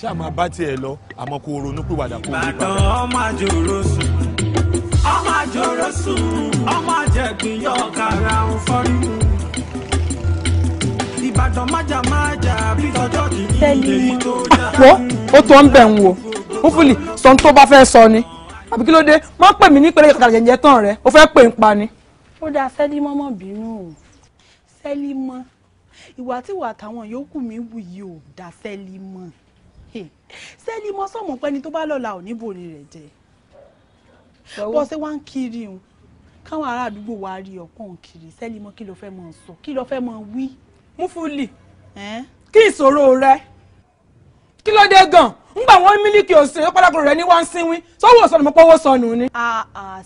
ṣáà máa bá tiẹ̀ lọ àmọ́ kó ronú pé wàdà kó lè pa. ìbàdàn ọmọ àjòrò sùn ọmọ àjòrò sùn ọmọ àjẹgbìn yọ ọ̀kàrà òfọ́rí mu ìbàdàn májà májà bí tọjọ́ ti ní ìdèyí tó já. àpò ó tó ń bẹ̀ ń wò ó fúlì sọ tó bá fẹ́ sọ ni àbí kí ló dé má pè mí ní pẹ̀lẹ́ kàkà jẹ̀jẹ̀ tán rẹ ó fẹ́ pè ń pa ni. ó dáa sẹ́límọ́ mọ̀ bínú o sẹ́límọ́ ìwà tíwà táwọn yòókù mi wù yìí ò dáa sẹ́límọ́ sẹ́límọ́ sọ̀mọ́ pẹ́ni tó bá lọ́la ò ní bòrí rẹ̀ jẹ bọ́ ṣe wá ń kiri o káwọn ará àdúgbò wa rí ọ̀pọ̀ ń kiri sẹ́límọ́ kí ló fẹ́ mọ̀ sọ kí ló fẹ́ mọ̀ wí. Mufuli kí ìṣòro rẹ kí ló dé gan ngbà wọn mílíkì òsèré pálákùn rẹ ní wá ń sínwín sọwọ sọnù mo pọwọ sọnù ni.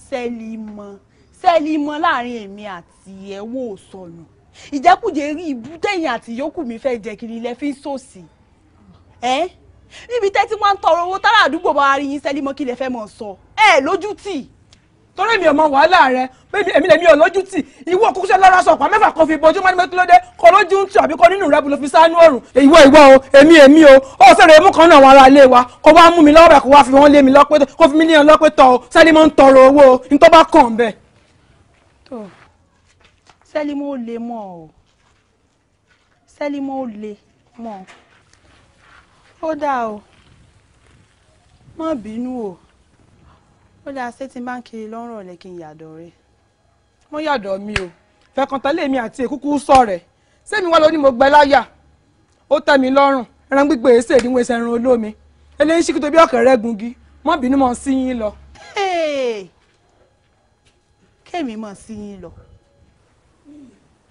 sẹ́ẹ̀lì mọ sẹ́ẹ̀lì mọ láàrin èmi àti ẹ̀wọ̀ sọnù ìjẹkújẹ rí ibú tẹ̀yìn àti yòókù mi fẹ́ jẹ́ kiri ilẹ̀ fi ń sòsì ẹ́ níbi tẹ́tí wọ́n ń tọrọ owó tára àdúgbò bá rí yín sẹ́ẹ̀lì mọ kí lè fẹ́ mọ̀ sọ ẹ̀ lójú tì torí èmi ọmọ wàhálà rẹ bẹ́ẹ̀ni èmi lèmi ọlọ́jú tì ìwọ kúkúṣẹ́ lára sọ ọ̀pá mẹ́fà kan fi ìbọjú mọ́ni mẹ́tìlódé kọ́ lójú ń tì àbí kọ́ nínú rẹ́bù ló fi sánú ọ̀rùn ìwọ ìwọ o èmi èmi o ó sọ̀rọ̀ èmú kan náà wọn ara ilé wa kó wá mú mi lọ́wọ́ bẹ̀ kó wá fi wọ́n lé mi lọ́pẹ́ kó fi mí ní ọlọ́pẹ́ tọ́ o sẹ́límọ̀ ń tọrọ owó o ní tó bá kàn bẹ́ẹ̀. sẹ́límọ̀ ò lè mọ́ o lè mọ́ ó dáa ṣé tí n bá ń kiri lọ́rùn ọ̀lẹ́ kí n yàdọ̀ rẹ. mo yàdọ̀ mi o fẹ̀kàntálẹ̀ mi àti èkúkú sọ rẹ̀ sẹ́mi wá lóní mo gbẹ láyà ó tẹ́ mi lọ́rùn ẹran gbígbé èsè ìdínwó ẹsẹ̀ ẹran olómi eléyìí ṣíkító bí ọ̀kẹ́rẹ́ gungi mọ́ bínú mọ́ sí yín lọ. kémi mọ̀ sí yín lọ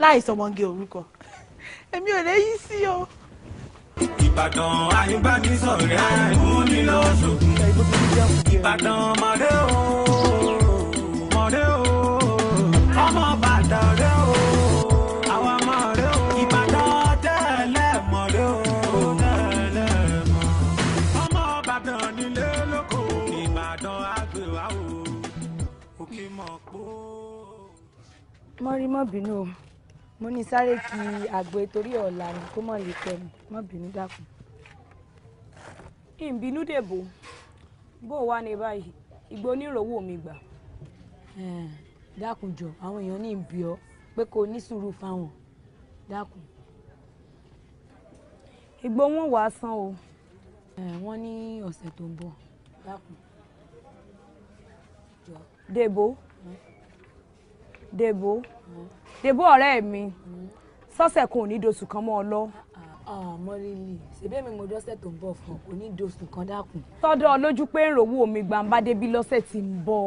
láì sọmọge orúkọ *laughs* èmi ò lè sí o. Ìbàdàn àyùbá mi sọ̀rẹ́ àìmú ìbàdàn ọmọdé o ọmọdé o ọmọ ìbàdàn rẹ o àwọn bínú o mo ní sáré kí àgbo e torí ọ̀la ni kó mọ̀ lè tẹ̀ mọ́ bínú dákun. ìbínú dèbò bó o wá ní báyìí ìgbó oníròwò mi gbà. dákun jọ àwọn èèyàn ní ìbí ọ pé kò ní sùúrù fáwọn dákun. ìgbó wọn wàá san o. wọ́n ní ọ̀sẹ̀ tó ń bọ̀ dákun. dèbò dèbò dèbò ọ̀rẹ́ mi sọ́sẹ̀ kan ní dosù kan mọ́ ọ lọ. Ah, mọ́rìlì ṣèbẹ́ mi mo dọ́sẹ̀ tó ń bọ̀ fún ọ kò ní dòsùn kan dákun. tọ́dọ̀ lójú pé ń rówó mi gbàǹbá débi lọ́sẹ̀ tí ń bọ̀.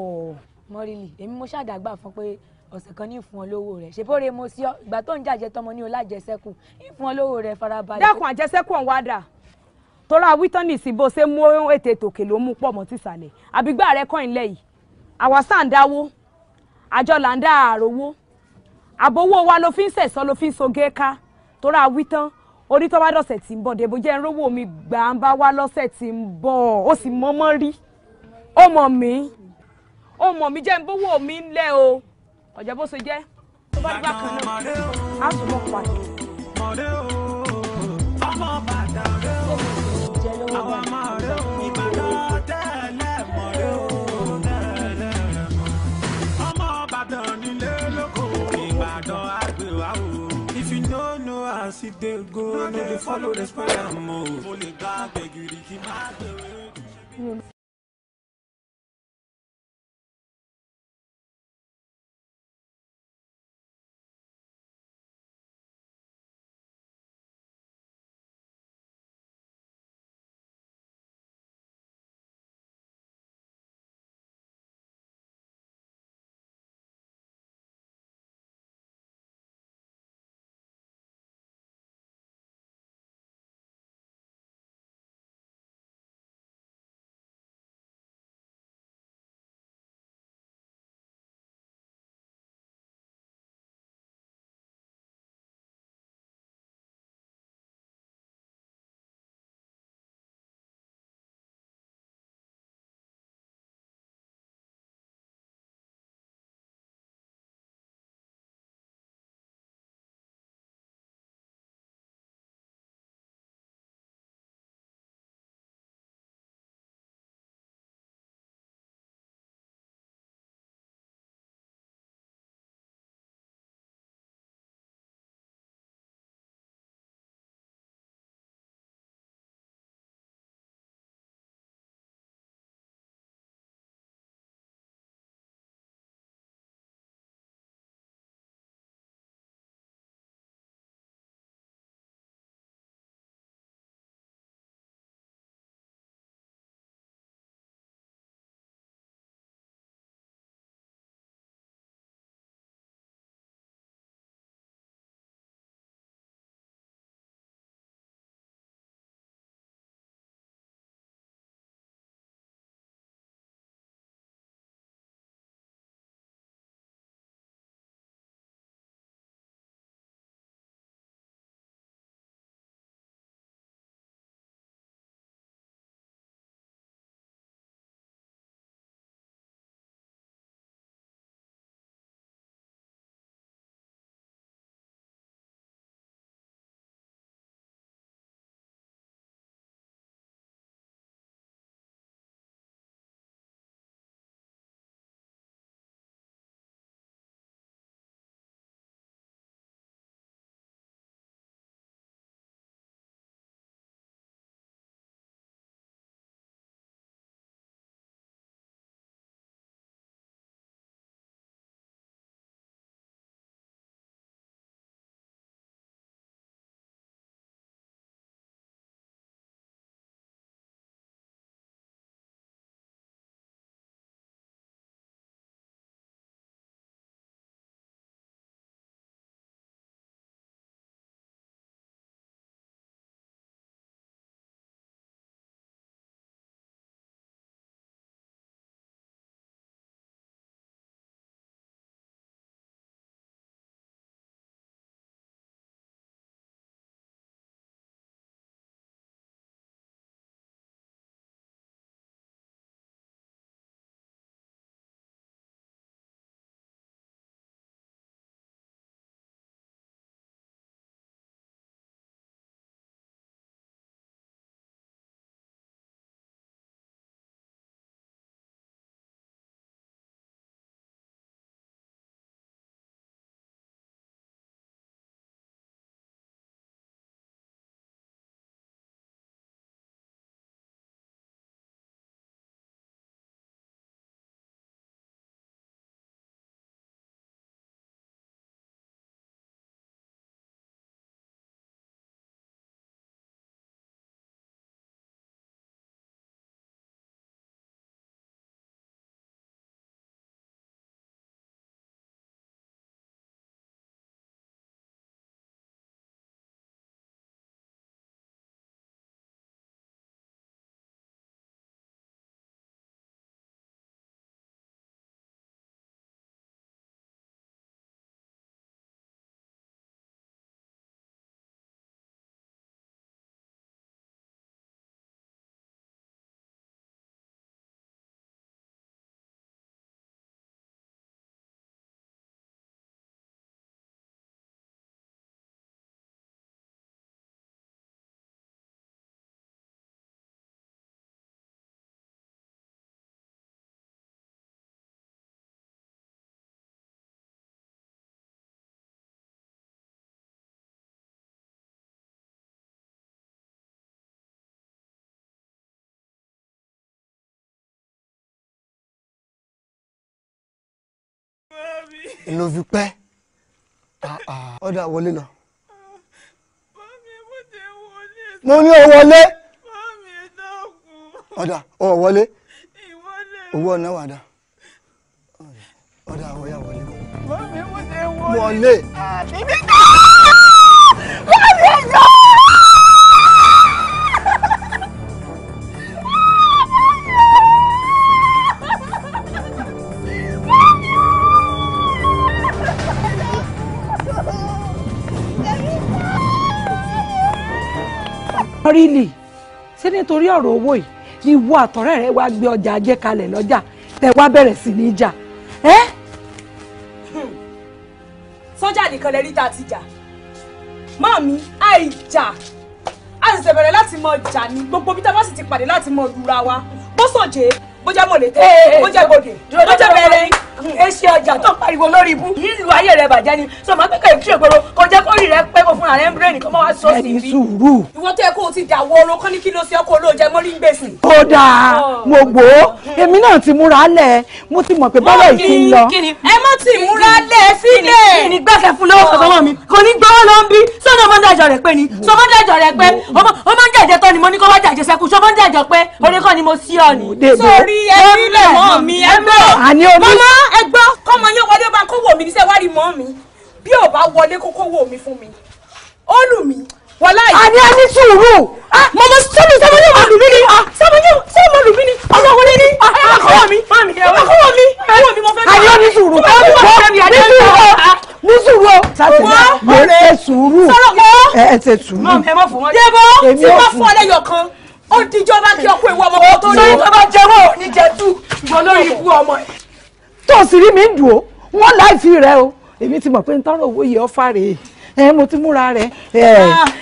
mọ́rìlì èmi mo ṣàdàgbà fún pé ọ̀sẹ̀ kan ní ìfún ọ lówó rẹ̀ ṣe bóre mo sí ọ ìgbà tó ń jàjẹ tọmọ ní olájẹsẹ́kù ìfún ọ lówó rẹ̀ farabalẹ̀. dákun àjẹsẹ́kù ọ̀hún wá dà tọ́ra wítọ́nì sí bó ṣe mú ètè tòkè ló mú pọ̀ mọ́ tìsàlẹ̀ àbígbà rẹ̀ kọ́ ìlẹ̀ yìí àwa ń dáwó àjọ là ń dá àròwó àbówó wa ló fi ń sẹ̀sọ́ ló fi ń so géka tọ́ra wítọ́n orí tó bá dọ̀sẹ̀ tí ń bọ̀ dèbò jẹ́ rówó mi gbà ń bá wá lọ́sẹ̀ tí ń bọ̀ ó sì mọ́mọ́ rí ó mọ̀ mí ó mọ̀ mí jẹ́ ń mi ń lẹ̀ o ọ̀jẹ̀ bó ṣe jẹ́ tó bá gbà kan náà á tún mọ̀ pàdé. ọmọ bàdàn rẹ o àwọn ọmọ rẹ o. see they go, no dey follow the spoil am o. Mo lè gba gbẹ̀gìrì kí n má gbèrè. ló fi pẹ́ ọ̀dà ah, ah. wọlé lọ. mo ní o wọlé ọ̀dà o wọlé owó ọ̀nà wà dá ọ̀dà àwọn ya wọlé. wọlé. àti nígbà wọ́n mi yọ. rílì ṣé nítorí ọ̀rọ̀ owó yìí ni wo àtọ̀rẹ́ rẹ wá gbé ọjà ajé kalẹ̀ lọ́jà tẹ wá bẹ̀rẹ̀ sí ní jà ẹ́. sọ́jà nìkan lè rí ta ti jà mọ́mí àìjà a sì ṣẹ̀bẹ̀rẹ̀ láti mọ jà ní gbogbo bí tá ti pàdé láti mọ lura wa bó sọ̀jẹ̀ bó jẹ́ mọ̀lẹ́tẹ̀ bó jẹ́ bòdè bó jẹ́ bẹ̀rẹ̀ ẹ ṣe ọjà tó ń pariwo lórí ibú ìlú ayé rẹ bàjẹ́ ni sọ ma kẹ́kẹ́ ìtú ìgboro kò jẹ́ kó rí rẹ pé kó fúnra rẹ ń bírèèdì kó má wá sọ sí ibi. ẹni sùúrù. ìwọ tó yẹ kó o ti dà wọrọ kọ́ ní kí ló ṣe ọkọ olóòjẹ mọ́rí ń gbèsè. kódà oh. mo gbó hmm. èmi náà ti múra lẹ̀ mo ti mọ̀ pé bọ́lá yìí ti ń lọ. ẹ má ti múra lẹ̀ sílẹ̀. kí ni gbẹ́kẹ̀ fún lọ́wọ́ sọ̀tọ́mọ́ mi kò ní gbọ́wọ́ lọ ń bí sọ́dọ̀ ọmọ dájọ́ rẹ̀ pé ni hmm. sọmọ dájọ́ rẹ̀ pé hmm. ọmọ jẹ̀jẹ̀ ẹ gbọ́ kọ́mọ yín wọlé bá kó wò mí níṣẹ́ wá rí mọ́ mi bí ò bá wọlé kókó wò mí fún mi ó lù mí wọlá yìí. àní ẹni sùúrù mọ̀mọ́ sẹ́mi sẹ́mi yóò mọ̀ lù mí ni sẹ́mi yóò sẹ́mi mọ̀ lù mí ni ọmọ wọlé ni ọkọ mi ọkọ mi ọkọ mi mo fẹ́ bá. àní ẹni sùúrù ní sùúrù ní sùúrù sátìlẹ ẹ ẹ sùúrù ẹ ẹ tẹ sùúrù. yẹ́bọ̀ tí wọ́n fún ọ lẹ́yọ̀ kan ó dijọba kí ọkọ ìwọ ọmọ kan tó ní. sọ́yìn tó bá jẹ́wọ́ ò ní jẹ́ tú ìwọ lórí ikú ọmọ ẹ̀ tó sì rí mi ń dùn ó wọ́n láìfi rẹ o èmi ti mọ̀ pé ń tọrọ owó yẹ ọ́fà rèé ẹ mo ti múra rẹ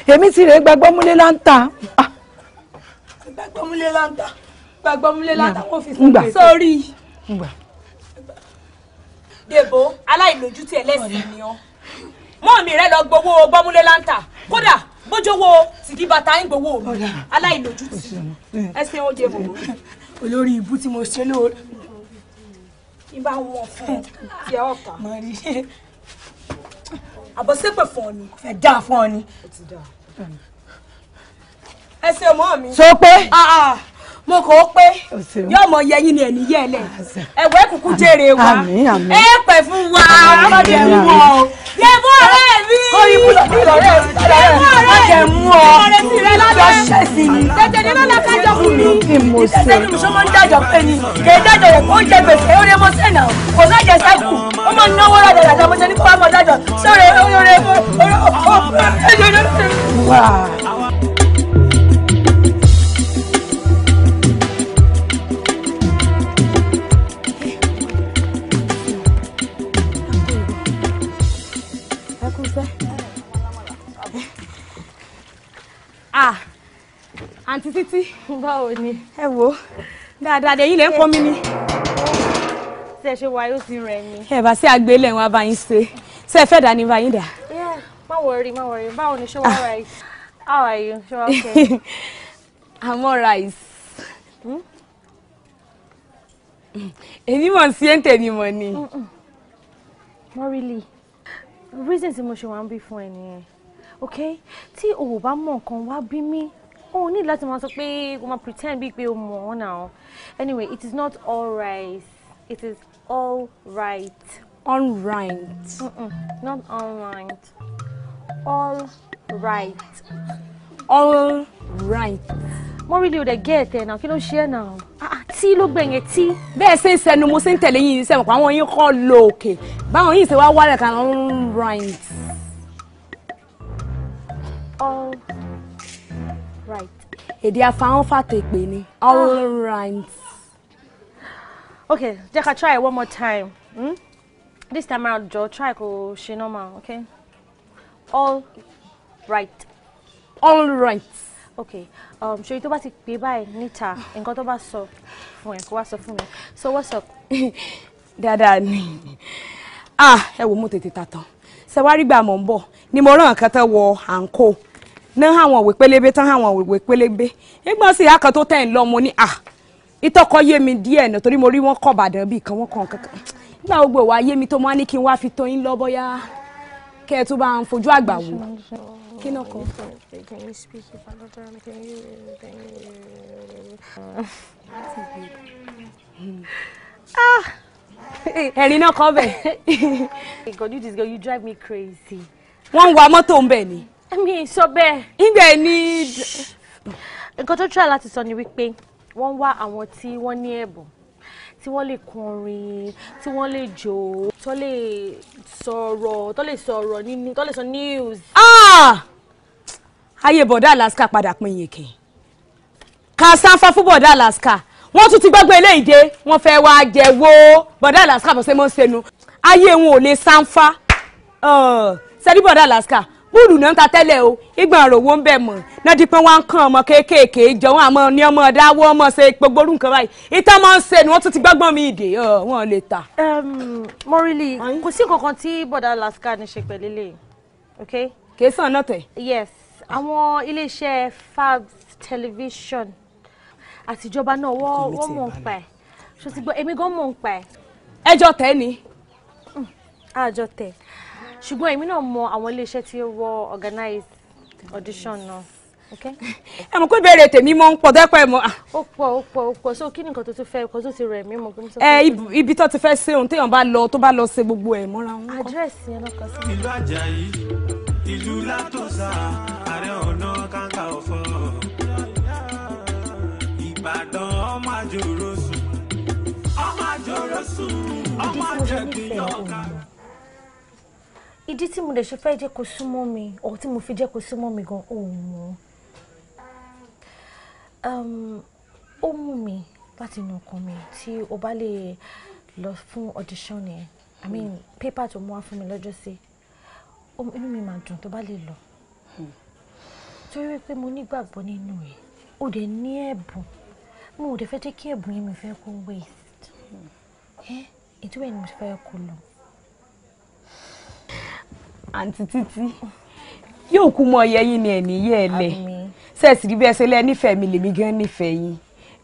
èmi ti rè gbàgbọ́múlé láǹtà. Ah. gbàgbọ́múlé láǹtà gbàgbọ́múlé láǹtà wọ́n fi sọ́ọ́ sórí. dèbò aláìlójútì ẹlẹ́sìn ni ọ́ mọ́ mi rẹ lọ gbowó gbọ́múlé láǹtà kódà bójówó tìdíbàtà ń gbowó mi aláìlójútì ẹsẹ̀ ó dèbò. olórí ibú tí mo ṣe lóore ibà wọn fún ti ẹ ọ̀tá. mo rí i. àbọ̀sẹ́pẹ̀ fún ọ ni. ẹ dáa fún ọ ni. ẹ ṣe mọ́ mi. sọ pé. Ah, ah mo kò ó pé yóò mọ yẹyin ni ẹni yẹlẹ ẹwẹ kúkú jèrè wa ẹ pẹ fún wa ọlọdẹ mú ọ yẹmú ọ̀rẹ́ mi yẹmú ọ̀rẹ́ mi ọ̀rẹ́ mi rẹ lọdẹ tètè ní lọlá kájọ fún mi tètè ní mùsùlùmí dájọ pé ni kè é dájọ yẹ kó jẹ gbèsè ó lè mọ sẹ́nà kò sájẹ sẹ́kù ó mọ náwó rẹ̀ dàda mo ṣe ní kó wá mọ dájọ sórí ó rẹ̀ ó rẹ̀ ó rẹ̀ ó rẹ̀ ó rẹ̀ ó rẹ̀. ah àǹtí títí báwo ni. ẹ wo dáadáa dẹ̀yìn lè ń pọ́n mi ni. tí ẹ ṣe wá yóò ti rẹ̀ mí. ẹ bá sí àgbélé wọn bá yín ṣe ṣe ẹ fẹ́ dà ní báyìí dà. má worry má worry báwo ni ṣé wàá ra yìí how are you ṣé wàá okay. *laughs* I'm alright. Hmm? èmi mọ̀ sí ẹ̀ǹtẹ̀ ni mo ní. not really reason tí mo ṣe wá ń bí fún ẹ nìyẹn ok tí o ò bá mọ nǹkan wá bí mi o ní láti máa sọ pé o máa pretend bíi pé o mọ̀ ọ́ náà anyway it is not all right. it is all alright. alright. Mm -mm, not alright. alright. alright. mo rí i lè gẹ̀ẹ́tì ẹ̀ náà kí ló ṣe ẹ̀ náà ah, ah, tí ló gbẹ̀yìn tí. bẹ́ẹ̀ ṣe ń sẹnu mo ṣe ń tẹ̀lé yín sẹ́wọ̀n pa àwọn yín kọ́ lóòkè báwọn yín ṣe wá wálẹ̀ kan ń right all right. èdè àfahàn fàtò ìpè ni all ah. right. okay jẹ́ ká try one more time hmm? this time around jọ try kò ṣe normal okay all right. all right. okay um, ṣòyí tó bá ti pè báyìí níta nǹkan tó bá sọ fún ẹ kó wá sọ fún mi so what's up. *laughs* dáadáa ni ah ẹ wo mo tètè ta tán ṣe wá rí gbà mọ̀ ń bọ̀ ni mo rán nǹkan wọ àǹkó náà àwọn òwe pélébé tán àwọn òwe pélébé nígbà sí ìyá kan tó tẹ̀ ń lọ mo ní à ìtọ́kọ yé mi díẹ̀ nà torí mo rí wọn kọ̀ bàdàn bíi kan wọn kàn kankan nígbà gbogbo wa yé mi tó máa ní kí n wá fi tó yín lọ bóyá kẹ́ ẹ tó bá ń fojú àgbà wò. kí náà kọ. ah ẹ̀rín náà kọ́ bẹ̀. *laughs* God, you this girl, you drive me crazy. wọ́n ń wa mọ́tò ń bẹ̀ ni èmi sọ bẹ́ẹ̀. ìgbẹ́ ni. nǹkan tó try láti sọ ni wípé wọ́n ń wá àwọn tí wọ́n ní ẹ̀bùn tí wọ́n lè kọrin tí wọ́n lè jó tó lè sọ̀rọ̀ tó lè sọ̀rọ̀ nínú tó lè sọ news. Ah! ayé bọ̀dá Alaska padà pin yèké ká sanfa fún bọ̀dá Alaska wọ́n tún ti gbọ́gbọ́ eléyìí dé wọ́n fẹ́ wá jẹ́wọ́ bọ̀dá Alaska bọ̀sẹ̀ mọ́ sẹ́nu ayé wọn ò lè sanfa sẹ́ni bọ̀dá Alaska skúlù náà ń ta tẹ́lẹ̀ o ìgbọ̀n òròwó ń bẹ̀ mọ̀ náà di pé wọ́n á ń kàn ọmọ kéékèèké jọ̀wọ́n àmọ́ ní ọmọ dáwọ́ ọmọ ṣe gbogbo orú nǹkan báyìí ìtàn máa ń ṣe ni wọ́n tún ti gbọ́gbọ́n mi ìdè wọn lè ta. mọ́rílì kò sí kankan tí bọ̀dá laska ní ṣe pẹ̀lú ilé ok. kèésàn náà tẹ̀. yes àwọn iléeṣẹ́ Fabs television àtijọba náà wọ́n mọ̀ ń pa ẹ̀ ṣùgbọ́n èmi gan mọ̀ ń pa ẹ̀. ẹjọ́ tẹ́ ni. àjọ mm, tẹ̀ ṣùgbọ́n èmi náà mọ àwọn iléeṣẹ́ tí ó wọ organize audition náà ẹ mọ̀ pé béèrè tèmi mọ̀ ń pọ̀ dẹ́pẹ́ mọ́. ó pọ̀ ó pọ̀ ó pọ̀ so kí ni nǹkan tó tún fẹ́ nǹkan tó ti rẹ̀ mí mọ̀ pé mo sọ. ẹ ibi tó ti fẹ́ ṣe ohun téèyàn bá lọ tó bá lọ ṣe gbogbo ẹ̀ mọ́ra wọn. àdírẹ́sì yẹn lọ́kọ̀ sí. ìlú Àjàyí ìlú Látòsà Ààrẹ Ọ̀nà Kakanfò Ìbàdàn ọmọ àjòrò sùn ọmọ àjòrò sùn ọmọ àjẹgbìyàn ká ìdí tí mo lè ṣe fẹ́ jẹ́ kó súnmọ́ mi ọ̀ tí mo fi jẹ́ kó súnmọ́ mi gan òun mọ́ ehm, ó mú mi láti inú ọkàn mi tí o bá lè lọ fún audition yẹn i mean hmm. paper tó mú wá fún mi lọ́jọ́ sí inú mi máa dùn tó bá lè lọ hmm. torí wípé mo nígbàgbọ́ nínú ẹ̀ o dẹ̀ ní ẹ̀bùn mo ò dẹ̀ fẹ́ jẹ́ kí ẹ̀bùn yẹn mi fẹ́ kó waste hmm. ẹ̀ ètò ni mo fẹ́ kó lọ àǹtí títí yóò kú mọ ọyẹ yín ni ẹni yẹ ẹ lẹ sẹẹsì rí bí ẹ ṣe lẹ nífẹ̀ẹ́ mi lèmi gan nífẹ̀ẹ́ yín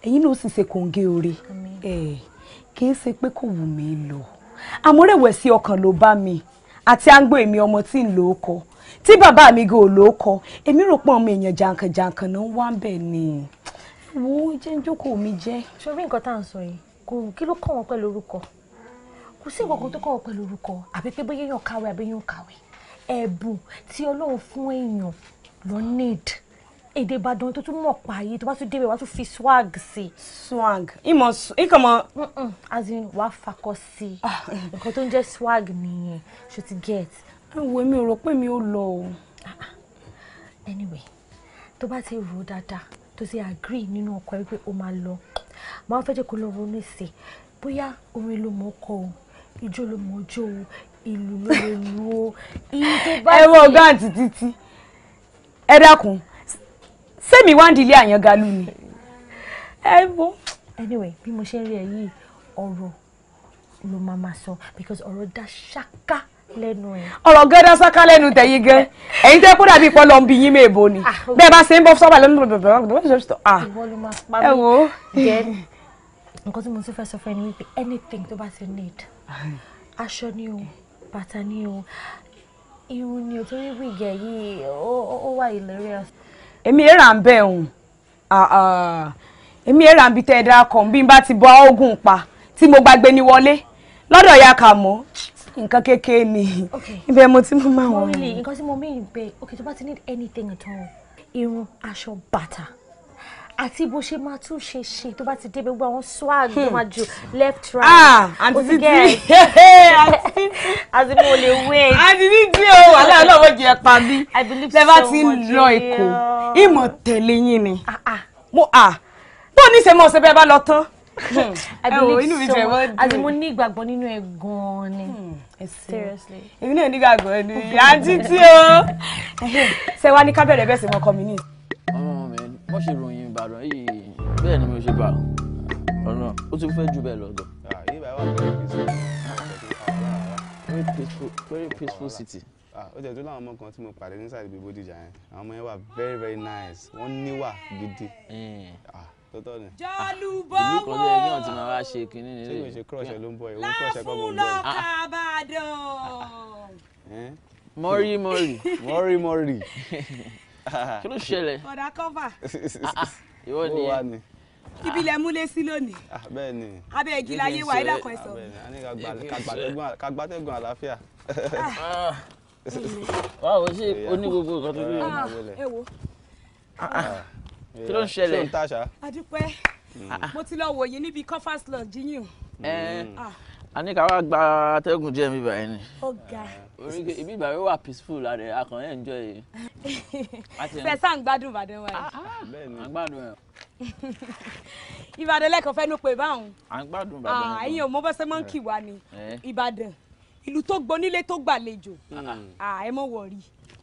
ẹ̀yin náà sì ṣe kòǹgé oore ẹ kì í ṣe pé kò wù mí lọ àmọ́ rẹ̀wẹ̀sì ọkàn ló bá mi àti àǹgbò èmi ọmọ tí ń lò ó kọ tí bàbá mi gan ò lò ó kọ èmi rò pé ọmọ èèyàn jàǹkànjàǹkàn náà wà ń bẹ ni wo jẹ́ ń jókòó mi jẹ́. sori nǹkan tá à ń sọ yìí kí ló kàn wọ́n pẹ̀lú orúkọ kò sí nǹkan kan tó kọ̀wọ̀ pẹ̀lú orúkọ àbí pé bóyá èèyàn kàwé àbí èèyàn kàwé ẹ̀bùn tí ọlọ́run fún èèyàn lọ need èdè ìbàdàn tó tún mọ̀ pa tó bá tún débẹ̀ wá tún fi swag sí. swag ìmọ̀ ìkàn mọ. as in wàá fakọ sí nǹkan tó ń jẹ́ swag nìyẹn ṣó ti get. ẹ wo èmi ò rò pé mi ò lọ o. anyway tó bá ti rò ó dáadáa tó ti agree nínú ọkọ ẹ pé o máa lọ máa fẹ́ jẹ́ kó lọ ronú sí bóyá orin ló mọ̀ ọ́ o ijó ló mọ ọjọ́ o ìlú ló lè lu o iye ẹ wọ ọgá títí ẹ dákun sẹ́mi wá ń ni. ẹ wo anyway bí mo ṣe ń rí ẹ yìí ọ̀rọ̀ ló máa ma sọ because ọ̀rọ̀ dá ṣáká lẹ́nu ẹ̀. ọ̀rọ̀ gan dá ṣáká lẹ́nu tẹ̀yìn gan ẹ̀yin tẹ́ kó dàbí pọ́ lọ́n bí yín mé èbó ni ah, bẹ́ẹ̀ bá ṣe ń bọ́ sọ́ba lẹ́nu bẹ̀rẹ̀ bẹ̀rẹ̀ bẹ̀rẹ̀ bẹ̀rẹ̀ sọ́ ẹ wo. nǹkan tí mo tún fẹ́ sọ fún ẹ ni wípé anything tó bá ti need aṣọ ni o bàtà ni o irun ni o torí wíìgì yìí ó wà hilarious. èmi ẹ rà ń bẹ̀ ọ̀hún ah, ah. èmi ẹ rà ń bi tẹ́ ẹ dákọ̀ bí n bá ti bọ́ oògùn pa tí mo gbàgbé ni wọlé lọ́dọ̀ ya kà mọ́ nǹkan kékeré ni ibẹ̀ mo ti mú máa mo rí i nǹkan tí mo mí ń pé okay tó bá ti need anything at all irun aṣọ bàtà àti bó ṣe máa tún ṣe ṣe tó bá ti dé gbogbo àwọn swag tó hmm. máa ju left right. ah àti títí *laughs* àti *laughs* mo lè wait. àti títí o oh, wàhálà ọlọ́wọ́ jẹ pa bí lẹ́bàá ti ń lọ èkó ìmọ̀ tẹ̀lé yín ni ah, ah. mo à ah, bó ní ṣe mọ̀ ṣe bẹ́ẹ̀ bá lọ tán. *laughs* I hmm. believe so much as mo ní ìgbàgbọ́ nínú ẹ̀ gan-an ni hmm. seriously. èmi náà ní ìgbàgbọ́ ni àǹtí tí o ṣe wá ní kábẹ̀rẹ̀ bẹ́ẹ̀ sì mọ́ community wọ́n ṣe ròyìn ìbàdàn yìí bẹ́ẹ̀ ni mo ṣe gbà ọ̀nà ó ti fẹ́ jù bẹ́ẹ̀ lọ́dọ̀. Ah, very peaceful city. Ah, ó jẹ́ tó láwọn ọmọ kan tí mo pàdé ní sàdébí bódìjà yẹn àwọn ọmọ yẹn wà very very nice wọ́n níwà gidi hmm. ah, tọ́tọ́ ni. jọlùbọ̀ wo ìlú kan lẹ́yìn náà ti máa wá ṣe kínní nílé. ṣé kò ṣe crush ẹ ló ń bọ ìwé crush ẹ kọ́ mọ̀ ń bọ yìí. láfúlọ́ kábàdàn. mọ́rí mọ́rí. mọ́rí mọ́rí. *laughs* *laughs* kí ló ṣẹlẹ̀. ọ̀dà kọ́fà. *laughs* Ah, ah, ìwọ nìyẹn ibi ilẹ̀ múlé sí lónìí. Ah, bẹ́ẹ̀ abẹ́ igi wa ẹ̀dá kan sọ. kàgbátẹ́gùn àlàáfíà. báwo *laughs* ṣe oní gbogbo nǹkan tó lóye ní ìwọlẹ̀. kí ló ń ṣẹlẹ̀. ṣé ń tàṣà. adúpẹ́ hmm. mo ti lọ wò níbi coffers lodge yín. Eh. Hmm. a ní ká wá gba atẹ́gùn díẹ̀ mi báyìí ni. ó ga oríge ibi ìgbà wíwà peaceful la rẹ̀ akàn ẹ̀ ń jọ yìí. fẹsà ń gbádùn ìbàdàn wa yìí. Ah, à ah, ah. ń gbádùn ẹ̀. *laughs* ìbàdàn lẹ́kọ̀ọ́ fẹ́ ló pe báwọn. à ń gbádùn ìbàdàn yìí. ẹ̀yin ò mọ bọ́sẹ̀ mọ́ ń eh. kì wá ni eh. ìbàdàn ìlú tó gbónílé tó gbàlejò ẹ mọ̀ wọ̀rí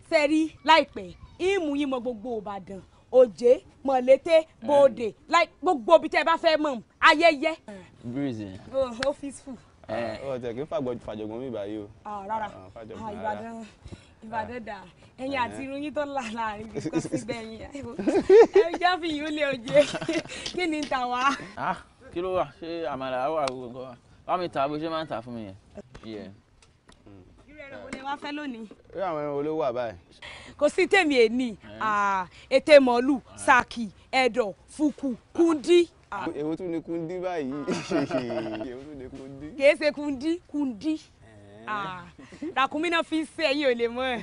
sẹ́rí láìpẹ́ ìmú yín mọ gbogbo ìbàdàn òjé mọ̀lété bòde eh. gbogbo ibi tẹ́ ẹ bá fẹ́ mọ̀ ayẹyẹ. breeze. oh peaceful ọ tẹ kí n fàjọgbọn mi báyìí o. Ah, ah, ah, rárá Ìbàdàn Ìbàdàn dà ẹyin àti eh. irun yín tó là láàrin bí *laughs* kò sí gbẹ̀yìn ẹ jẹ́ fi yìí ó lé oje *laughs* kí ni tà wá. kí ló wà ṣé àmàlà wà gbogbo wa wàá mi ta bó ṣe máa ń tà fún mi yẹn. Hmm. irú ẹran wo ni wàá fẹ́ lónìí. irú àwọn ẹran wo ló wà báyìí. kò sí tèmi èní eh. ètè mọ́lù sàkì ẹ̀dọ̀ fùkù kúndí èwo tún ni kundi báyìí èwo *laughs* tún ni kundi. kìí ṣe kundi kundi eh. ah. ràkúnmí náà fi ń ṣe ẹyin ò lè mọ ẹ.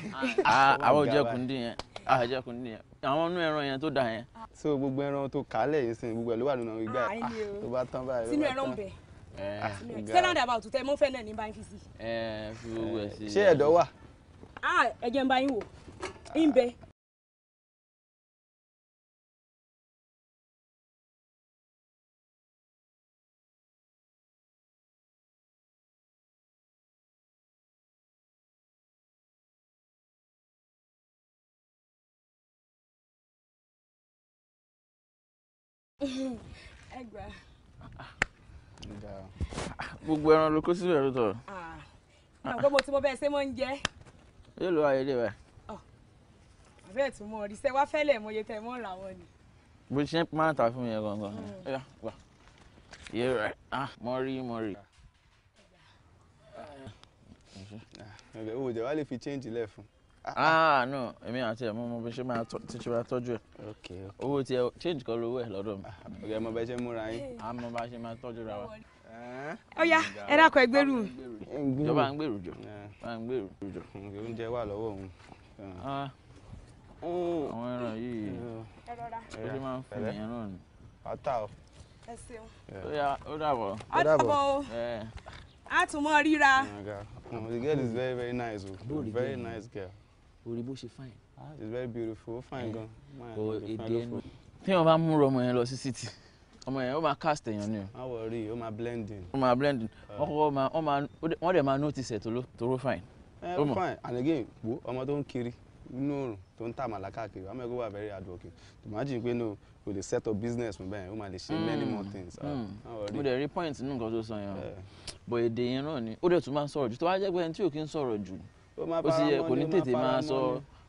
Ah, àwọn ò kundi yẹn àwọn ò kundi yẹn àwọn inú ẹran yẹn tó da yẹn. so gbogbo ẹran tó kálẹ̀ yìí sin gbogbo ẹ̀ ló wà nínú ìgbà ẹ̀ ah, tó bá tán báyìí. sínú ẹran bẹ̀ sẹ́nà dàbà òtútẹ́ mo fẹ́ náà ní báyìí fi sí. Eh, eh, ṣé ẹ̀dọ̀ wà. ẹ̀jẹ̀ ń bá wò ń bẹ *laughs* ẹgbà. gbogbo ẹran ló kó síbẹ̀ ló tọrọ. àgbẹ̀ mo ti mọ bẹ́ẹ̀ ṣé mo ń jẹ́. yóò lọ ayé dé báyìí. àbẹ́ẹ̀ tún mọ ọ̀rìṣẹ́ wá fẹ́lẹ̀ mo yẹ tẹ̀ mọ́ làwọn ni. bó ṣe máa ń ta fún mi yẹn gangan yẹ rẹ mọ rí mọ rí. ó jẹ́ wá lè fi change lẹ̀ fún un. ah no Emi àti ẹ̀ mo mọ bí ṣe máa ti ṣe máa tọ́jú ẹ̀ owó tiẹ̀ change kọ́ lówó ẹ̀ lọ́dọ̀ mi. ọ̀gá ẹ̀ a mọ bá ṣe máa tọ́jú ra wa. ọ̀ya ẹ dákọ̀ ẹ gbèrú. ìjọba ń gbèrú jọ bá ń gbèrú ah. o. ẹ o a tún mọ ríra. Oh orí bó ṣe fine. ah it's very beautiful ó fine eh, gan. kò èdè ẹnu téèyàn bá múra ọmọ yẹn lọ sí city ọmọ yẹn ó máa cast èèyàn ni o. má wọ rí i ó máa blending. ó máa blending ah. wọ́n kọ́kọ́ máa wọ́n máa wọ́n dẹ̀ máa notice ẹ̀ tó ló fine. ẹ eh, ó fine and again wo ọmọ tó ń kiri inú oòrùn tó ń tà màlá káàkiri àmọ́ ẹgbẹ́ wà very hard working imagine pé no kò lè set up business fún bẹ́ẹ̀ ó máa lè ṣe hmm. many more things. Ah, hmm. mo dẹ̀ rí point nínú nǹkan tó sọ yẹn o eh. bọ̀ èdè yẹn náà ni ó dẹ̀ tún máa ń sọ̀rọ̀ jù tó wá jẹ́ pé ẹni tí ò kí ń sọ̀rọ̀ jù ó ti yẹ kò ní tètè máa sọ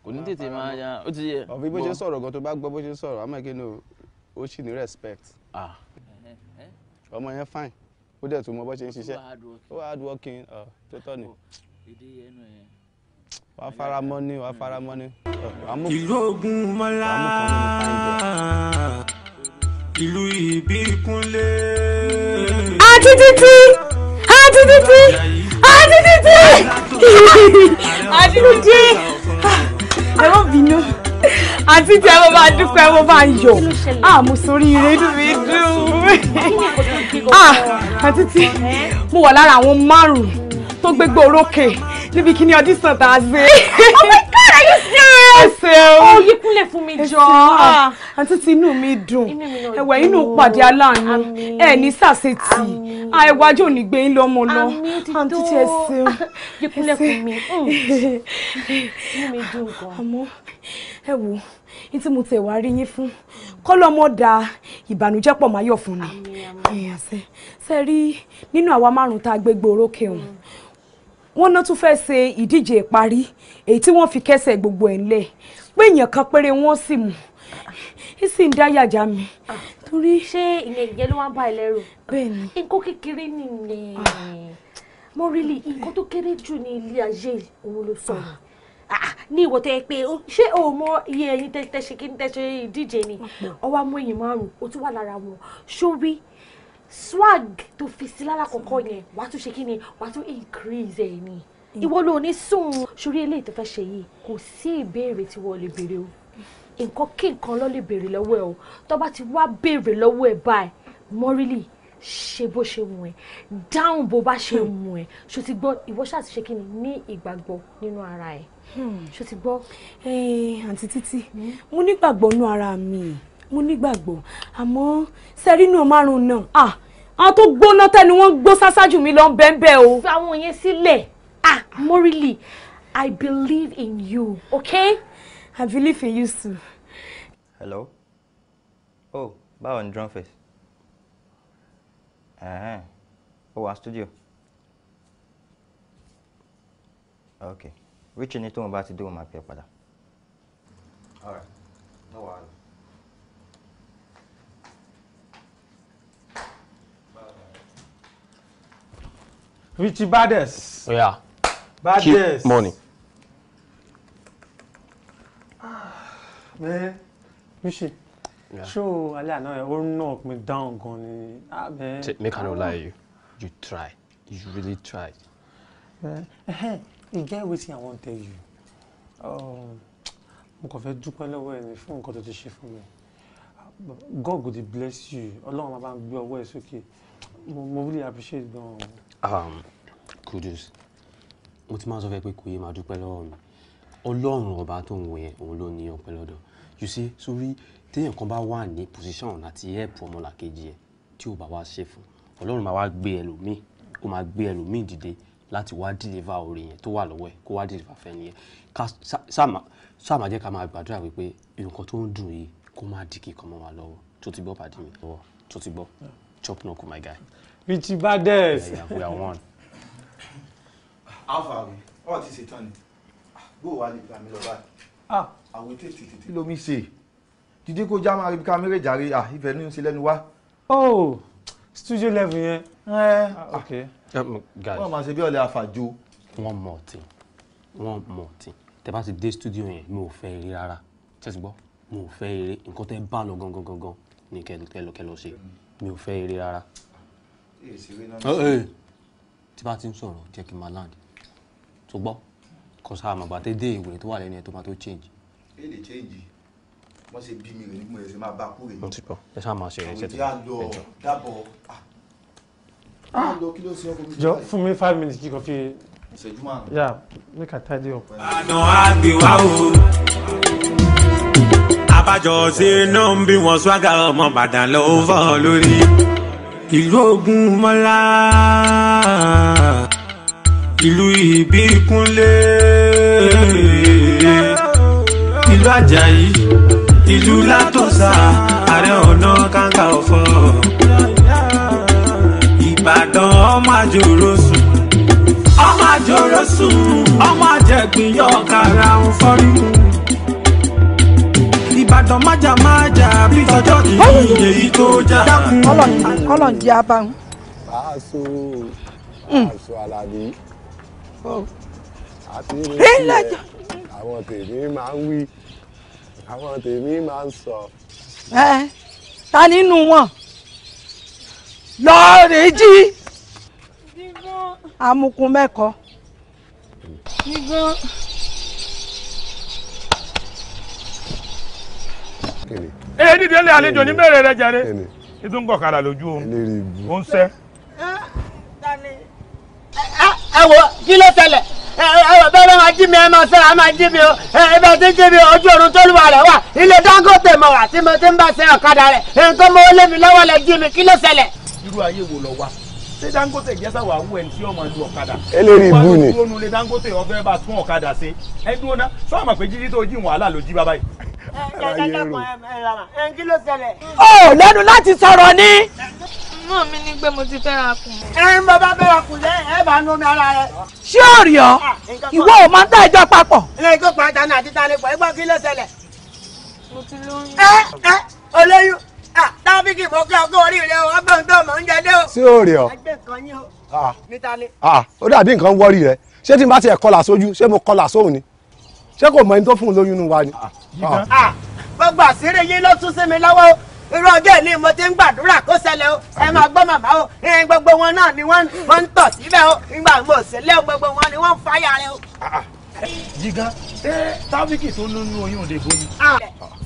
kò ní tètè máa ya ó ti yẹ. ọ̀bí bó ṣe ń sọ̀rọ̀ gan tó bá gbọ́ bó ṣe ń sọ̀rọ̀ àmọ́ kí ni ó sì ní respect. Ah. ọmọ yẹn fine ó dẹ̀ tún mọ bó ṣe ń ṣiṣẹ́ ó wà hard working tó tọ́ ni. wà á fara mọ́ ni wà á hmm. fara mọ́ ni. ìlú ogun mọ́lá ìlú ìbí kúnlé. àti títí àti títí àdúgbò ẹ wọ́n bínú àti tí ẹ mo máa dúpẹ́ mo máa yọ̀ ah mo sórí ire inú mi dùn ah àti tí mo wà lára àwọn márùn-ún tó gbégbó orókè níbi kíní ọdún sàn tá a ṣe are you serious? ó yí kúnlẹ̀ fún mi jọ. Ah, àǹtí tí inú mi dùn ẹ̀wẹ̀ inú pàdé aláàánú ẹ̀ ní sàṣetì àìwájú ah, òní gbé yín lọ́mọ lọ àǹtí tí ẹ ṣeun. *laughs* yí kúnlẹ̀ fún mi inú mi dùn gan. àmọ́ ẹ wò ní tí mo tẹ̀ wá rí yín fún kọ́lọ́mọ́ da ìbànújẹ́ pọ̀ máyọ̀ fún mi. ṣe rí nínú àwa márùn-ún tá a gbégbó orókè ọ̀hún mm wọ́n náà tún fẹ́ẹ́ ṣe ìdíje ìparí èyí tí wọ́n fi kẹsẹ̀ gbogbo ẹ̀ ńlẹ̀ pé èèyàn kan péré wọ́n sì mú ẹ sì ń dáyàjà mi ah, torí. ṣé ìyẹn ìyẹn ló wá bá ẹ lẹ́rù. bẹ́ẹ̀ni. nǹkan kékeré nìyẹn ah. mo rí li nǹkan tó kéré jù ní ilé ayé òun ló sọ ah. ní ìwọ tẹ pé ṣé o mọ iye ẹyin tẹ ṣe kí n tẹ ṣe ìdíje ni ọwọ́ amóyin márùn-ún o tún wà lára wọn ṣó rí swag tó fi sí lálàkọ́kọ́ yẹn wàá tún ṣe kí ni wàá tún increase ẹ̀ ni ìwọ ló ní sùn sórí eléyìí tó fẹ́ ṣe yìí kò sí ìbéèrè tí wọ́n lè béèrè o nǹkan kí nǹkan ló lè béèrè lọ́wọ́ ẹ o tó bá ti wá béèrè lọ́wọ́ ẹ báyìí mọ́rílì ṣe bó ṣe wù ẹ́ dáhùn bó bá ṣe wù ẹ́ ṣó ti gbọ́ ìwọ ṣáà ti ṣe kí ni ní ìgbàgbọ́ nínú ara ẹ hmm. ṣó ti gbọ́. àǹtí eh, títí hmm? mo nígbàgbọ́ nínú ara mi. Hmm mo nígbàgbọ́ àmọ́ sẹ́rínù márùn-ún náà ah àwọn tó gbóná tẹ́ni wọ́n gbó sáṣájú mi lọ bẹ́ẹ̀ bẹ́ẹ̀ o. fi àwọn yẹn sílẹ̀ ah morally I believe in you okay. I believe in you too. hello oh báwo ni drumface ẹ̀hẹ́n oh, wà studio Okay, richie ní tóun bá ti dé òun máa pè é padà. all right no wahala. Richie Bades. Oh, yeah. Bades. Keep money. Ah, man, Richie. Yeah. Sure, I don't know. Or knock me down, Goni. Ah, man. Make I no ah. lie you. You try. You really try. Man, hey, you get wetin I wan tell you. Um, mo kàn fẹ́ dúpẹ́ lọ́wọ́ ẹ̀ ní phone nǹkan to the chef for me. God go bless you ọlọ́run my bank ń gbé ọwọ́ okay. I really appreciate gan. Um, Kudus mo ti máa ń sọ fẹ́ pé kò yé máa dúpẹ́ lọ́wọ́ mi ọlọ́run ọba tó ń wò yẹn òun ló ní ọpẹ́ lọ́dọ̀ you see sórí téèyàn kan bá wà ní position láti help ọmọlàkejì ẹ̀ tí ò bá wá ṣe fún ọlọ́run máa wá gbé ẹlòmíì ó máa gbé ẹlòmíì dìde láti wá deliver oore yẹn tó wà lọ́wọ́ ẹ̀ kó wá deliver fẹ́ nìyẹn ká sáàmà jẹ́ ká máa gbàdúrà wípé nǹkan tó ń dùn yìí kó má di kíkan mọ́ wa lọ́wọ́ tó ti gbọ́ pàdé mi lọ́wọ́ tó ti gbọ́ chop knuckle my guy. richie badès. we are one alfa rẹ ọ ti ṣetán ni bó wàá lè gbà mí lọ báyìí. àwọn ah. tètè tètè. kí ló mi ṣe dídí kó já máa rí ká mérè jàre ìfẹ́ ní í ṣe lẹ́nu wá. oh studio level yẹn. ẹ eh, ah, ah. um, wọ́n máa ṣe bí ọ̀lẹ́ àfàjò. one more thing one more thing tẹ bá ti dé studio yẹn mi ò fẹ́ eré rárá tẹ́sí gbọ́ mi ò fẹ́ eré nǹkan tẹ́ bá lọ gangan gangan ní kẹlọkẹlọ ṣe mi ò fẹ́ eré rárá. Oh, tí bá ti ń sọ̀rọ̀ jẹ́ kí n máa land tó gbọ́ kò sáà màgbà tó dé ìwé tó wà lẹ́nu ẹ̀ tó máa tó change. ẹ change wọ́n ṣe bí mi rẹ̀ nígbà ẹ̀ṣẹ̀ máa bá kú rẹ̀. ti bọ̀ ẹ sáà máa ṣe ẹ̀ṣẹ̀ tó lọ ẹjọ́. dábọ̀ ah. lọ kí ló ṣe ọkọ̀ mi. jọ fún mi five minutes kí n kò fi. ìṣẹ́jú márùn. yà make I tidy up. àná àgbèwá o abájọ ṣe iná ń bí wọn swaga ọmọ Ìbàdàn ló lórí ìlú Ògúnmọ́lá ìlú ìbíkúnlé ìlú àjàyí ìlú látòsà ààrẹ ọ̀nà kàńkà ọ̀fọ̀ ìbàdàn ọmọ àjòrò sùn ọmọ àjòrò sùn ọmọ àjẹgbìn yọ ọ̀kàrà ń fọ́rí ìbàdàn májà májà bí tọjọ́ kìí èyí tó já. kọ́lọ̀ ń di abáhùn. bá a hmm. alábí àti ìrètí ẹ àwọn tèmi máa ń wí àwọn tèmi máa ń sọ. ẹ ta nínú wọn lọ rèé jí amukun mẹ́kọ. ee nídìí ẹ lè àlejò ní bẹ̀rẹ̀ rẹ jàre ètò ń gbọ̀kadà lójú òun òun sẹ́ ẹ wo kí ló tẹlẹ̀ bẹ́ẹ̀ máa jí mi ẹ máa fẹ́ ẹ máa jí mi o ẹ bá ti jí mi ojú oorun tó lù wà rẹ̀ wà ilé Dangote mọ̀ wà tí mo ti ń bá ṣe ọ̀kadà rẹ̀ nǹkan mọ́ lé mi lọ́wọ́ lẹ jí mi kí ló ṣẹlẹ̀. irú ayé wo lọ wa ṣé Dangote jẹ́sà wà wú ẹni tí ọmọ lu ọ̀kadà. eléyìí ibú ni wọn ló lé Dangote ọfẹ bá tún ọ̀kadà ṣe ẹ dúró ná sọ àmọ pé jíjí tó jí wàhálà ló jí bàbá yìí. ẹ ẹ ẹ ẹ àbúrò mi ní pé mo ti fẹ́ ra kùn. ẹyin bàbá bẹ́ẹ̀ kù lẹ́ ẹ bá nu mi ara rẹ. ṣé ò rí ọ ah, ìwọ ò máa ń dá ẹjọ́ papọ̀. ilé ìkó pa àtàní àti tani pọ̀ ẹgbọ́n kí ló ṣẹlẹ̀. mo ti lóyún. ẹ ẹ olóyún ah, tábìkì mọ kí ọkọ orí rẹ wọn bẹ ń tó mọ ń jẹ dé o. ṣé ò rí ọ. àgbẹ̀ kan yín o. Ah. níta ni. ó dàbí nǹkan wọ́ọ̀rì rẹ ṣé tí n bá tiẹ̀ kọlà sójú ṣé mo kọlà sóhun ni ṣé kò mọ ẹni tó fún un lóyún nu wa ni. gbogbo àṣírí yín ló tún sí mi lọ́wọ́ irú ọjọ́ ìní mo ti ń gbàdúrà kó ṣẹlẹ̀ o ẹ máa gbọ́ màmá o ìrìn gbogbo wọn náà ni wọ́n ń tọ̀ síbẹ̀ o ìgbà mo sílẹ̀ o gbogbo wọn ni wọ́n ń fáyà rẹ o. Ah, ah. jígan ṣé tábìkì tó nínú oyún òde bó ah,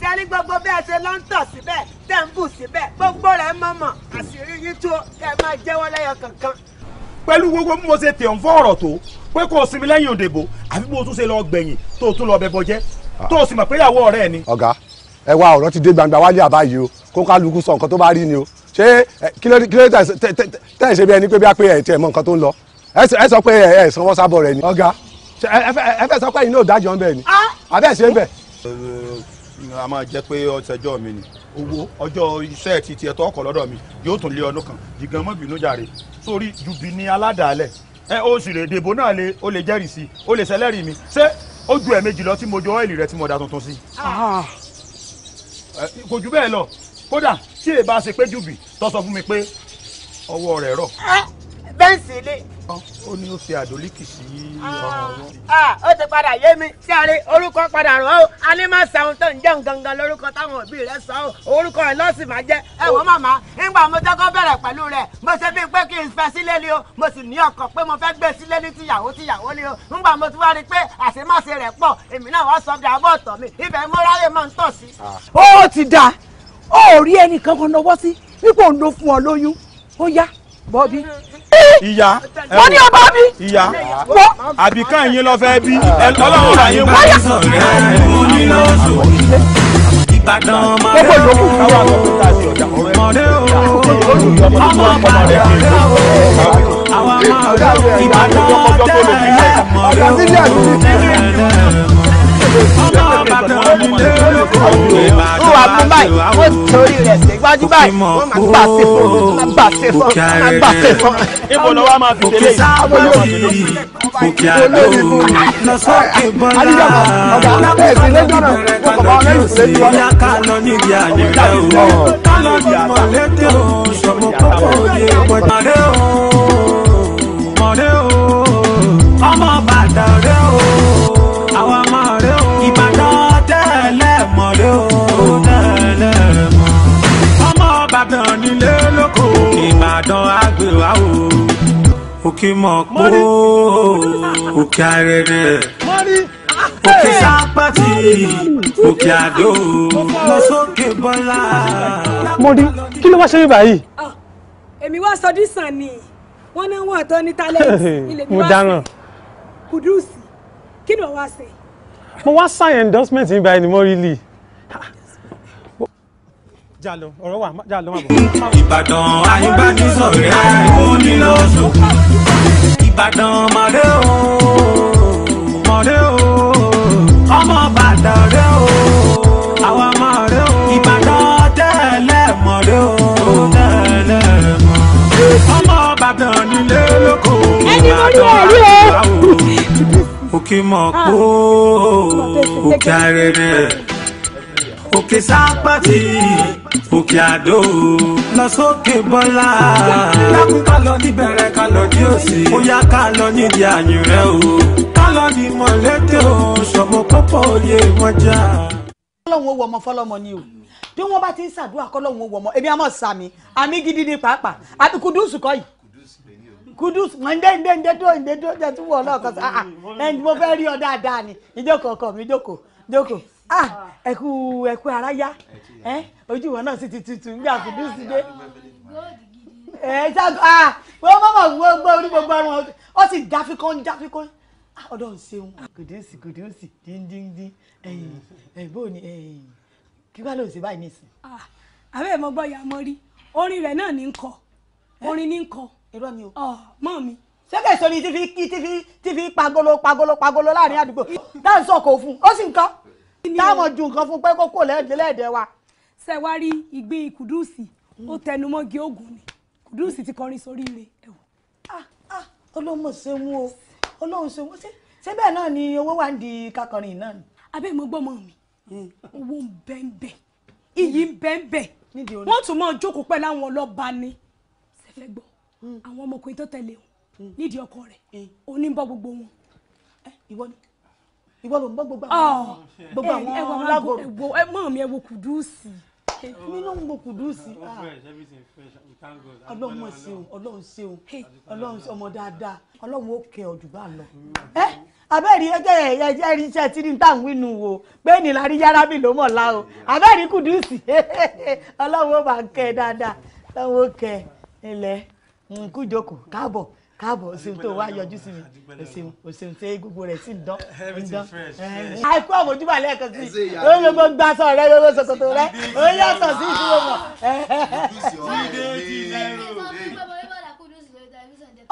ṣé ní gbogbo bẹ́ẹ̀ ṣe ló ń tọ̀ síbẹ̀ tẹ̀ ń bù síbẹ̀ gbogbo rẹ̀ mọ̀mọ̀ àṣírí yín tó kẹ́ máa jẹ́wọ́ lẹ́yọ pẹ̀lú gbogbo bí mo ṣe tẹ̀ ń fọ́ ọ̀rọ̀ tó pé kó o sinmi lẹ́yìn òdèbò àbí bó tún ṣe lọ gbẹ̀yìn tó o tún lọ bẹbọ jẹ́ tó o sì mọ̀ pé ìyàwó ọ̀rẹ́ ni. ọ̀gá ẹ wá ọ̀rọ̀ ti dé gbangba wálé àbáyé o kó kálukú sọ nǹkan tó bá rí ni o ṣé kí ló tẹ̀ ṣe bí ẹni pé bí a pé ẹ̀ tiẹ̀ mọ nǹkan tó ń lọ ẹ sọ pé ẹ sanwó sábọ̀ rẹ ni. ọ̀gá ẹ fẹ́ sọ pé ìnáwó dájọ́ ń bẹ̀ ni àbẹ́ ah! ṣe ń bẹ̀. a máa jẹ́ pé ọ̀sẹ̀jọ́ mi ni owó ọjọ́ iṣẹ́ ti tiẹ̀ tó ọkọ̀ lọ́dọ̀ mi yóò tún lé ọdún kan jìgàn mọ́ bínú jàre sórí jùbí ni aládàálẹ̀ ẹ o sì lè dèbò náà lé ó lè jẹ́rìí sí ó lè ṣẹlẹ́rìí mi ṣé ó ju ẹ̀ẹ̀mejì lọ tí mo ọ́ìlì rẹ tí mo da tuntun sí. Ah! Eh, kò jù bẹ́ẹ̀ lọ kódà tí èèbá ṣe pé jùbì tó sọ fún mi pé ọwọ́ rẹ̀ rọ̀ ah! bẹ́ǹsì ilé. ó ní ó fi àdólíkì sí ah, ọ̀rọ̀ wọn. Ah, ó ti padà yé mi sí àárẹ̀ orúkọ padà rọ̀ ó a ní máa ṣàwọn tó ń jẹun gangan lórúkọ táwọn òbí rẹ̀ sọ ó orúkọ rẹ̀ lọ́sìn máa jẹ́ ẹ wọ́n màmá nígbà mo jẹ́ kó bẹ̀rẹ̀ pẹ̀lú rẹ̀ mo ṣe bíi pé kí n fẹ́ sílé ni o mo sì ní ọkàn pé mo fẹ́ gbé sílé ní tìyàwó tìyàwó ni o nígbà mo ti wá rí i pé àṣemáṣe rẹ̀ pọ̀ èmi náà wá sọ bí abọ́ ọ̀tọ̀ mi ibẹ̀ mo ráyè máa ń tọ̀ sí. Ah. ó ti dáa ó rí ẹnìkan kan lọ́wọ́ sí wípé òun ló fún ọ lóyún ó yá bọ́bí mm-hmm bí mo ní ọba bí mo. àbíkán yín lọ fẹ́ bí ọlọ́run là yín wọ́n. Ìbàdàn máa ń lọ ọmọdé o ọmọ bàdé o àwa máa lọ Ìbàdàn tẹ́lẹ̀ mọ́ lọ́wọ́ ó wà mú báyìí ó torí rẹ̀ síwájú báyìí wọ́n máa gbà sí fún un gbà sí fún un máa gbà sí fún un. ibo lọ wa máa fi tẹ̀lé yìí ọmọ yóò fi tẹ̀lé yìí òkè àlọ́ lọ́sọ̀kè bọ́lá ọ̀gá ẹ̀sìn lẹ́jọ́ náà ó kọ̀ bá ọlẹ́yìn sẹ́yìn wọn. ìyá ká lọ níbi àyẹ̀wò o ká lọ bí mọ̀lẹ́tẹ̀ o ṣọ̀mọ̀ kọ́kọ́ òye pọ̀jà. mọ̀lẹ́ o mọ̀lẹ́ o ọmọ bá. òkè mọ̀ pọ̀ òkè arẹrẹ òkè sápàtì òkè àdó lọ sókè bọ́lá. mọ́rí kí ló wá ṣe bíbá yìí. Ah, èmi wá sọ dísàn ni wọn náà wọn tó ní talent ilé mi wá sí kùdùsì kí ni wọn wá sí. mo wá sign endorsement yín báyìí ni mo rí lì jalo ọ̀rọ̀ wa jalo ma bọ. ìbàdàn àyíbá ní sọ̀rẹ́ àìkú nílò sùn ìbàdàn mọ̀dé o mọ̀dé o ọmọ ìbàdàn rẹ o àwa máa rẹ o ìbàdàn tẹ́lẹ̀ mọ̀dé o tẹ́lẹ̀ mọ̀ ọmọ ìbàdàn nílé lóko ìbàdàn rẹ o òkè mọ̀ pé òkè arẹrẹ òkè sápàtì òkè àdó lọ sókè bọ́lá lákùn ká lọ ní bẹ̀rẹ̀ ká lọ ní òsì ó yá ká lọ nídìí àyùn rẹ o ká lọ ní mọ̀lẹ́tẹ̀ o ṣọ̀mọ́ pọ́pọ́ òye mọ́jà. ọlọ́run ó wọ ọmọ fọlọ́mọ ni o bí wọ́n bá ti ń ṣàdúrà kọ́lọ́run ó wọ ọmọ èmi àmọ́ sàmì àmì gidi ni pàápàá àbí kùdùsù kọ́ yìí kudus ǹdẹ́ ǹdẹ́ ǹdẹ́ tó ǹdẹ́ tó ǹdẹ́ tó wọ̀ ọ́ náà kọ́ sá ah, ah. ẹ̀ mo fẹ́ rí ọ dáadáa ni ìjókòó ọkọ mi jókòó jókòó ah ẹkú ẹkú aráyá ẹ ojú wọn náà sì ti tutù ń gbà kúndú sí dé ẹ jágọ ah wọn mọ gbogbo orí gbogbo ọrùn ọ ti dáfikọ ń dáfikọ ah, ọdọ ń ṣeun kòdé sí kòdé sí díndíndín ẹyìn ẹbọ ni ẹyìn kí wàá lóun ṣe báyìí nísìn. Ah, àbẹ́ mo gbọ́ ya mo rí orin rẹ̀ náà ní ń kọ orin ní ń kọ. irọ́ ni o. Ah, mọ́ mi. sẹ́kẹ̀ sọ ni ti fi ti fi ti fi pagolo pagolo pagolo láàrin àdúgbò dáhùn sọ̀kò fún ó sì ń kọ́ táwọn ju nǹkan fún pé kó kò wa. ṣe wá rí ìgbín kùdùsì ó tẹnumọ́gi oògùn ni kùdùsì ti kọrin sórí rẹ̀ ẹ̀wọ̀. Ah, ah, ọlọ́mọ ṣeun o ọlọ́run ṣeun ṣe ṣé bẹ́ẹ̀ náà ni owó wà ń di kakọrin náà ni. abẹ́ mo gbọ́ mọ́ mi hmm. owó ń bẹ́ iyì ń bẹ́ wọ́n tún máa jókòó pẹ̀lú àwọn ọlọ́ba ni ṣẹfẹ́ gbọ́ hmm. àwọn ọmọkùnrin tó tẹ̀lé o hmm. nídìí ọkọ rẹ̀ oníbọ̀ gbogbo wọn. Eh, ìwọ ni ìwọ ló ń gbọ́ gbogbo àwọn ah, gbogbo eh, àwọn lágọ̀ọ́ ẹ̀wọ̀ ẹ̀mọ́ mi ẹ̀wọ̀ eh, kùdùsì nínú eh, mo kùdùsì ah, ọlọ́run ṣeun ọlọ́run ṣeun ọlọ́run ọmọ dáadáa ọlọ́run ó kẹ́ ọ̀dùn bá ẹ abẹ́rì ẹjẹ́ ẹ̀yẹ ẹ̀rí iṣẹ́ tí ní wínú wo pé ní o *laughs* ọlọ́run ó máa dáadáa ọlọ́run ó káàbọ̀ o ṣeun tó wá yọjú sí mi o ṣeun o ṣeun ṣe gbogbo rẹ̀ sì ń dán ń dán àìkú àmójúbà lẹ́ẹ̀kan sí i ó gbogbo gbàsọ rẹ gbogbo ṣòkòtò rẹ ó yàtọ̀ sí ìṣúwò mọ̀.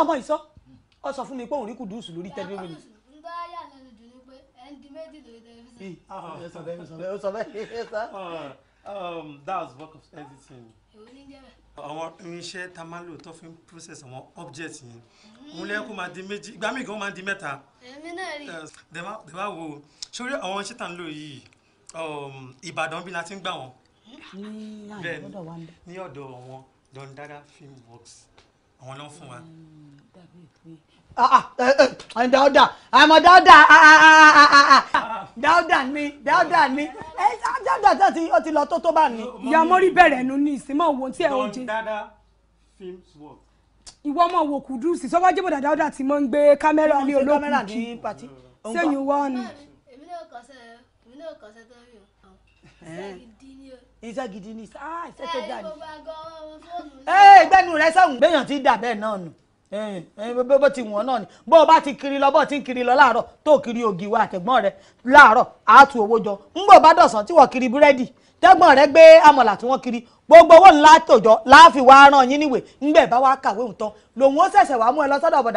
ọmọ ìsọ ọ sọ fún mi pé òun rí kùdùsù lórí tẹlifíṣàn ni. Um, that's work of editing àwọn irinṣẹ́ tá a máa lò tó fi ń process àwọn object yẹn òun lẹ́yìn kó máa di méjì ìgbà míì gan máa di mẹ́ta. èmi náà rí. dẹ̀ máa wo sórí àwọn iṣẹ́ tá a ń lò yìí um, Ìbàdàn bí la ti ń gbà wọ́n. bẹ́ẹ̀ ní ọ̀dọ̀ wọn Don Film Works àwọn ló fún wa. Hmm, Ah ah, dáúdà àmọ́ dáúdà dáúdà ni dáúdà ni eh, ah, dáúdà tó ti ó ti lọ tó tó bá ní. ìyá mọ́rí bẹ̀rẹ̀ nu ní ìsínmọ̀ wo tí ẹ ò jẹ. ìwọ ọmọ wo kùdùsì sọ́wọ́ jẹ́bọ̀dà dáúdà ti máa ń gbé kámẹ́rà ní olókùn kí sẹ́yìn wọ́n ni. èmi náà kọ́ sẹ́yìn èmi náà kọ́ sẹ́yìn tó rí o iṣẹ́ eh. gidi ni o iṣẹ́ gidi ni ah, iṣẹ́ tó dà ní. ẹ gbẹ́nu rẹ sẹ́wọ̀n gbẹ̀yàn ti dà bẹ́ẹ̀ náà nù. bó ti wọ̀n náà ni bó o bá ti kiri lọ bó o ti ń kiri lọ láàárọ̀ tó kiri ògì wa àtẹ̀gbọ́n rẹ láàárọ̀ owó jọ ńgbò bá dọ̀sán tí wọ́n kiri búrẹ́dì tẹ́gbọ́n rẹ gbé àmọ̀là tí wọ́n kiri gbogbo owó ńlá kàwé lòun ó ṣẹ̀ṣẹ̀ mú ẹ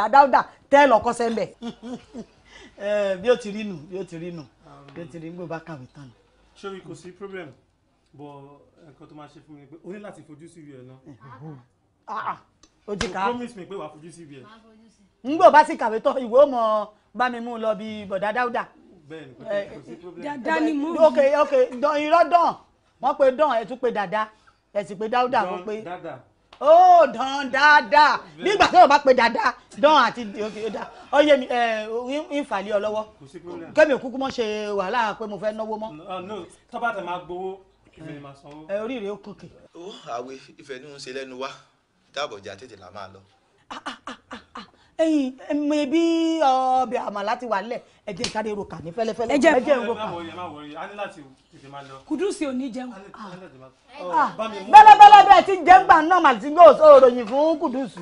dáúdà tẹ́ lọ *laughs* ojìká promise me, pé wàá fojú sí ibi ẹ. ngbò bá sì kàwé tó ìwé ó mọ bá mi mú lọ bí bọ̀dá dáúdà. bẹ́ẹ̀ni kò sí problem. dada ni mo. ok ok dán irọ́ dán wọ́n pe dán ẹ̀ tún pe dada ẹ̀ sì pe dáúdà wọ́n pe. dada. ó oh, dán dada nígbà tí wọ́n bá pe dada dán àti dá ọyẹ mi ẹ ń fàlẹ́ ọ lọ́wọ́ kẹ́mi òkúkú mọ́ ṣe wàhálà pé mo fẹ́ náwó mọ́. Uh, no tọ́ba tẹ̀ máa gbowó ìfẹ́ ni màá sanwó. ẹ orí rẹ̀ ó kọ̀kẹ́. ó oh, àwẹ̀ ìfẹ́ ni ń ṣe lẹ́nu wá táàbọ̀jà tètè là máa lọ. Ah, ah, ah, ẹyin mi bí ọbẹ̀ àmàlà ti wà lẹ̀ ẹ jẹ́ sáré roka ní fẹ́lẹ́fẹ́lẹ́ ẹ jẹ́ roka. ẹ má wọrí ẹ má wọrí a ní láti tètè máa lọ. Kúdùsì ò ní jẹun. bẹ́lẹ́bẹ́lẹ́ bẹ́ẹ̀ ti jẹ́ gbà náà màá ti yóò sọ òròyìn fún Kúdùsì.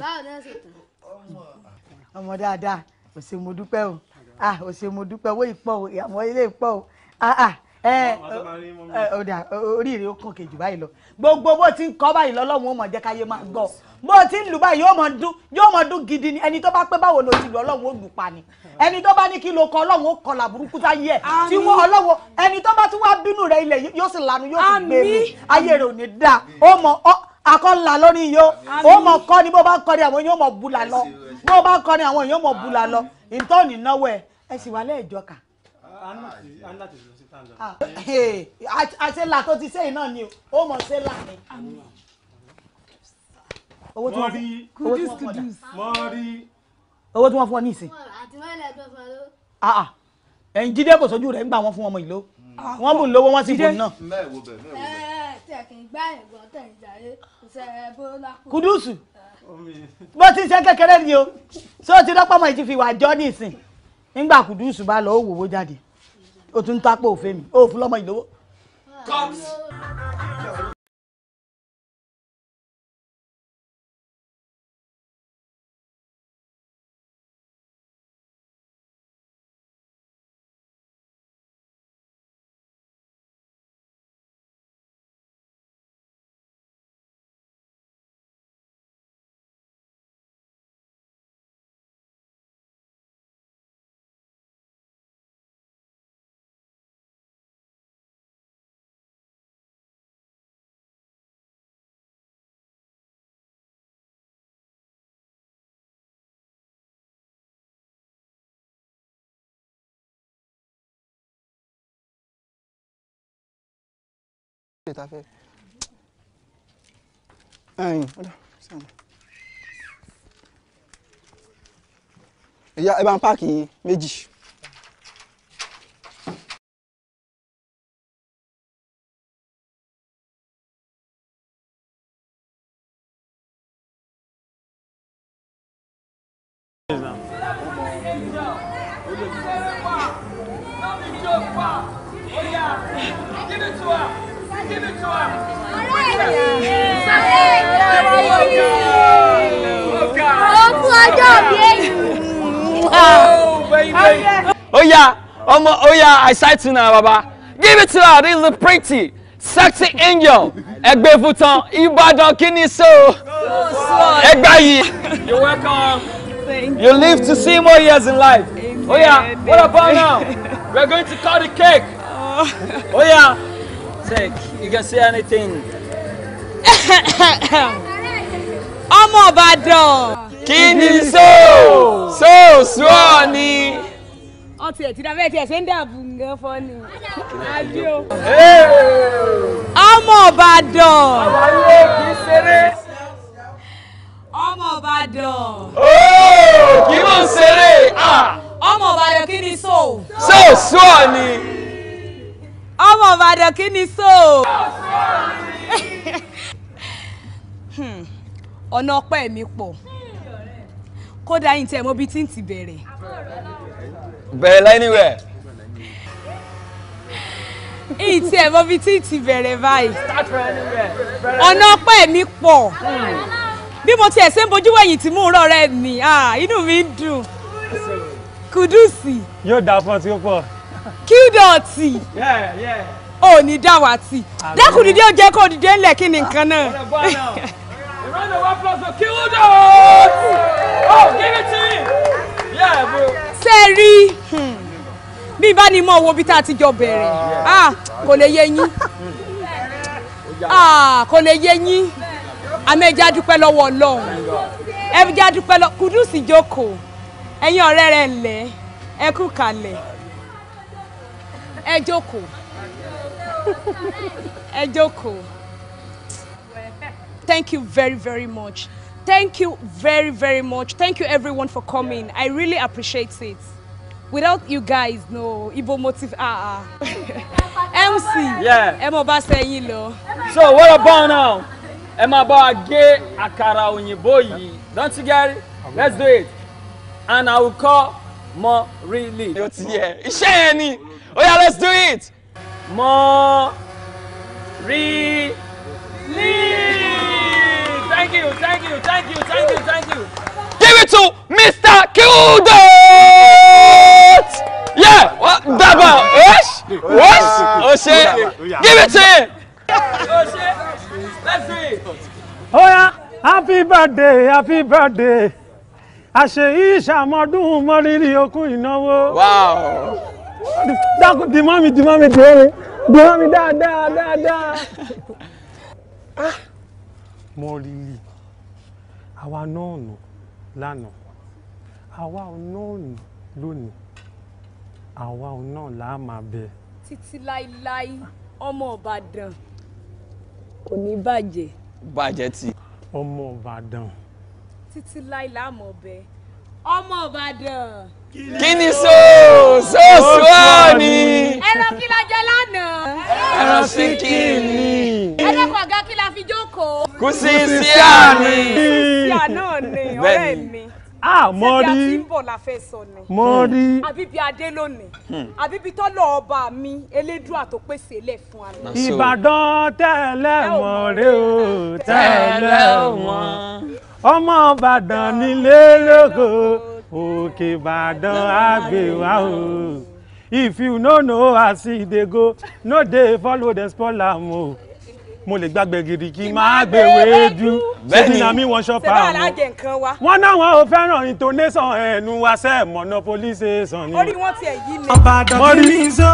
ọmọ dáadáa ó ṣé mo dúpẹ́ o ó ṣé mo dúpẹ́ owó ìpọ̀ o ìyàmọ́ ilé ìpọ̀ o oríire ó kàn kejì báyìí lọ gbogbo bó ti ń kọ́ báyìí lọ́lọ́run ó mọ̀ jẹ́ káyé máa gbọ́ bó o ti ń lù báyìí yóò mọ dún yóò mọ dún gidi ni ẹni tó bá pé báwo ló ti lù ọlọ́run ó lù pa ni ẹni tó bá ní kí ló kọ ọlọ́run ó kọlà burúkú táyé ẹ̀ tí wọ́n ọlọ́run ẹni tó bá tún wá bínú rẹ̀ ilẹ̀ yóò sì lanu yóò sì gbé mi ayé rẹ̀ ò ní dáa ó mọ akọ́là lórí yìí ó ó mọ kọ́ ni bó bá kọ́ ni àwọn èèyàn mọ̀ bula lọ bó bá kọ́ ni àwọn èèyàn mọ̀ bula lọ ìtọ́ni náwó ẹ̀ ẹ̀ sì wà lẹ́ẹ̀jọ kà àṣẹ là ti sẹ́yìn náà ni o ó mọ̀ ṣe là owó tí wọ́n fi owó tí wọ́n fún ọ̀dà owó tí wọ́n fún ọ ní ìsìn. ẹ̀yin ah, ah. jíde bò sójú rẹ̀ ń gbà wọ́n fún ọmọ ìlú ah, wọ́n bù lówó wọ́n sì bù náà. Kudusu bó ti ṣe kékeré ni o ṣé o ti rọ́pọ̀ ọmọ ìjì fi wà jọ́ ní ìsìn nígbà Kudusu bá lọ ó wòwó jáde o tún tápò òfé mi ó fún lọ́mọ ìlówó. cops. eléyìí tá a fẹ́ ẹ̀yìn ó dà sẹ́wọ̀n. ìyá ẹ bá ń páàkì méjì. I sight now, Baba. Give it to her. This is a pretty, sexy angel. Egbe Futan, Ìbàdàn kí ni so? Ẹgbà You're welcome. Thank you. You live to see more years in life. Amen. Oh yeah, what about now? *laughs* We are going to cut the cake. Oh, oh yeah. Take, you can say anything. I'm *coughs* Ìbàdàn. Kí ni so? So, so ọtí ẹ̀ tí da bẹ́ẹ̀ tí ẹ̀ ṣe ń dàbù nǹkan fọ́ ni àbíò. ọmọ Ìbàdàn. àwáyé kì í ṣeré. ọmọ Ìbàdàn. kì í mọ̀ ṣeré. ọmọ Ìbàdàn kí ni so. so so ni. ọmọ Ìbàdàn kí ni so. ọ̀nà ọpẹ́ mi pọ̀ kódà yìí tẹ̀ mọ́ bí tí ń ti bẹ̀rẹ̀ bẹ̀rẹ̀ láìníwẹ̀. èyí tí ẹ̀ mọ bíi tí ti bẹ̀rẹ̀ báyìí ọ̀nà ọpẹ́ mi pọ̀ hmm. bí mo tiẹ̀ ṣe ń bojú wẹ̀yìn tí mò ń rọ̀rẹ́ mi inú mi ń dùn kùdùsì. yóò dà fún ọ tí ó pọ̀. kíndọ̀tì ò ní dá wa tì dákùn dídé ó jẹ́ kó dídé ńlẹ̀ kí ni nǹkan náà. *laughs* Round of applause for Kildo! Oh, give it to him! ṣe rí bí bá ní mọ̀ wo bí tá a ti jọ bẹ̀rẹ̀ ah, kò lè yé yín ah, kò lè yé yín àmì ẹja dúpẹ́ lọ́wọ́ ọlọ́run ẹja dúpẹ́ lọ́wọ́ Kúdùsì jókòó ẹ̀yin ọ̀rẹ́ rẹ̀ lẹ̀ ẹ kú kalẹ̀ ẹ jókòó ẹ jókòó thank you very very much. Thank you very, very much. Thank you everyone for coming. I really appreciate it. Without you guys, no, Igbo motive, ah, uh ah. -uh. *laughs* MC, yeah. ẹ mọ̀ bá sẹ́yìn lọ. So what about now? Ẹ máa bá wa gé àkàrà òyìnbó yìí. Don't you get it? Let's do it. And I will call more really. Ó ti yẹ, iṣẹ́ yẹn ni. Oh yeah, let's do it. More really. Thank you, thank you, thank you, thank you, thank you. Give it to Mr. Kudo. Yeah, what? Daba, Osh? Oh, what? Oshe? Give it to him! Oshe, oh, let's see. it. Oh yeah, happy birthday, happy birthday. Àṣeyí ìṣàmọ́dún mọ́rírì okùn ìnáwó. Wow! Dákun dìmọ́ mi, dìmọ́ mi, dìmọ́ mi, dìmọ́ mi dáadáa dáadáa. Ah, mọ́rírì àwa náà nù lánàá àwa náà nù lónìí àwa náà là á máa bẹ. títí láéláé ọmọ ìbàdàn kò ní bàjẹ́. bàjẹ́ ti. ọmọ ìbàdàn. títí láéláé àmọ̀ bẹ ọmọ ìbàdàn kí ni so sóòsùwọ́ ni. ẹran kí la jẹ lánàá. ẹran sí kí ni. ẹlẹ́kọ̀ọ́ ọ̀gá kí la fi jókòó. kù sí sí àní. síà náà ni ọ̀rẹ́ mi. Ah, mo rí. Ṣé bí a ti ń bọ̀ la fẹ́ sọ ni? Mo rí. Àbíbi Adé lónìí. Hmm. Àbíbi tọ́lọ̀ ọba mi, Elédùà tó pèsè lẹ̀ fún wa. Ìbàdàn tẹ́lẹ̀ mọ̀ rẹ́ o, tẹ́lẹ̀ mọ̀. Ọmọ Ìbàdàn nílé lóko òkè ìbàdàn àgbèwà o if you no know as e dey go no dey follow the spoil am o mo lè gbàgbé gidi kí máa gbé wéédú ṣébi na mi wọn ṣọ́pà wọn. wọn ò fẹ́ràn intonation ẹnu wa sẹ́ mọ̀nà police station ni. orí wọn tiẹ̀ yí mi. ọba dọ̀tí mi ń sọ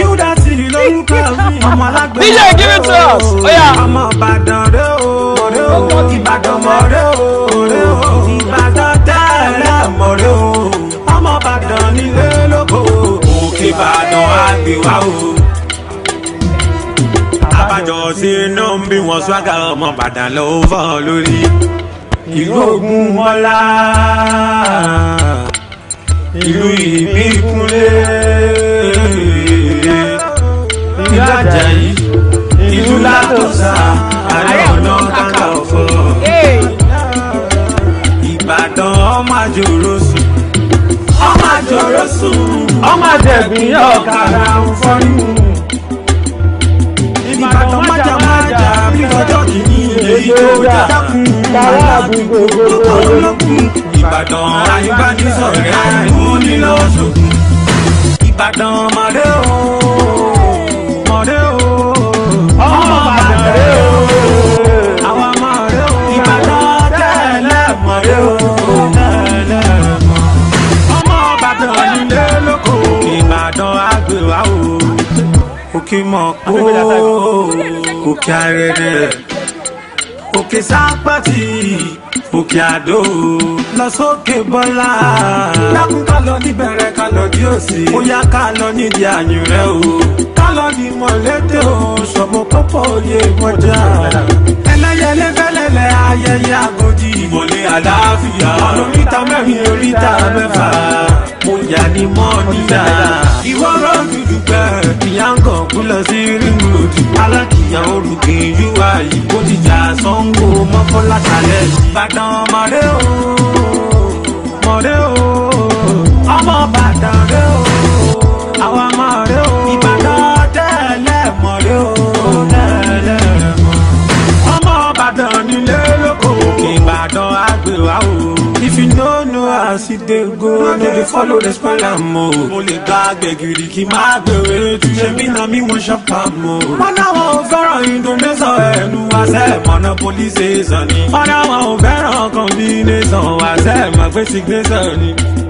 yúdà sí i lórúkọ mi *laughs* ọmọ alágbèrè. díje give it to us. ọmọ ìbàdàn rẹ o rẹ o ìbàdàn mọ o rẹ o ìbàdàn tẹ́lẹ̀ mọ o ọmọ ìbàdàn nílé lóko òkè abájọ sínú ń bí wọn swaga ọmọ Ìbàdàn ló fọ́ lórí ìlú ogun mọ́lá ìlú ìbíkúnlé ìlú Àjàyí ìlú Látòsà Ààrẹ Ọ̀nà Kakanfò Ìbàdàn ọmọ àjòrò sùn ọmọ àjòrò sùn ọmọ àjẹ̀gbìn ọ̀kadà ń fọ́nù. ìjọba tàwa àbúgbò gbogbo olókùn ìbàdàn àyùbánisọ̀rẹ́ àìmúnilọ́sọ̀gùn ìbàdàn mọ̀dé o mọ̀dé o ọmọ bàdàn rẹ o àwa mọ̀dé o ìbàdàn tẹ́lẹ̀ mọ̀dé o tẹ́lẹ̀ mọ̀ ọmọ bàdàn nílé lóko ìbàdàn àgbèwà o òkè mọ̀ pé o òkè arẹ́rẹ́ òkè sápàtì òkè àdó lọ sókè bọ́lá. lákùn ká lọ níbẹ̀rẹ̀ ká lọ dí òsì. ó yá ká lọ nídìí àyùn rẹ o. ká lọ ní mọ̀lẹ́tẹ̀ o ṣọ̀bọ̀ kọ́pọ̀ òye mọ́jà. ẹlẹ́yẹlé fẹ́lẹ́lẹ́ ayẹyẹ agodi. ìmọ̀lẹ̀ àlàáfíà. oríta mẹ́rin oríta mẹ́fà. mo yà ní mọ́níyà. ìwọ́rọ̀ dúdú pẹ́ ìyá ń kàn kú lọ sí rímù òdì èèyàn orúkè UI ó ti jà Ṣàngó mọ́kànlá ṣàlẹ̀ Ìbàdàn mọ̀rẹ́ o mọ̀rẹ́ o ọmọ Ìbàdàn rẹ o àwa mọ̀rẹ́ o Ìbàdàn tẹ́lẹ̀ mọ̀rẹ́ o tẹ́lẹ̀ mọ̀ ọmọ Ìbàdàn nílé lóko Ìbàdàn àgbè wa o. I see they go, no they follow the spoil am o. Mo lè gba gbẹ̀gìrì kí máa gbèrè tu ṣe mí náà mi wọ́n ṣàpam o. Wọ́n náwọn ò fẹ́ràn indonation ẹnu wa sẹ́ police season ni. Wọ́n náwọn ò fẹ́ràn combination wa sẹ́ màgbé signation ni.